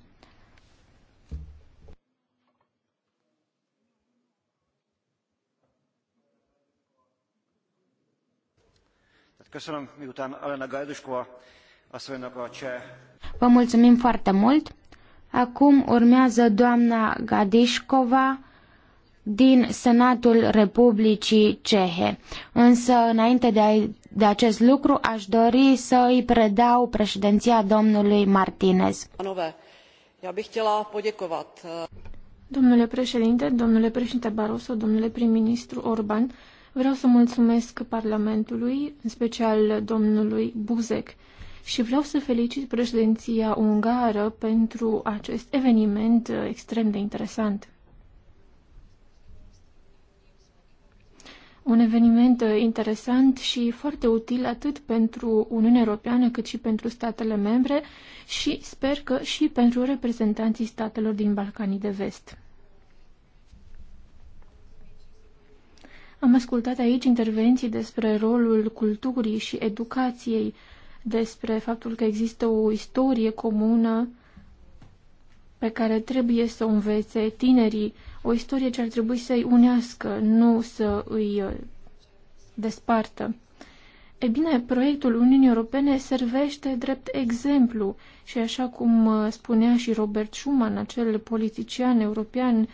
Vă mulțumim foarte mult! Acum urmează doamna Gadișcova din Senatul Republicii Cehe. Însă, înainte de, a, de acest lucru, aș dori să îi predau președinția domnului Martinez. Eh, domnule președinte, domnule președinte Barroso, domnule prim-ministru Orban, vreau să mulțumesc Parlamentului, în special domnului Buzek, și vreau să felicit președinția ungară pentru acest eveniment uh, extrem de interesant. Un eveniment uh, interesant și foarte util atât pentru Uniunea Europeană cât și pentru statele membre și sper că și pentru reprezentanții statelor din Balcanii de Vest. Am ascultat aici intervenții despre rolul culturii și educației despre faptul că există o istorie comună pe care trebuie să o învețe tinerii, o istorie ce ar trebui să-i unească, nu să îi uh, despartă. E bine, proiectul Uniunii Europene servește drept exemplu și așa cum uh, spunea și Robert Schuman, acel politician european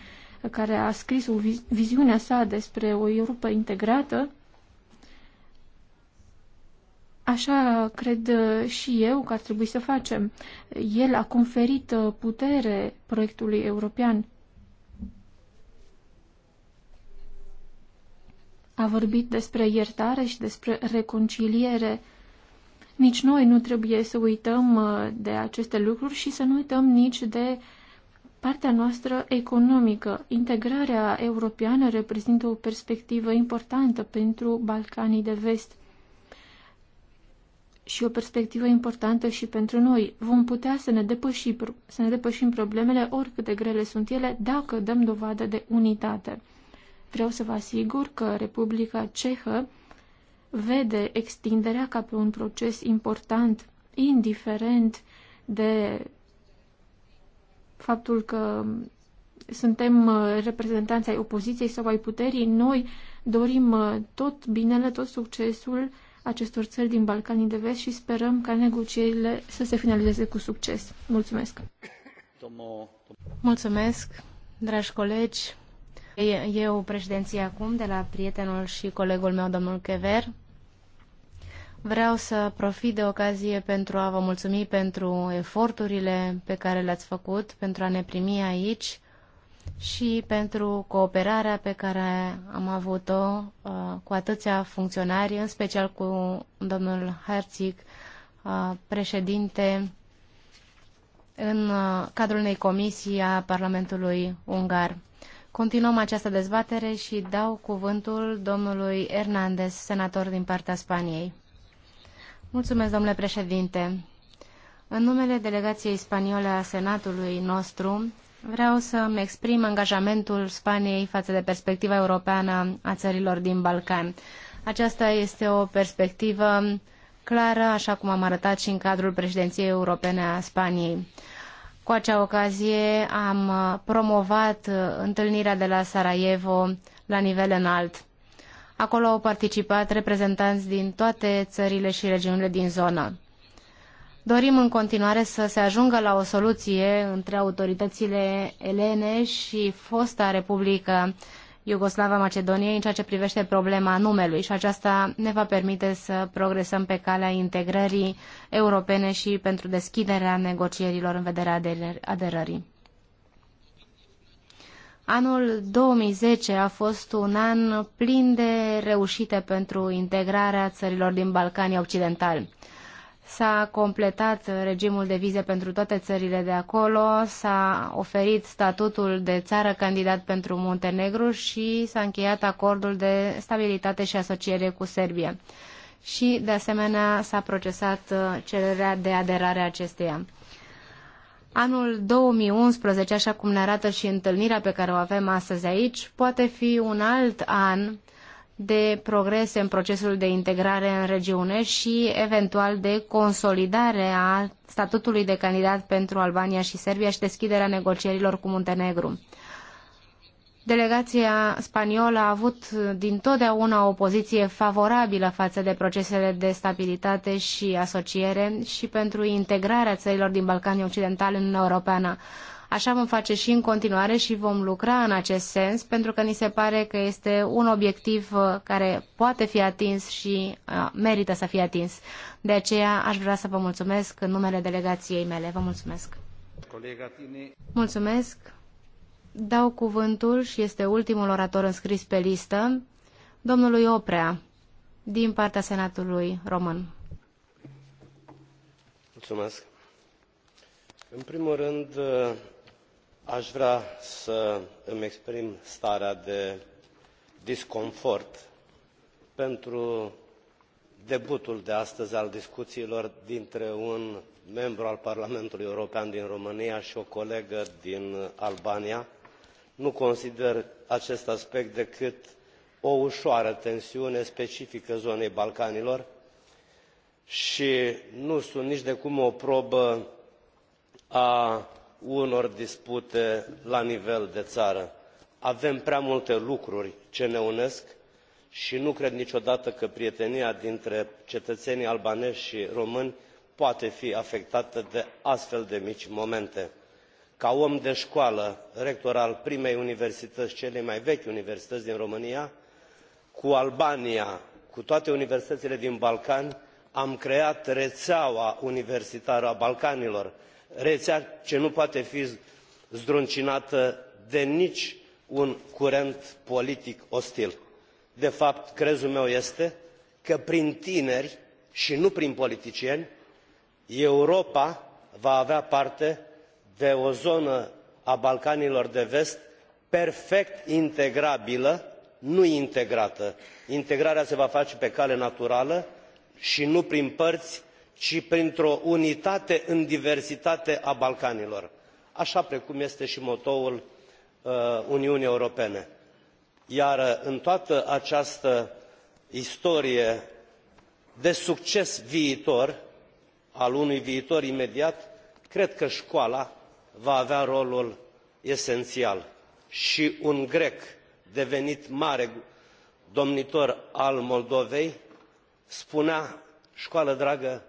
care a scris o viziunea sa despre o Europa integrată, Așa cred uh, și eu că ar trebui să facem. El a conferit uh, putere proiectului european. A vorbit despre iertare și despre reconciliere. Nici noi nu trebuie să uităm uh, de aceste lucruri și să nu uităm nici de partea noastră economică. Integrarea europeană reprezintă o perspectivă importantă pentru Balcanii de Vest și o perspectivă importantă și pentru noi. Vom putea să ne, depăși, să ne depășim problemele, oricât de grele sunt ele, dacă dăm dovadă de unitate. Vreau să vă asigur că Republica Cehă vede extinderea ca pe un proces important, indiferent de faptul că suntem uh, reprezentanți ai opoziției sau ai puterii, noi dorim uh, tot binele, tot succesul acestor țări din Balcanii de Vest și sperăm ca negocierile să se finalizeze cu succes. Mulțumesc! Mulțumesc, dragi colegi! Eu președinție acum de la prietenul și colegul meu, domnul Kever. Vreau să profit de ocazie pentru a vă mulțumi pentru eforturile pe care le-ați făcut, pentru a ne primi aici și pentru cooperarea pe care am avut-o uh, cu atâția funcționari, în special cu domnul Herzig, uh, președinte în uh, cadrul unei comisii a Parlamentului Ungar. Continuăm această dezbatere și dau cuvântul domnului Hernandez, senator din partea Spaniei. Mulțumesc, domnule președinte. În numele delegației spaniole a Senatului nostru, Vreau să-mi exprim angajamentul Spaniei față de perspectiva europeană a țărilor din Balcan. Aceasta este o perspectivă clară, așa cum am arătat și în cadrul președinției europene a Spaniei. Cu acea ocazie am promovat întâlnirea de la Sarajevo la nivel înalt. Acolo au participat reprezentanți din toate țările și regiunile din zonă. Dorim în continuare să se ajungă la o soluție între autoritățile elene și fosta Republică Iugoslava Macedoniei în ceea ce privește problema numelui și aceasta ne va permite să progresăm pe calea integrării europene și pentru deschiderea negocierilor în vederea aderării. Anul 2010 a fost un an plin de reușite pentru integrarea țărilor din Balcanii Occidentali. S-a completat regimul de vize pentru toate țările de acolo, s-a oferit statutul de țară candidat pentru Muntenegru și s-a încheiat acordul de stabilitate și asociere cu Serbia. Și, de asemenea, s-a procesat uh, cererea de aderare a acesteia. Anul 2011, așa cum ne arată și întâlnirea pe care o avem astăzi aici, poate fi un alt an de progrese în procesul de integrare în regiune și eventual de consolidare a statutului de candidat pentru Albania și Serbia și deschiderea negocierilor cu Muntenegru. Delegația spaniolă a avut dintotdeauna o poziție favorabilă față de procesele de stabilitate și asociere și pentru integrarea țărilor din Balcanii Occidentali în Uniunea Europeană. Așa vom face și în continuare și vom lucra în acest sens, pentru că ni se pare că este un obiectiv uh, care poate fi atins și uh, merită să fie atins. De aceea aș vrea să vă mulțumesc în numele delegației mele. Vă mulțumesc! Mulțumesc! Dau cuvântul și este ultimul orator înscris pe listă, domnului Oprea, din partea Senatului Român. Mulțumesc. În primul rând, uh, a vrea să îmi exprim starea de disconfort pentru debutul de astăzi al discuiilor dintre un membru al parlamentului european din românia i o colegă din albania nu consider acest aspect decât o uoară tensiune specifică zonei balcanilor i nu sunt nicidecum o probă a unor dispute la nivel de ară. avem prea multe lucruri ce ne unesc i nu cred niciodată că prietenia dintre cetăenii albanezi i români poate fi afectată de astfel de mici momente. ca om de coală rector al primei universităi cele mai vechi universităi din românia cu albania cu toate universităile din balcani am creat reeaua universitară a balcanilor reea ce nu poate fi zdruncinată de niciun curent politic ostil. de fapt crezul meu este că prin tineri i nu prin politicieni europa va avea parte de o zonă a balcanilor de vest perfect integrabilă nu integrată. integrarea se va face pe cale naturală i nu prin pări ci printr o unitate în diversitate a balcanilor aa precum este i motoul uh, uniunii europene iar uh, în toată această istorie de succes viitor al unui viitor imediat cred că coala va avea rolul esenial i un grec devenit mare domnitor al moldovei spunea școală dragă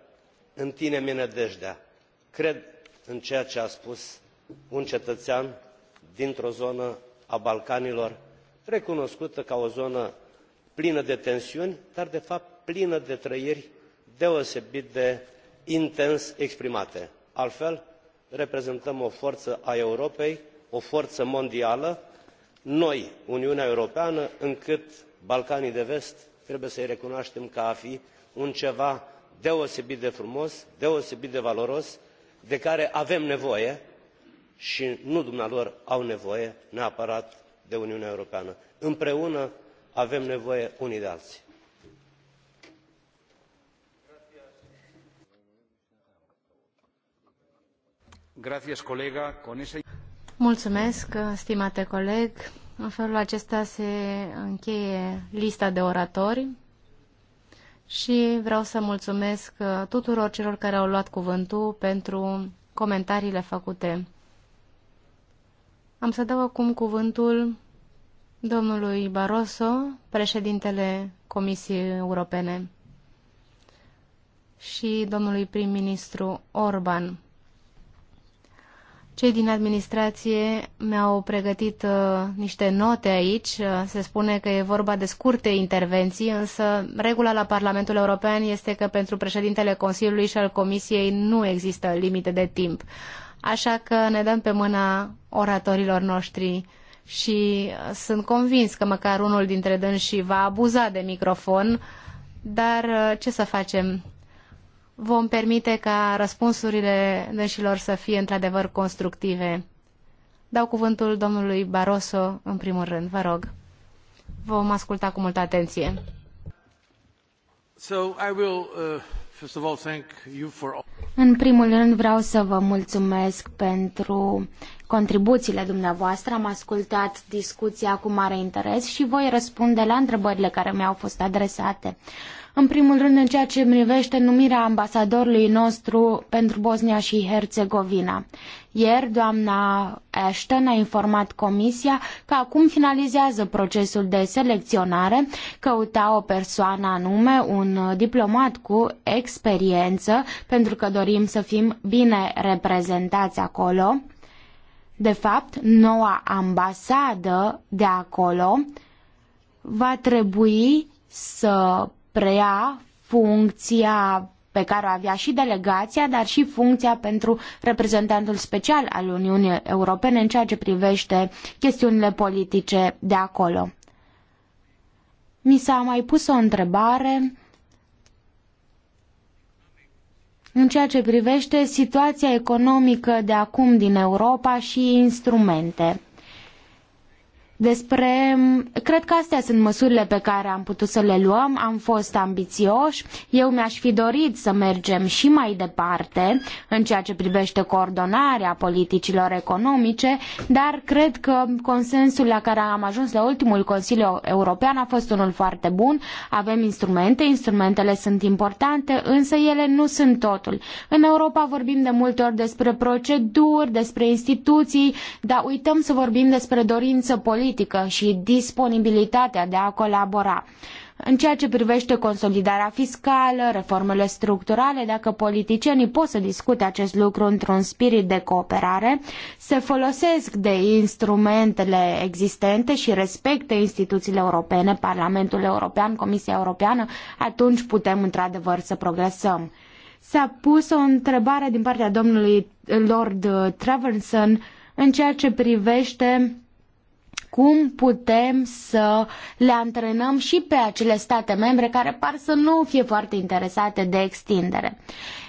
în tine mi e nădejdea cred în ceea ce a spus un cetățean dintr o zonă a balcanilor recunoscută ca o zonă plină de tensiuni dar de fapt plină de trăiri deosebit de intens exprimate altfel reprezentăm o forță a europei o forță mondială noi uniunea europeană încât balcanii de vest trebuie să îi recunoaștem ca a fi un ceva deosebit de frumos deosebit de valoros de care avem nevoie și nu dumnealor au nevoie neapărat de uniunea europeană împreună avem nevoie unii de alții. Mulțumesc, stimate coleg. În felul acesta se încheie lista de oratori și vreau să mulțumesc uh, tuturor celor care au luat cuvântul pentru comentariile făcute. Am să dau acum cuvântul domnului Barroso, președintele Comisiei Europene, și domnului prim-ministru Orban. Cei din administrație mi-au pregătit uh, niște note aici. Uh, se spune că e vorba de scurte intervenții, însă regula la Parlamentul European este că pentru președintele Consiliului și al Comisiei nu există limite de timp. Așa că ne dăm pe mâna oratorilor noștri și uh, sunt convins că măcar unul dintre dânsii va abuza de microfon, dar uh, ce să facem? vom permite ca răspunsurile dânșilor să fie într-adevăr constructive. Dau cuvântul domnului Barroso în primul rând, vă rog. Vom asculta cu multă atenție. So I will, uh... În primul rând vreau să vă mulțumesc pentru contribuțiile dumneavoastră. Am ascultat discuția cu mare interes și voi răspunde la întrebările care mi-au fost adresate. Uh, în primul rând, în ceea ce privește numirea ambasadorului nostru pentru Bosnia și Herțegovina. Ieri, doamna Ashton a informat Comisia că acum finalizează procesul de selecționare, căuta o persoană anume, un diplomat cu experiență, pentru că dorim să fim bine reprezentați acolo. De fapt, noua ambasadă de acolo va trebui să preia funcția pe care o avea și delegația, dar și funcția pentru reprezentantul special al Uniunii Europene în ceea ce privește chestiunile politice de acolo. Mi s-a mai pus o întrebare în ceea ce privește situația economică de acum din Europa și instrumente. Despre, cred că astea sunt măsurile pe care am putut să le luăm, am fost ambițioși, eu mi-aș fi dorit să mergem și mai departe în ceea ce privește coordonarea politicilor economice, dar cred că consensul la care am ajuns la ultimul Consiliu European a fost unul foarte bun, avem instrumente, instrumentele sunt importante, însă ele nu sunt totul. În Europa vorbim de multe ori despre proceduri, despre instituții, dar uităm să vorbim despre dorință politică politică și disponibilitatea de a colabora. În ceea ce privește consolidarea fiscală, reformele structurale, dacă politicienii pot să discute acest lucru într-un spirit de cooperare, se folosesc de instrumentele existente și respectă instituțiile europene, Parlamentul European, Comisia Europeană, atunci putem într-adevăr să progresăm. S-a pus o întrebare din partea domnului Lord Traverson în ceea ce privește cum putem să le antrenăm și pe acele state membre care par să nu fie foarte interesate de extindere.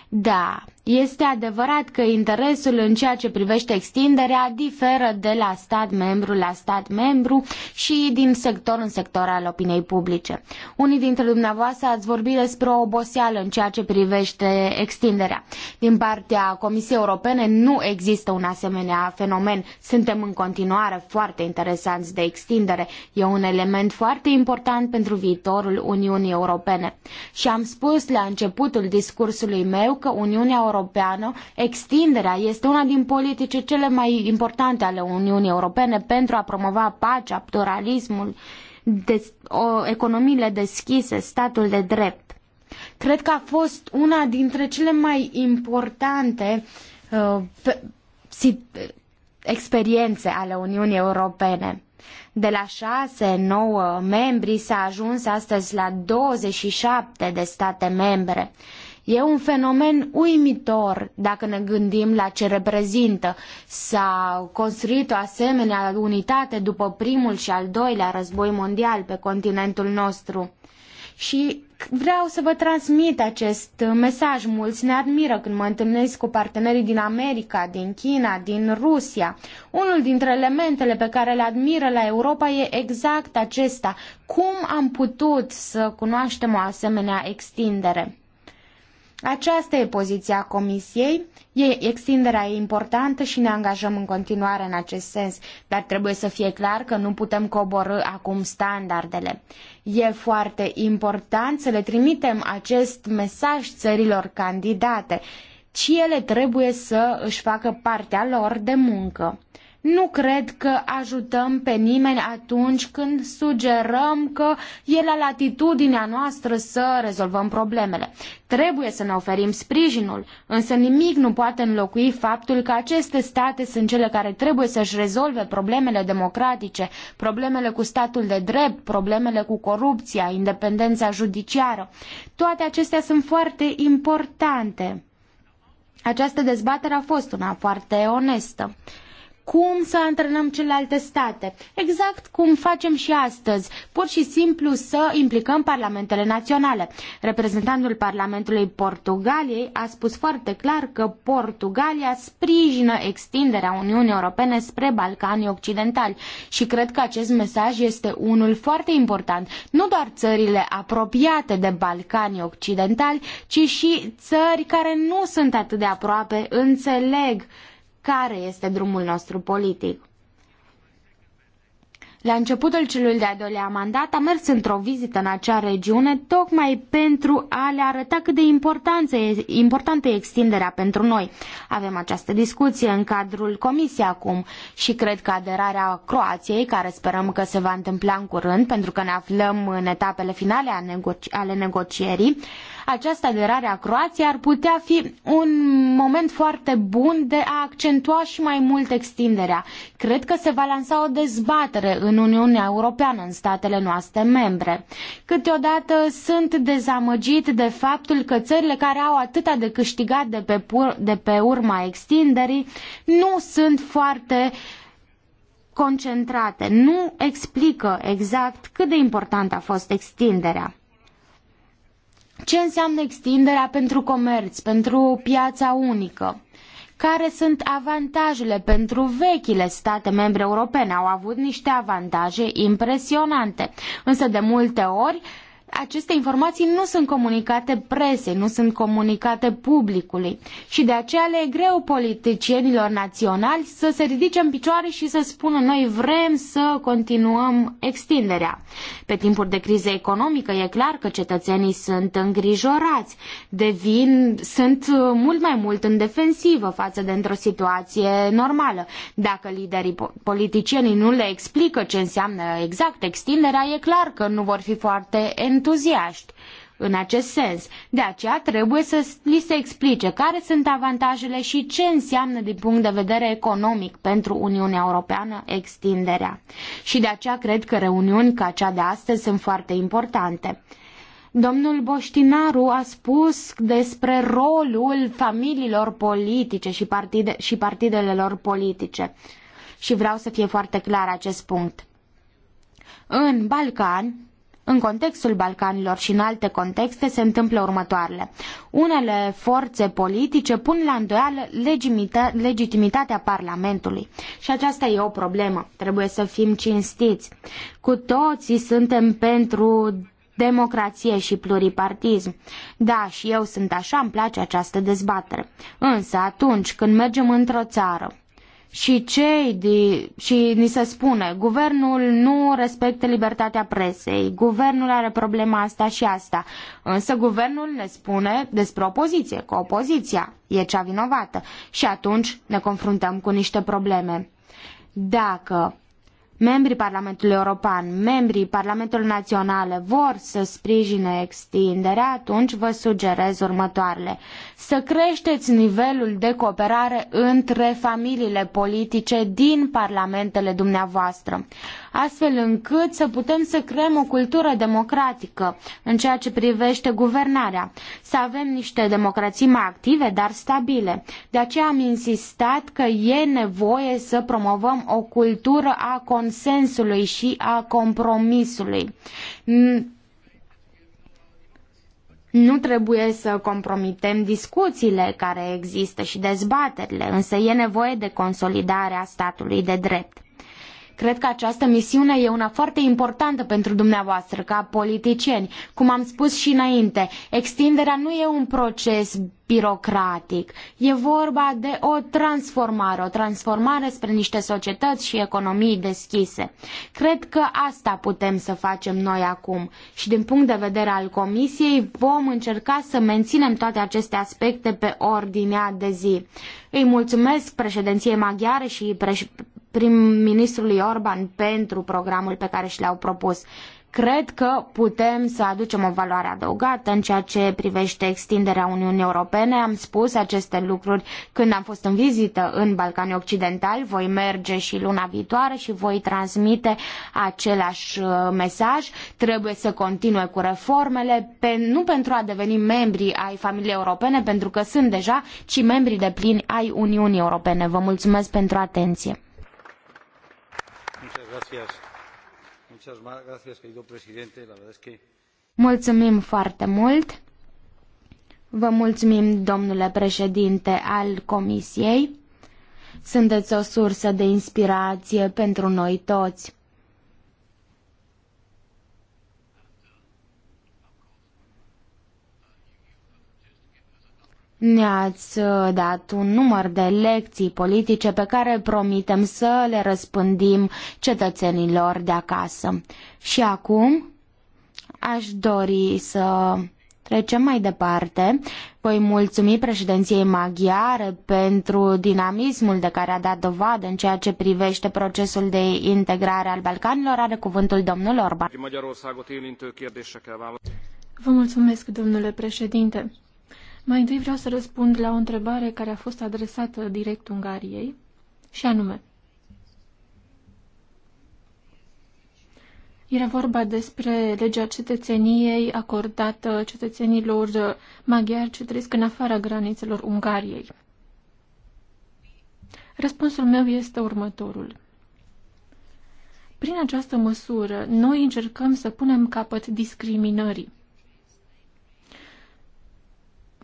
Da, este adevărat că interesul în ceea ce privește extinderea diferă de la stat membru la stat membru și din sector în sector al opiniei publice. Unii dintre dumneavoastră ați vorbit despre o oboseală în ceea ce privește extinderea. Din partea Comisiei Europene nu există un asemenea fenomen. Suntem în continuare foarte interesanți de extindere. E un element foarte important pentru viitorul Uniunii Europene. Și am spus la începutul discursului meu că Uniunea Europeană, extinderea este una din politice cele mai importante ale Uniunii Europene pentru a promova pacea, pluralismul, des, o, economiile deschise, statul de drept. Cred că a fost una dintre cele mai importante uh, pe, si, experiențe ale Uniunii Europene. De la 6-9 membri s-a ajuns astăzi la 27 de state membre. Uh, E un fenomen uimitor dacă ne gândim la ce reprezintă. S-a construit o asemenea unitate după primul și al doilea război mondial pe continentul nostru. Și vreau să vă transmit acest mesaj. Mulți ne admiră când mă întâlnesc cu partenerii din America, din China, din Rusia. Unul dintre elementele pe care le admiră la Europa e exact acesta. Cum am putut să cunoaștem o asemenea extindere? Aceasta e poziția Comisiei, e, extinderea e importantă și ne angajăm în continuare în acest sens, dar trebuie să fie clar că nu putem coborî acum standardele. E foarte important să le trimitem acest mesaj țărilor candidate, ci ele trebuie să își facă partea lor de muncă. Nu cred că ajutăm pe nimeni atunci când sugerăm că e la latitudinea noastră să rezolvăm problemele. Trebuie să ne oferim sprijinul, însă nimic nu poate înlocui faptul că aceste state sunt cele care trebuie să-și rezolve problemele democratice, problemele cu statul de drept, problemele cu corupția, independența judiciară. Toate acestea sunt foarte importante. Această dezbatere a fost una foarte onestă cum să antrenăm celelalte state, exact cum facem și astăzi, pur și simplu să implicăm parlamentele naționale. Reprezentantul Parlamentului Portugaliei a spus foarte clar că Portugalia sprijină extinderea Uniunii Europene spre Balcanii Occidentali și cred că acest mesaj este unul foarte important, nu doar țările apropiate de Balcanii Occidentali, ci și țări care nu sunt atât de aproape înțeleg care este drumul nostru politic. La începutul celui de-al doilea mandat am mers într-o vizită în acea regiune tocmai pentru a le arăta cât de importantă e extinderea pentru noi. Avem această discuție în cadrul comisiei acum și cred că aderarea Croației, care sperăm că se va întâmpla în curând pentru că ne aflăm în etapele finale ale negocierii, această aderare a Croației ar putea fi un moment foarte bun de a accentua și mai mult extinderea. Cred că se va lansa o dezbatere în Uniunea Europeană, în statele noastre membre. Câteodată sunt dezamăgit de faptul că țările care au atâta de câștigat de pe, pur, de pe urma extinderii nu sunt foarte concentrate, nu explică exact cât de importantă a fost extinderea. Ce înseamnă extinderea pentru comerț, pentru piața unică? Care sunt avantajele pentru vechile state membre europene? Au avut niște avantaje impresionante, însă de multe ori aceste informații nu sunt comunicate presei, nu sunt comunicate publicului și de aceea le e greu politicienilor naționali să se ridice în picioare și să spună noi vrem să continuăm extinderea. Pe timpuri de criză economică e clar că cetățenii sunt îngrijorați, devin, sunt uh, mult mai mult în defensivă față de într-o situație normală. Dacă liderii politicienii nu le explică ce înseamnă exact extinderea, e clar că nu vor fi foarte entuziasmați entuziaști în acest sens. De aceea trebuie să li se explice care sunt avantajele și ce înseamnă din punct de vedere economic pentru Uniunea Europeană extinderea. Și de aceea cred că reuniuni ca cea de astăzi sunt foarte importante. Domnul Boștinaru a spus despre rolul familiilor politice și, partide, și partidelor politice. Și vreau să fie foarte clar acest punct. În Balcani, în contextul Balcanilor și în alte contexte se întâmplă următoarele. Unele forțe politice pun la îndoială legitimitatea Parlamentului și aceasta e o problemă. Trebuie să fim cinstiți. Cu toții suntem pentru democrație și pluripartism. Da, și eu sunt așa, îmi place această dezbatere. Însă atunci când mergem într-o țară și cei de, și ni se spune, guvernul nu respectă libertatea presei, guvernul are problema asta și asta, însă guvernul ne spune despre opoziție, că opoziția e cea vinovată și atunci ne confruntăm cu niște probleme. Dacă Membrii Parlamentului European, membrii Parlamentului Național vor să sprijine extinderea, atunci vă sugerez următoarele. Să creșteți nivelul de cooperare între familiile politice din parlamentele dumneavoastră astfel încât să putem să creăm o cultură democratică în ceea ce privește guvernarea, să avem niște democrații mai active, dar stabile. De aceea am insistat că e nevoie să promovăm o cultură a consensului și a compromisului nu trebuie să compromitem discuțiile care există și dezbaterile, însă e nevoie de consolidarea statului de drept. Cred că această misiune e una foarte importantă pentru dumneavoastră ca politicieni. Cum am spus și înainte, extinderea nu e un proces birocratic. E vorba de o transformare, o transformare spre niște societăți și economii deschise. Cred că asta putem să facem noi acum și din punct de vedere al Comisiei vom încerca să menținem toate aceste aspecte pe ordinea de zi. Îi mulțumesc președinției maghiare și preș- prim-ministrului Orban pentru programul pe care și l-au propus. Cred că putem să aducem o valoare adăugată în ceea ce privește extinderea Uniunii Europene. Am spus aceste lucruri când am fost în vizită în Balcanii Occidentali. Voi merge și luna viitoare și voi transmite același uh, mesaj. Trebuie să continue cu reformele, pe, nu pentru a deveni membri ai familiei europene, pentru că sunt deja, ci membri de plin ai Uniunii Europene. Vă mulțumesc pentru atenție. Mulțumim foarte mult. Vă mulțumim, domnule președinte al Comisiei. Sunteți o sursă de inspirație pentru noi toți. Ne-ați uh, dat un număr de lecții politice pe care promitem să le răspândim cetățenilor de acasă. Și acum aș dori să Trecem mai departe. Voi mulțumi președinției maghiare pentru dinamismul de care a dat dovadă în ceea ce privește procesul de integrare al Balcanilor. Are cuvântul domnul Orban. Vă mulțumesc, domnule președinte. Mai întâi vreau să răspund la o întrebare care a fost adresată direct Ungariei, și anume. Era vorba despre legea cetățeniei acordată cetățenilor maghiari ce trăiesc în afara granițelor Ungariei. Răspunsul meu este următorul. Prin această măsură, noi încercăm să punem capăt discriminării.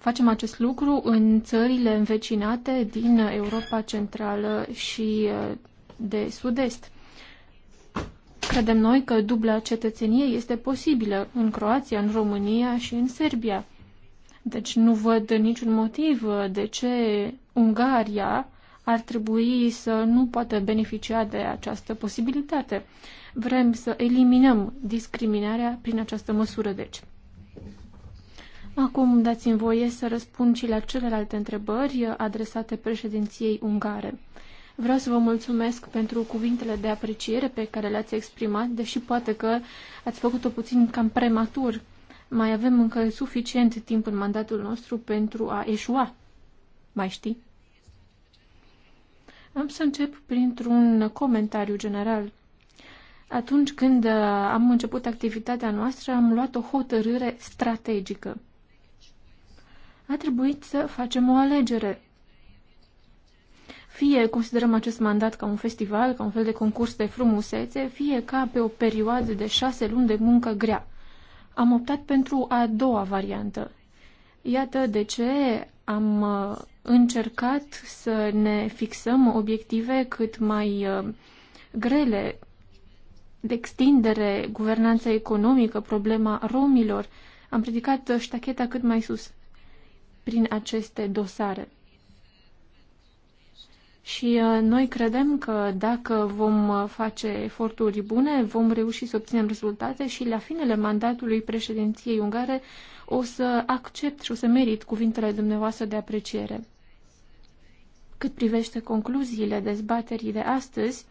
Facem acest lucru în țările învecinate din Europa Centrală și uh, de Sud-Est. Credem noi că dubla cetățenie este posibilă în Croația, în România și în Serbia. Deci nu văd niciun motiv uh, de ce Ungaria ar trebui să nu poată beneficia de această posibilitate. Vrem să eliminăm discriminarea prin această măsură, deci. Acum dați-mi voie să răspund și la celelalte întrebări adresate președinției ungare. Vreau să vă mulțumesc pentru cuvintele de apreciere pe care le-ați exprimat, deși poate că ați făcut-o puțin cam prematur. Mai avem încă suficient timp în mandatul nostru pentru a eșua. Mai știi? Am să încep printr-un comentariu general. Atunci când am început activitatea noastră, am luat o hotărâre strategică a trebuit să facem o alegere. Fie considerăm acest mandat ca un festival, ca un fel de concurs de frumusețe, fie ca pe o perioadă de șase luni de muncă grea. Am optat pentru a doua variantă. Iată de ce am uh, încercat să ne fixăm obiective cât mai uh, grele de extindere, guvernanța economică, problema romilor. Am predicat ștacheta cât mai sus prin aceste dosare. Și uh, noi credem că dacă vom uh, face eforturi bune, vom reuși să obținem rezultate și la finele mandatului președinției ungare o să accept și o să merit cuvintele dumneavoastră de apreciere. Cât privește concluziile dezbaterii de astăzi,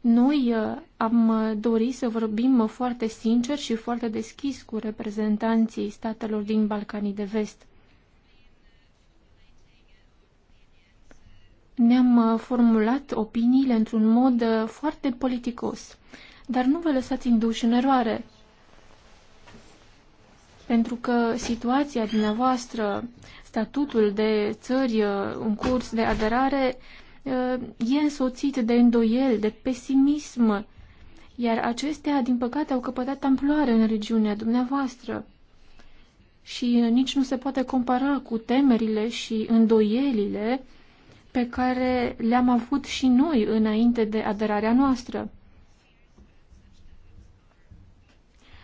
noi uh, am dorit să vorbim foarte sincer și foarte deschis cu reprezentanții statelor din Balcanii de Vest – ne-am uh, formulat opiniile într-un mod uh, foarte politicos. Dar nu vă lăsați induși în eroare, pentru că situația dumneavoastră, statutul de țări uh, în curs de aderare, e însoțit de îndoiel, de pesimism, iar acestea, din păcate, au căpătat amploare în regiunea dumneavoastră și nici nu se poate compara cu temerile și îndoielile pe care le-am avut și noi înainte de aderarea noastră.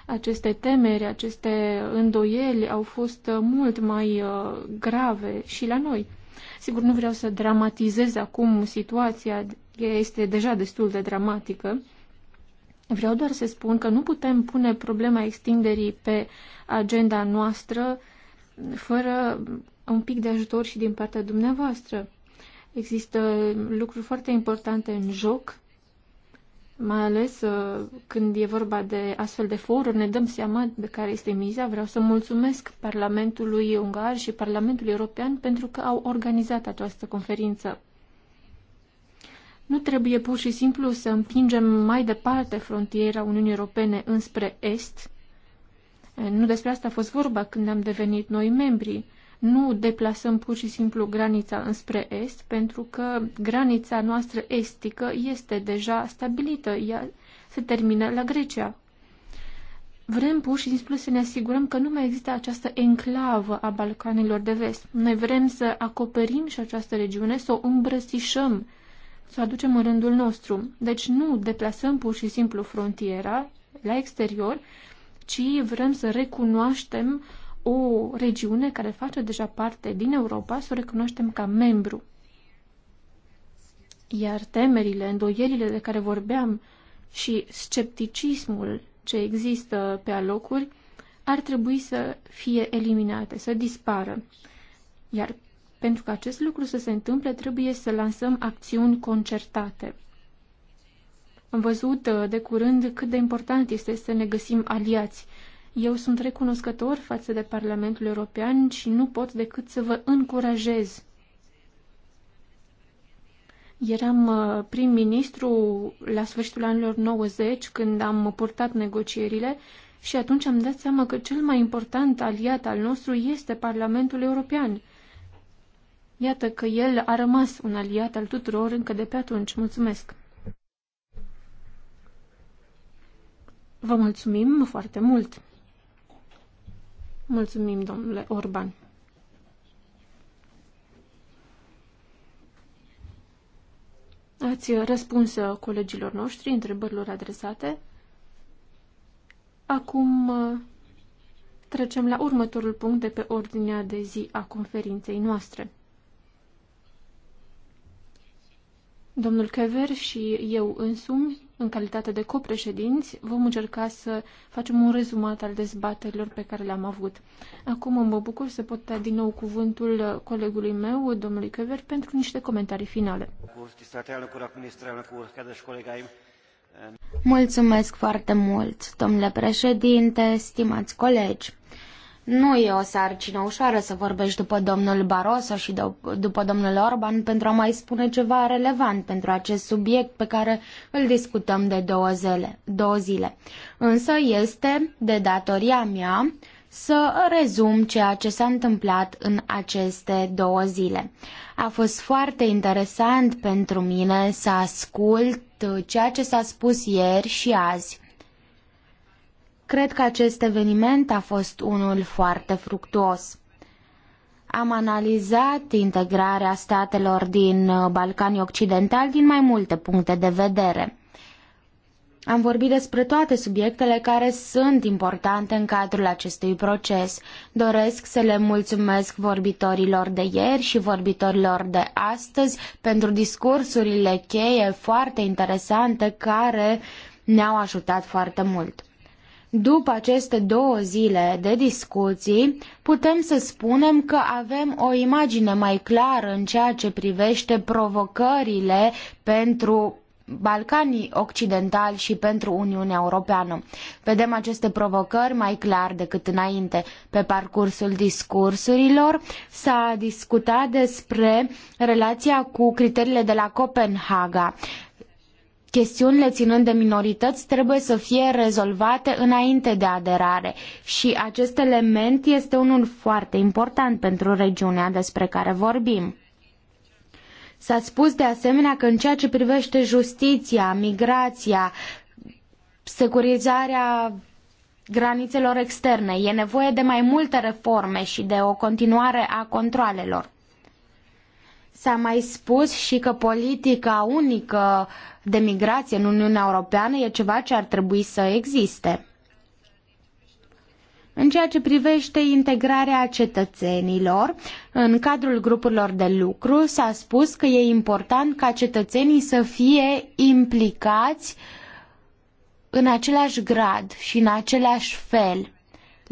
Aceste temeri, aceste îndoieli au fost mult mai uh, grave și la noi. Sigur, nu vreau să dramatizez acum situația, este deja destul de dramatică. Vreau doar să spun că nu putem pune problema extinderii pe agenda noastră fără un pic de ajutor și din partea dumneavoastră. Există lucruri foarte importante în joc, mai ales uh, când e vorba de astfel de foruri, ne dăm seama de care este miza. Vreau să mulțumesc Parlamentului Ungar și Parlamentului European pentru că au organizat această conferință. Nu trebuie pur și simplu să împingem mai departe frontiera Uniunii Europene înspre Est. Nu despre asta a fost vorba când am devenit noi membri nu deplasăm pur și simplu granița înspre est, pentru că granița noastră estică este deja stabilită, ea se termină la Grecia. Vrem pur și simplu să ne asigurăm că nu mai există această enclavă a Balcanilor de vest. Noi vrem să acoperim și această regiune, să o îmbrățișăm, să o aducem în rândul nostru. Deci nu deplasăm pur și simplu frontiera la exterior, ci vrem să recunoaștem uh, o regiune care face deja parte din Europa, să o recunoaștem ca membru. Iar temerile, îndoielile de care vorbeam și scepticismul ce există pe alocuri ar trebui să fie eliminate, să dispară. Iar pentru că acest lucru să se întâmple, trebuie să lansăm acțiuni concertate. Am văzut uh, de curând cât de important este să ne găsim aliați eu sunt recunoscător față de Parlamentul European și nu pot decât să vă încurajez. Eram uh, prim-ministru la sfârșitul anilor 90 când am purtat negocierile și atunci am dat seama că cel mai important aliat al nostru este Parlamentul European. Iată că el a rămas un aliat al tuturor încă de pe atunci. Mulțumesc! Vă mulțumim foarte mult! Mulțumim, domnule Orban. Ați răspuns colegilor noștri întrebărilor adresate. Acum trecem la următorul punct de pe ordinea de zi a conferinței noastre. Domnul Kever și eu însumi în calitate de copreședinți, vom încerca să facem un rezumat al dezbaterilor pe care le-am avut. Acum mă bucur să pot da din nou cuvântul colegului meu, domnului Căver, pentru niște comentarii finale. Mulțumesc foarte mult, domnule președinte, stimați colegi. Nu e o sarcină ușoară să vorbești după domnul Barroso și după domnul Orban pentru a mai spune ceva relevant pentru acest subiect pe care îl discutăm de două zile. Două zile. Însă este de datoria mea să rezum ceea ce s-a întâmplat în aceste două zile. A fost foarte interesant pentru mine să ascult ceea ce s-a spus ieri și azi. Cred că acest eveniment a fost unul foarte fructuos. Am analizat integrarea statelor din uh, Balcanii Occidentali din mai multe puncte de vedere. Am vorbit despre toate subiectele care sunt importante în cadrul acestui proces. Doresc să le mulțumesc vorbitorilor de ieri și vorbitorilor de astăzi pentru discursurile cheie foarte interesante care ne-au ajutat foarte mult după aceste două zile de discuții, putem să spunem că avem o imagine mai clară în ceea ce privește provocările pentru Balcanii Occidentali și pentru Uniunea Europeană. Vedem aceste provocări mai clar decât înainte. Pe parcursul discursurilor s-a discutat despre relația cu criteriile de la Copenhaga chestiunile ținând de minorități trebuie să fie rezolvate înainte de aderare și acest element este unul foarte important pentru regiunea despre care vorbim. S-a spus de asemenea că în ceea ce privește justiția, migrația, securizarea granițelor externe, e nevoie de mai multe reforme și de o continuare a controalelor. S-a mai spus și că politica unică de migrație în Uniunea Europeană e ceva ce ar trebui să existe. În ceea ce privește integrarea cetățenilor, în cadrul grupurilor de lucru s-a spus că e important ca cetățenii să fie implicați în același grad și în același fel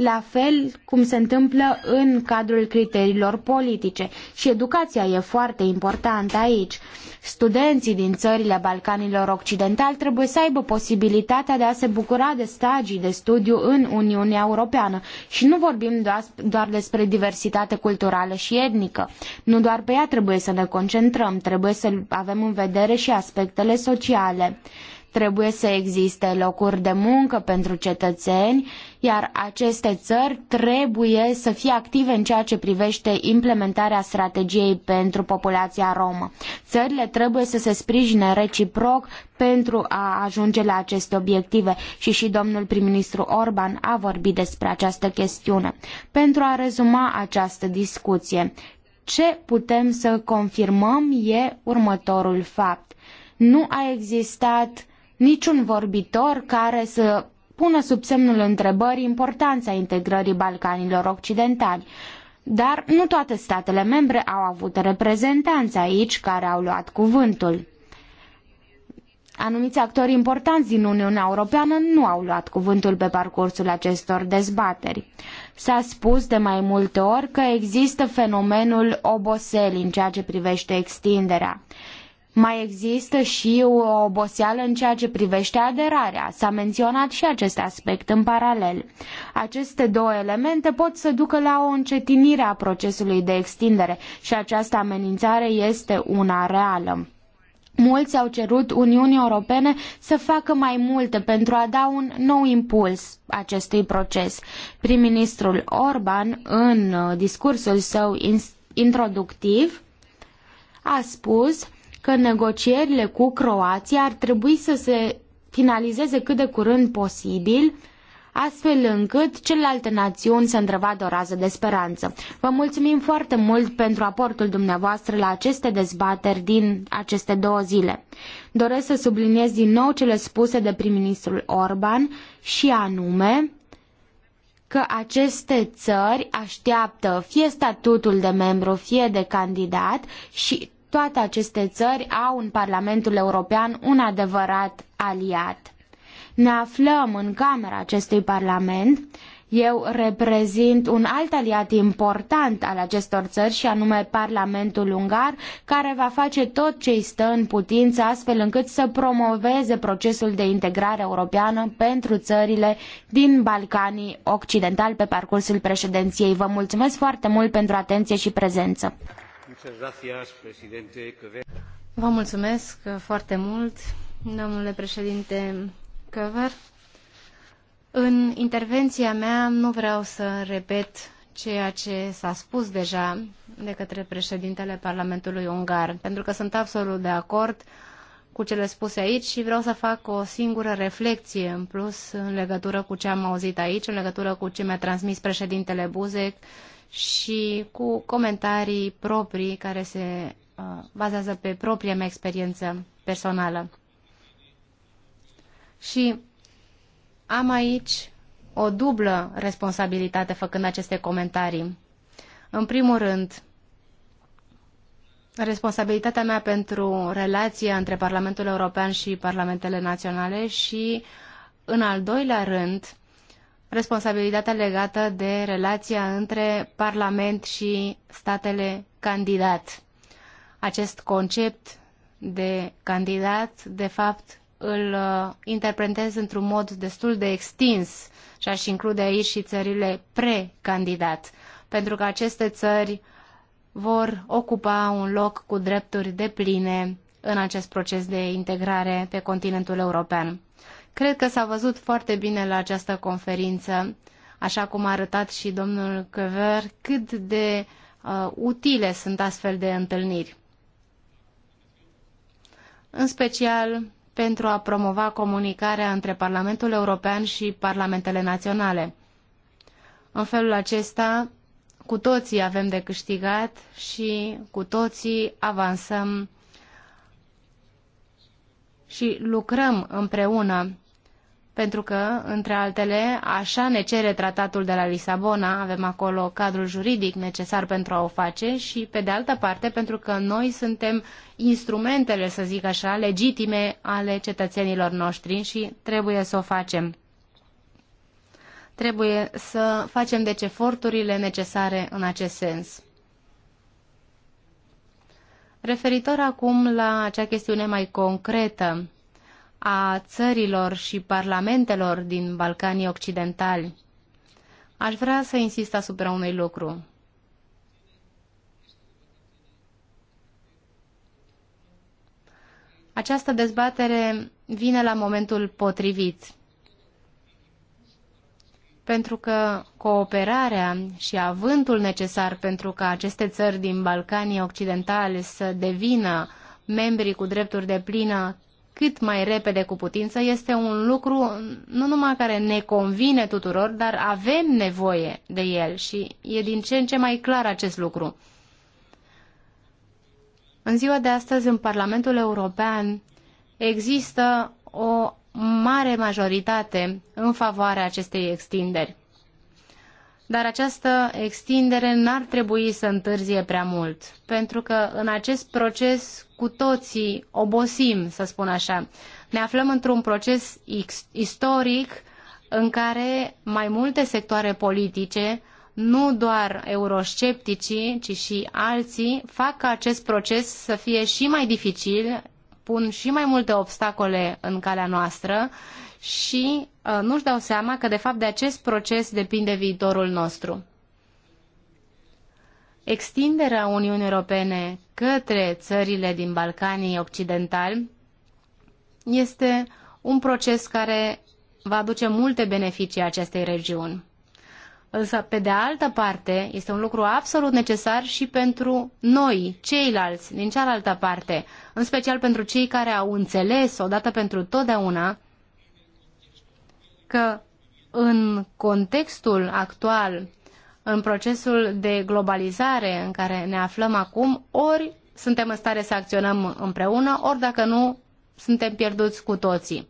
la fel cum se întâmplă în cadrul criteriilor politice. Și educația e foarte importantă aici. Studenții din țările Balcanilor Occidentali trebuie să aibă posibilitatea de a se bucura de stagii de studiu în Uniunea Europeană. Și nu vorbim doar despre diversitate culturală și etnică. Nu doar pe ea trebuie să ne concentrăm, trebuie să avem în vedere și aspectele sociale trebuie să existe locuri de muncă pentru cetățeni iar aceste țări trebuie să fie active în ceea ce privește implementarea strategiei pentru populația romă. Țările trebuie să se sprijine reciproc pentru a ajunge la aceste obiective și și domnul prim-ministru Orban a vorbit despre această chestiune. Pentru a rezuma această discuție, ce putem să confirmăm e următorul fapt. Nu a existat niciun vorbitor care să pună sub semnul întrebării importanța integrării Balcanilor Occidentali. Dar nu toate statele membre au avut reprezentanți aici care au luat cuvântul. Anumiți actori importanți din Uniunea Europeană nu au luat cuvântul pe parcursul acestor dezbateri. S-a spus de mai multe ori că există fenomenul oboselii în ceea ce privește extinderea. Mai există și o oboseală în ceea ce privește aderarea. S-a menționat și acest aspect în paralel. Aceste două elemente pot să ducă la o încetinire a procesului de extindere și această amenințare este una reală. Mulți au cerut Uniunii Europene să facă mai multe pentru a da un nou impuls acestui proces. Prim-ministrul Orban, în discursul său introductiv, a spus că negocierile cu Croația ar trebui să se finalizeze cât de curând posibil, astfel încât celelalte națiuni să întrevadă o rază de speranță. Vă mulțumim foarte mult pentru aportul dumneavoastră la aceste dezbateri din aceste două zile. Doresc să subliniez din nou cele spuse de prim-ministrul Orban și anume că aceste țări așteaptă fie statutul de membru, fie de candidat și toate aceste țări au în Parlamentul European un adevărat aliat. Ne aflăm în camera acestui Parlament. Eu reprezint un alt aliat important al acestor țări și anume Parlamentul Ungar, care va face tot ce îi stă în putință astfel încât să promoveze procesul de integrare europeană pentru țările din Balcanii Occidentali pe parcursul președinției. Vă mulțumesc foarte mult pentru atenție și prezență. Vă mulțumesc foarte mult, domnule președinte Căver. În intervenția mea nu vreau să repet ceea ce s-a spus deja de către președintele Parlamentului Ungar, pentru că sunt absolut de acord uh, cu cele spuse aici și vreau să fac o singură reflexie în plus în legătură cu ce am auzit aici, în legătură cu ce mi-a transmis președintele Buzek și cu comentarii proprii care se uh, bazează pe propria mea experiență personală. Și am aici o dublă responsabilitate făcând aceste comentarii. În primul rând, responsabilitatea mea pentru relația între Parlamentul European și Parlamentele Naționale și, în al doilea rând, responsabilitatea legată de relația între Parlament și statele candidat. Acest concept de candidat, de fapt, îl uh, interpretez într-un mod destul de extins și aș include aici și țările precandidat, pentru că aceste țări vor ocupa un loc cu drepturi de pline în acest proces de integrare pe continentul european. Cred că s-a văzut foarte bine la această conferință, așa cum a arătat și domnul Căver, cât de uh, utile sunt astfel de întâlniri. În special pentru a promova comunicarea între Parlamentul European și Parlamentele Naționale. În felul acesta, cu toții avem de câștigat și cu toții avansăm și lucrăm împreună. Pentru că, între altele, așa ne cere tratatul de la Lisabona, avem acolo cadrul juridic necesar pentru a o face și, pe de altă parte, pentru că noi suntem instrumentele, să zic așa, legitime ale cetățenilor noștri și trebuie să o facem. Trebuie să facem deci eforturile necesare în acest sens. Referitor acum la acea chestiune mai concretă a țărilor și parlamentelor din Balcanii Occidentali, aș vrea să insist asupra unui lucru. Această dezbatere vine la momentul potrivit pentru că cooperarea și avântul necesar pentru ca aceste țări din Balcanii occidentale să devină membrii cu drepturi de plină cât mai repede cu putință este un lucru nu numai care ne convine tuturor, dar avem nevoie de el și e din ce în ce mai clar acest lucru. În ziua de astăzi, în Parlamentul European, există o mare majoritate în favoarea acestei extinderi. Dar această extindere n-ar trebui să întârzie prea mult, pentru că în acest proces cu toții obosim, să spun așa. Ne aflăm într-un proces istoric în care mai multe sectoare politice, nu doar euroscepticii, ci și alții, fac ca acest proces să fie și mai dificil pun și mai multe obstacole în calea noastră și uh, nu-și dau seama că de fapt de acest proces depinde viitorul nostru. Extinderea Uniunii Europene către țările din Balcanii Occidentali este un proces care va aduce multe beneficii acestei regiuni. Însă, pe de altă parte, este un lucru absolut necesar și pentru noi, ceilalți, din cealaltă parte, în special pentru cei care au înțeles odată pentru totdeauna că în contextul actual, în procesul de globalizare în care ne aflăm acum, ori suntem în stare să acționăm împreună, ori dacă nu, suntem pierduți cu toții.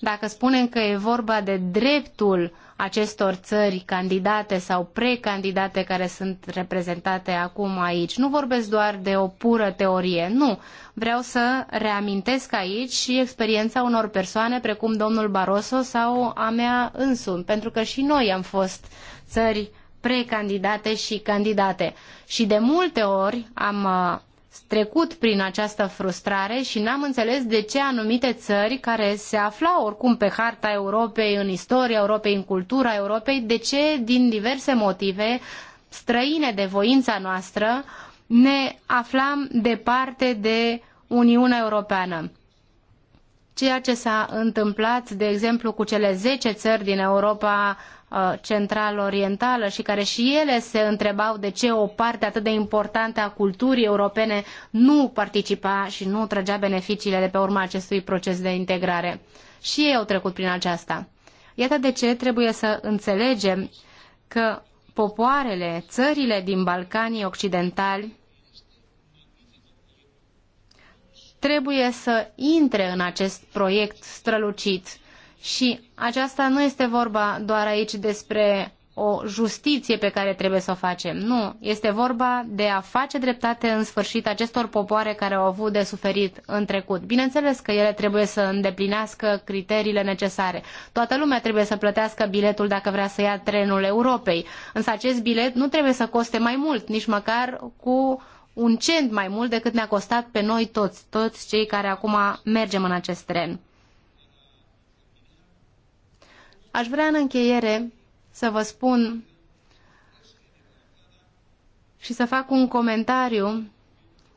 Dacă spunem că e vorba de dreptul acestor țări candidate sau precandidate care sunt reprezentate acum aici. Nu vorbesc doar de o pură teorie, nu. Vreau să reamintesc aici și experiența unor persoane precum domnul Barroso sau a mea însumi, pentru că și noi am fost țări precandidate și candidate. Și de multe ori am uh, trecut prin această frustrare și n-am înțeles de ce anumite țări care se aflau oricum pe harta Europei, în istoria Europei, în cultura Europei, de ce din diverse motive străine de voința noastră ne aflam departe de Uniunea Europeană. Ceea ce s-a întâmplat, de exemplu, cu cele zece țări din Europa Uh, central-orientală și care și ele se întrebau de ce o parte atât de importantă a culturii europene nu participa și nu trăgea beneficiile de pe urma acestui proces de integrare. Și ei au trecut prin aceasta. Iată de ce trebuie să înțelegem că popoarele, țările din Balcanii Occidentali trebuie să intre în acest proiect strălucit și aceasta nu este vorba doar aici despre o justiție pe care trebuie să o facem. Nu, este vorba de a face dreptate în sfârșit acestor popoare care au avut de suferit în trecut. Bineînțeles că ele trebuie să îndeplinească criteriile necesare. Toată lumea trebuie să plătească biletul dacă vrea să ia trenul Europei, însă acest bilet nu trebuie să coste mai mult, nici măcar cu un cent mai mult decât ne-a costat pe noi toți, toți cei care acum mergem în acest tren. Aș vrea în încheiere să vă spun și să fac un comentariu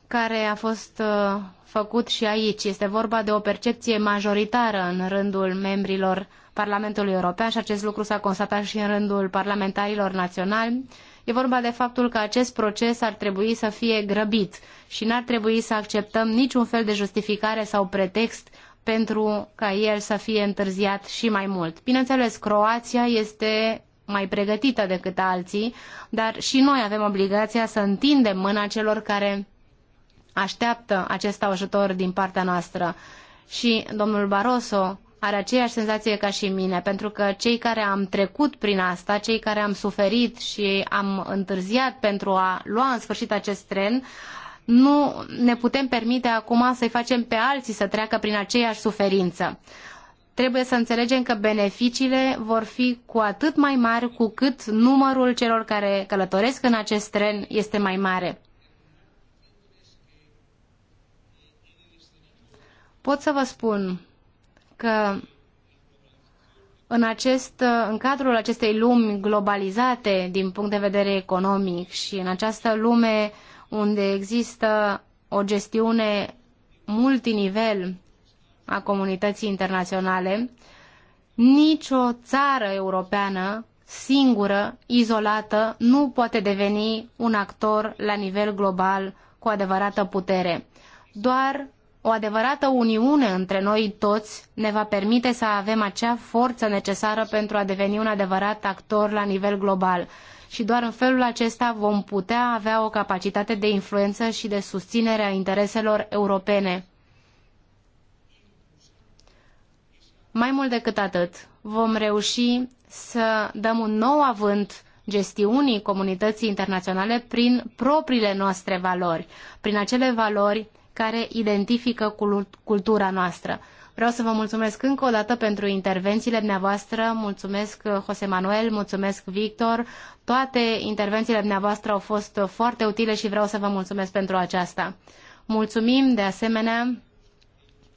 care a fost uh, făcut și aici. Este vorba de o percepție majoritară în rândul membrilor Parlamentului European și acest lucru s-a constatat și în rândul parlamentarilor naționali. E vorba de faptul că acest proces ar trebui să fie grăbit și n-ar trebui să acceptăm niciun fel de justificare sau pretext pentru ca el să fie întârziat și mai mult. Bineînțeles, Croația este mai pregătită decât alții, dar și noi avem obligația să întindem mâna celor care așteaptă acest ajutor din partea noastră. Și domnul Barroso are aceeași senzație ca și mine, pentru că cei care am trecut prin asta, cei care am suferit și am întârziat pentru a lua în sfârșit acest tren, nu ne putem permite acum să-i facem pe alții să treacă prin aceeași suferință. Trebuie să înțelegem că beneficiile vor fi cu atât mai mari cu cât numărul celor care călătoresc în acest tren este mai mare. Pot să vă spun că în, acest, în cadrul acestei lumi globalizate din punct de vedere economic și în această lume uh, unde există o gestiune multinivel a comunității internaționale, nicio țară europeană singură, izolată, nu poate deveni un actor la nivel global cu adevărată putere. Doar o adevărată uniune între noi toți ne va permite să avem acea forță necesară pentru a deveni un adevărat actor la nivel global și doar în felul acesta vom putea avea o capacitate de influență și de susținere a intereselor europene. Mai mult decât atât, vom reuși să dăm un nou avânt gestiunii comunității internaționale prin propriile noastre valori, prin acele valori care identifică cultura noastră. Vreau să vă mulțumesc încă o dată pentru intervențiile dumneavoastră. Mulțumesc, uh, Jose Manuel, mulțumesc, Victor. Toate intervențiile dumneavoastră au fost uh, foarte utile și vreau să vă mulțumesc pentru aceasta. Mulțumim, de asemenea,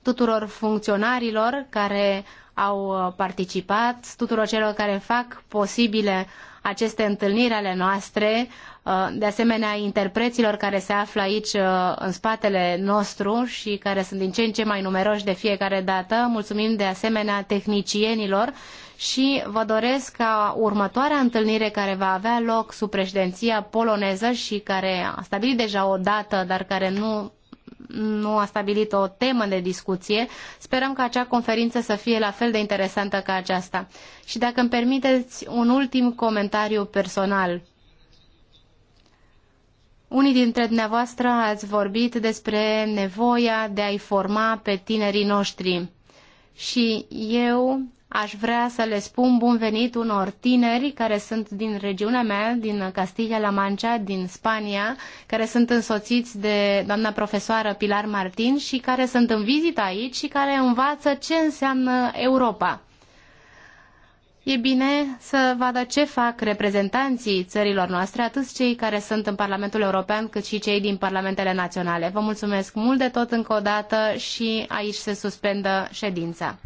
tuturor funcționarilor care au uh, participat, tuturor celor care fac posibile aceste întâlniri ale noastre, Uh, de asemenea interpreților care se află aici uh, în spatele nostru și care sunt din ce în ce mai numeroși de fiecare dată. Mulțumim de asemenea tehnicienilor și vă doresc ca următoarea întâlnire care va avea loc sub președinția poloneză și care a stabilit deja o dată, dar care nu nu a stabilit o temă de discuție. Sperăm ca acea conferință să fie la fel de interesantă ca aceasta. Și dacă îmi permiteți un ultim comentariu personal. Unii dintre dumneavoastră ați vorbit despre nevoia de a-i forma pe tinerii noștri și eu aș vrea să le spun bun venit unor tineri care sunt din regiunea mea, din Castilla-La Mancha, din Spania, care sunt însoțiți de doamna profesoară Pilar Martin și care sunt în vizită aici și care învață ce înseamnă Europa e bine să vadă ce fac reprezentanții țărilor noastre, atât cei care sunt în Parlamentul European, cât și cei din Parlamentele Naționale. Vă mulțumesc mult de tot încă o dată și aici se suspendă ședința.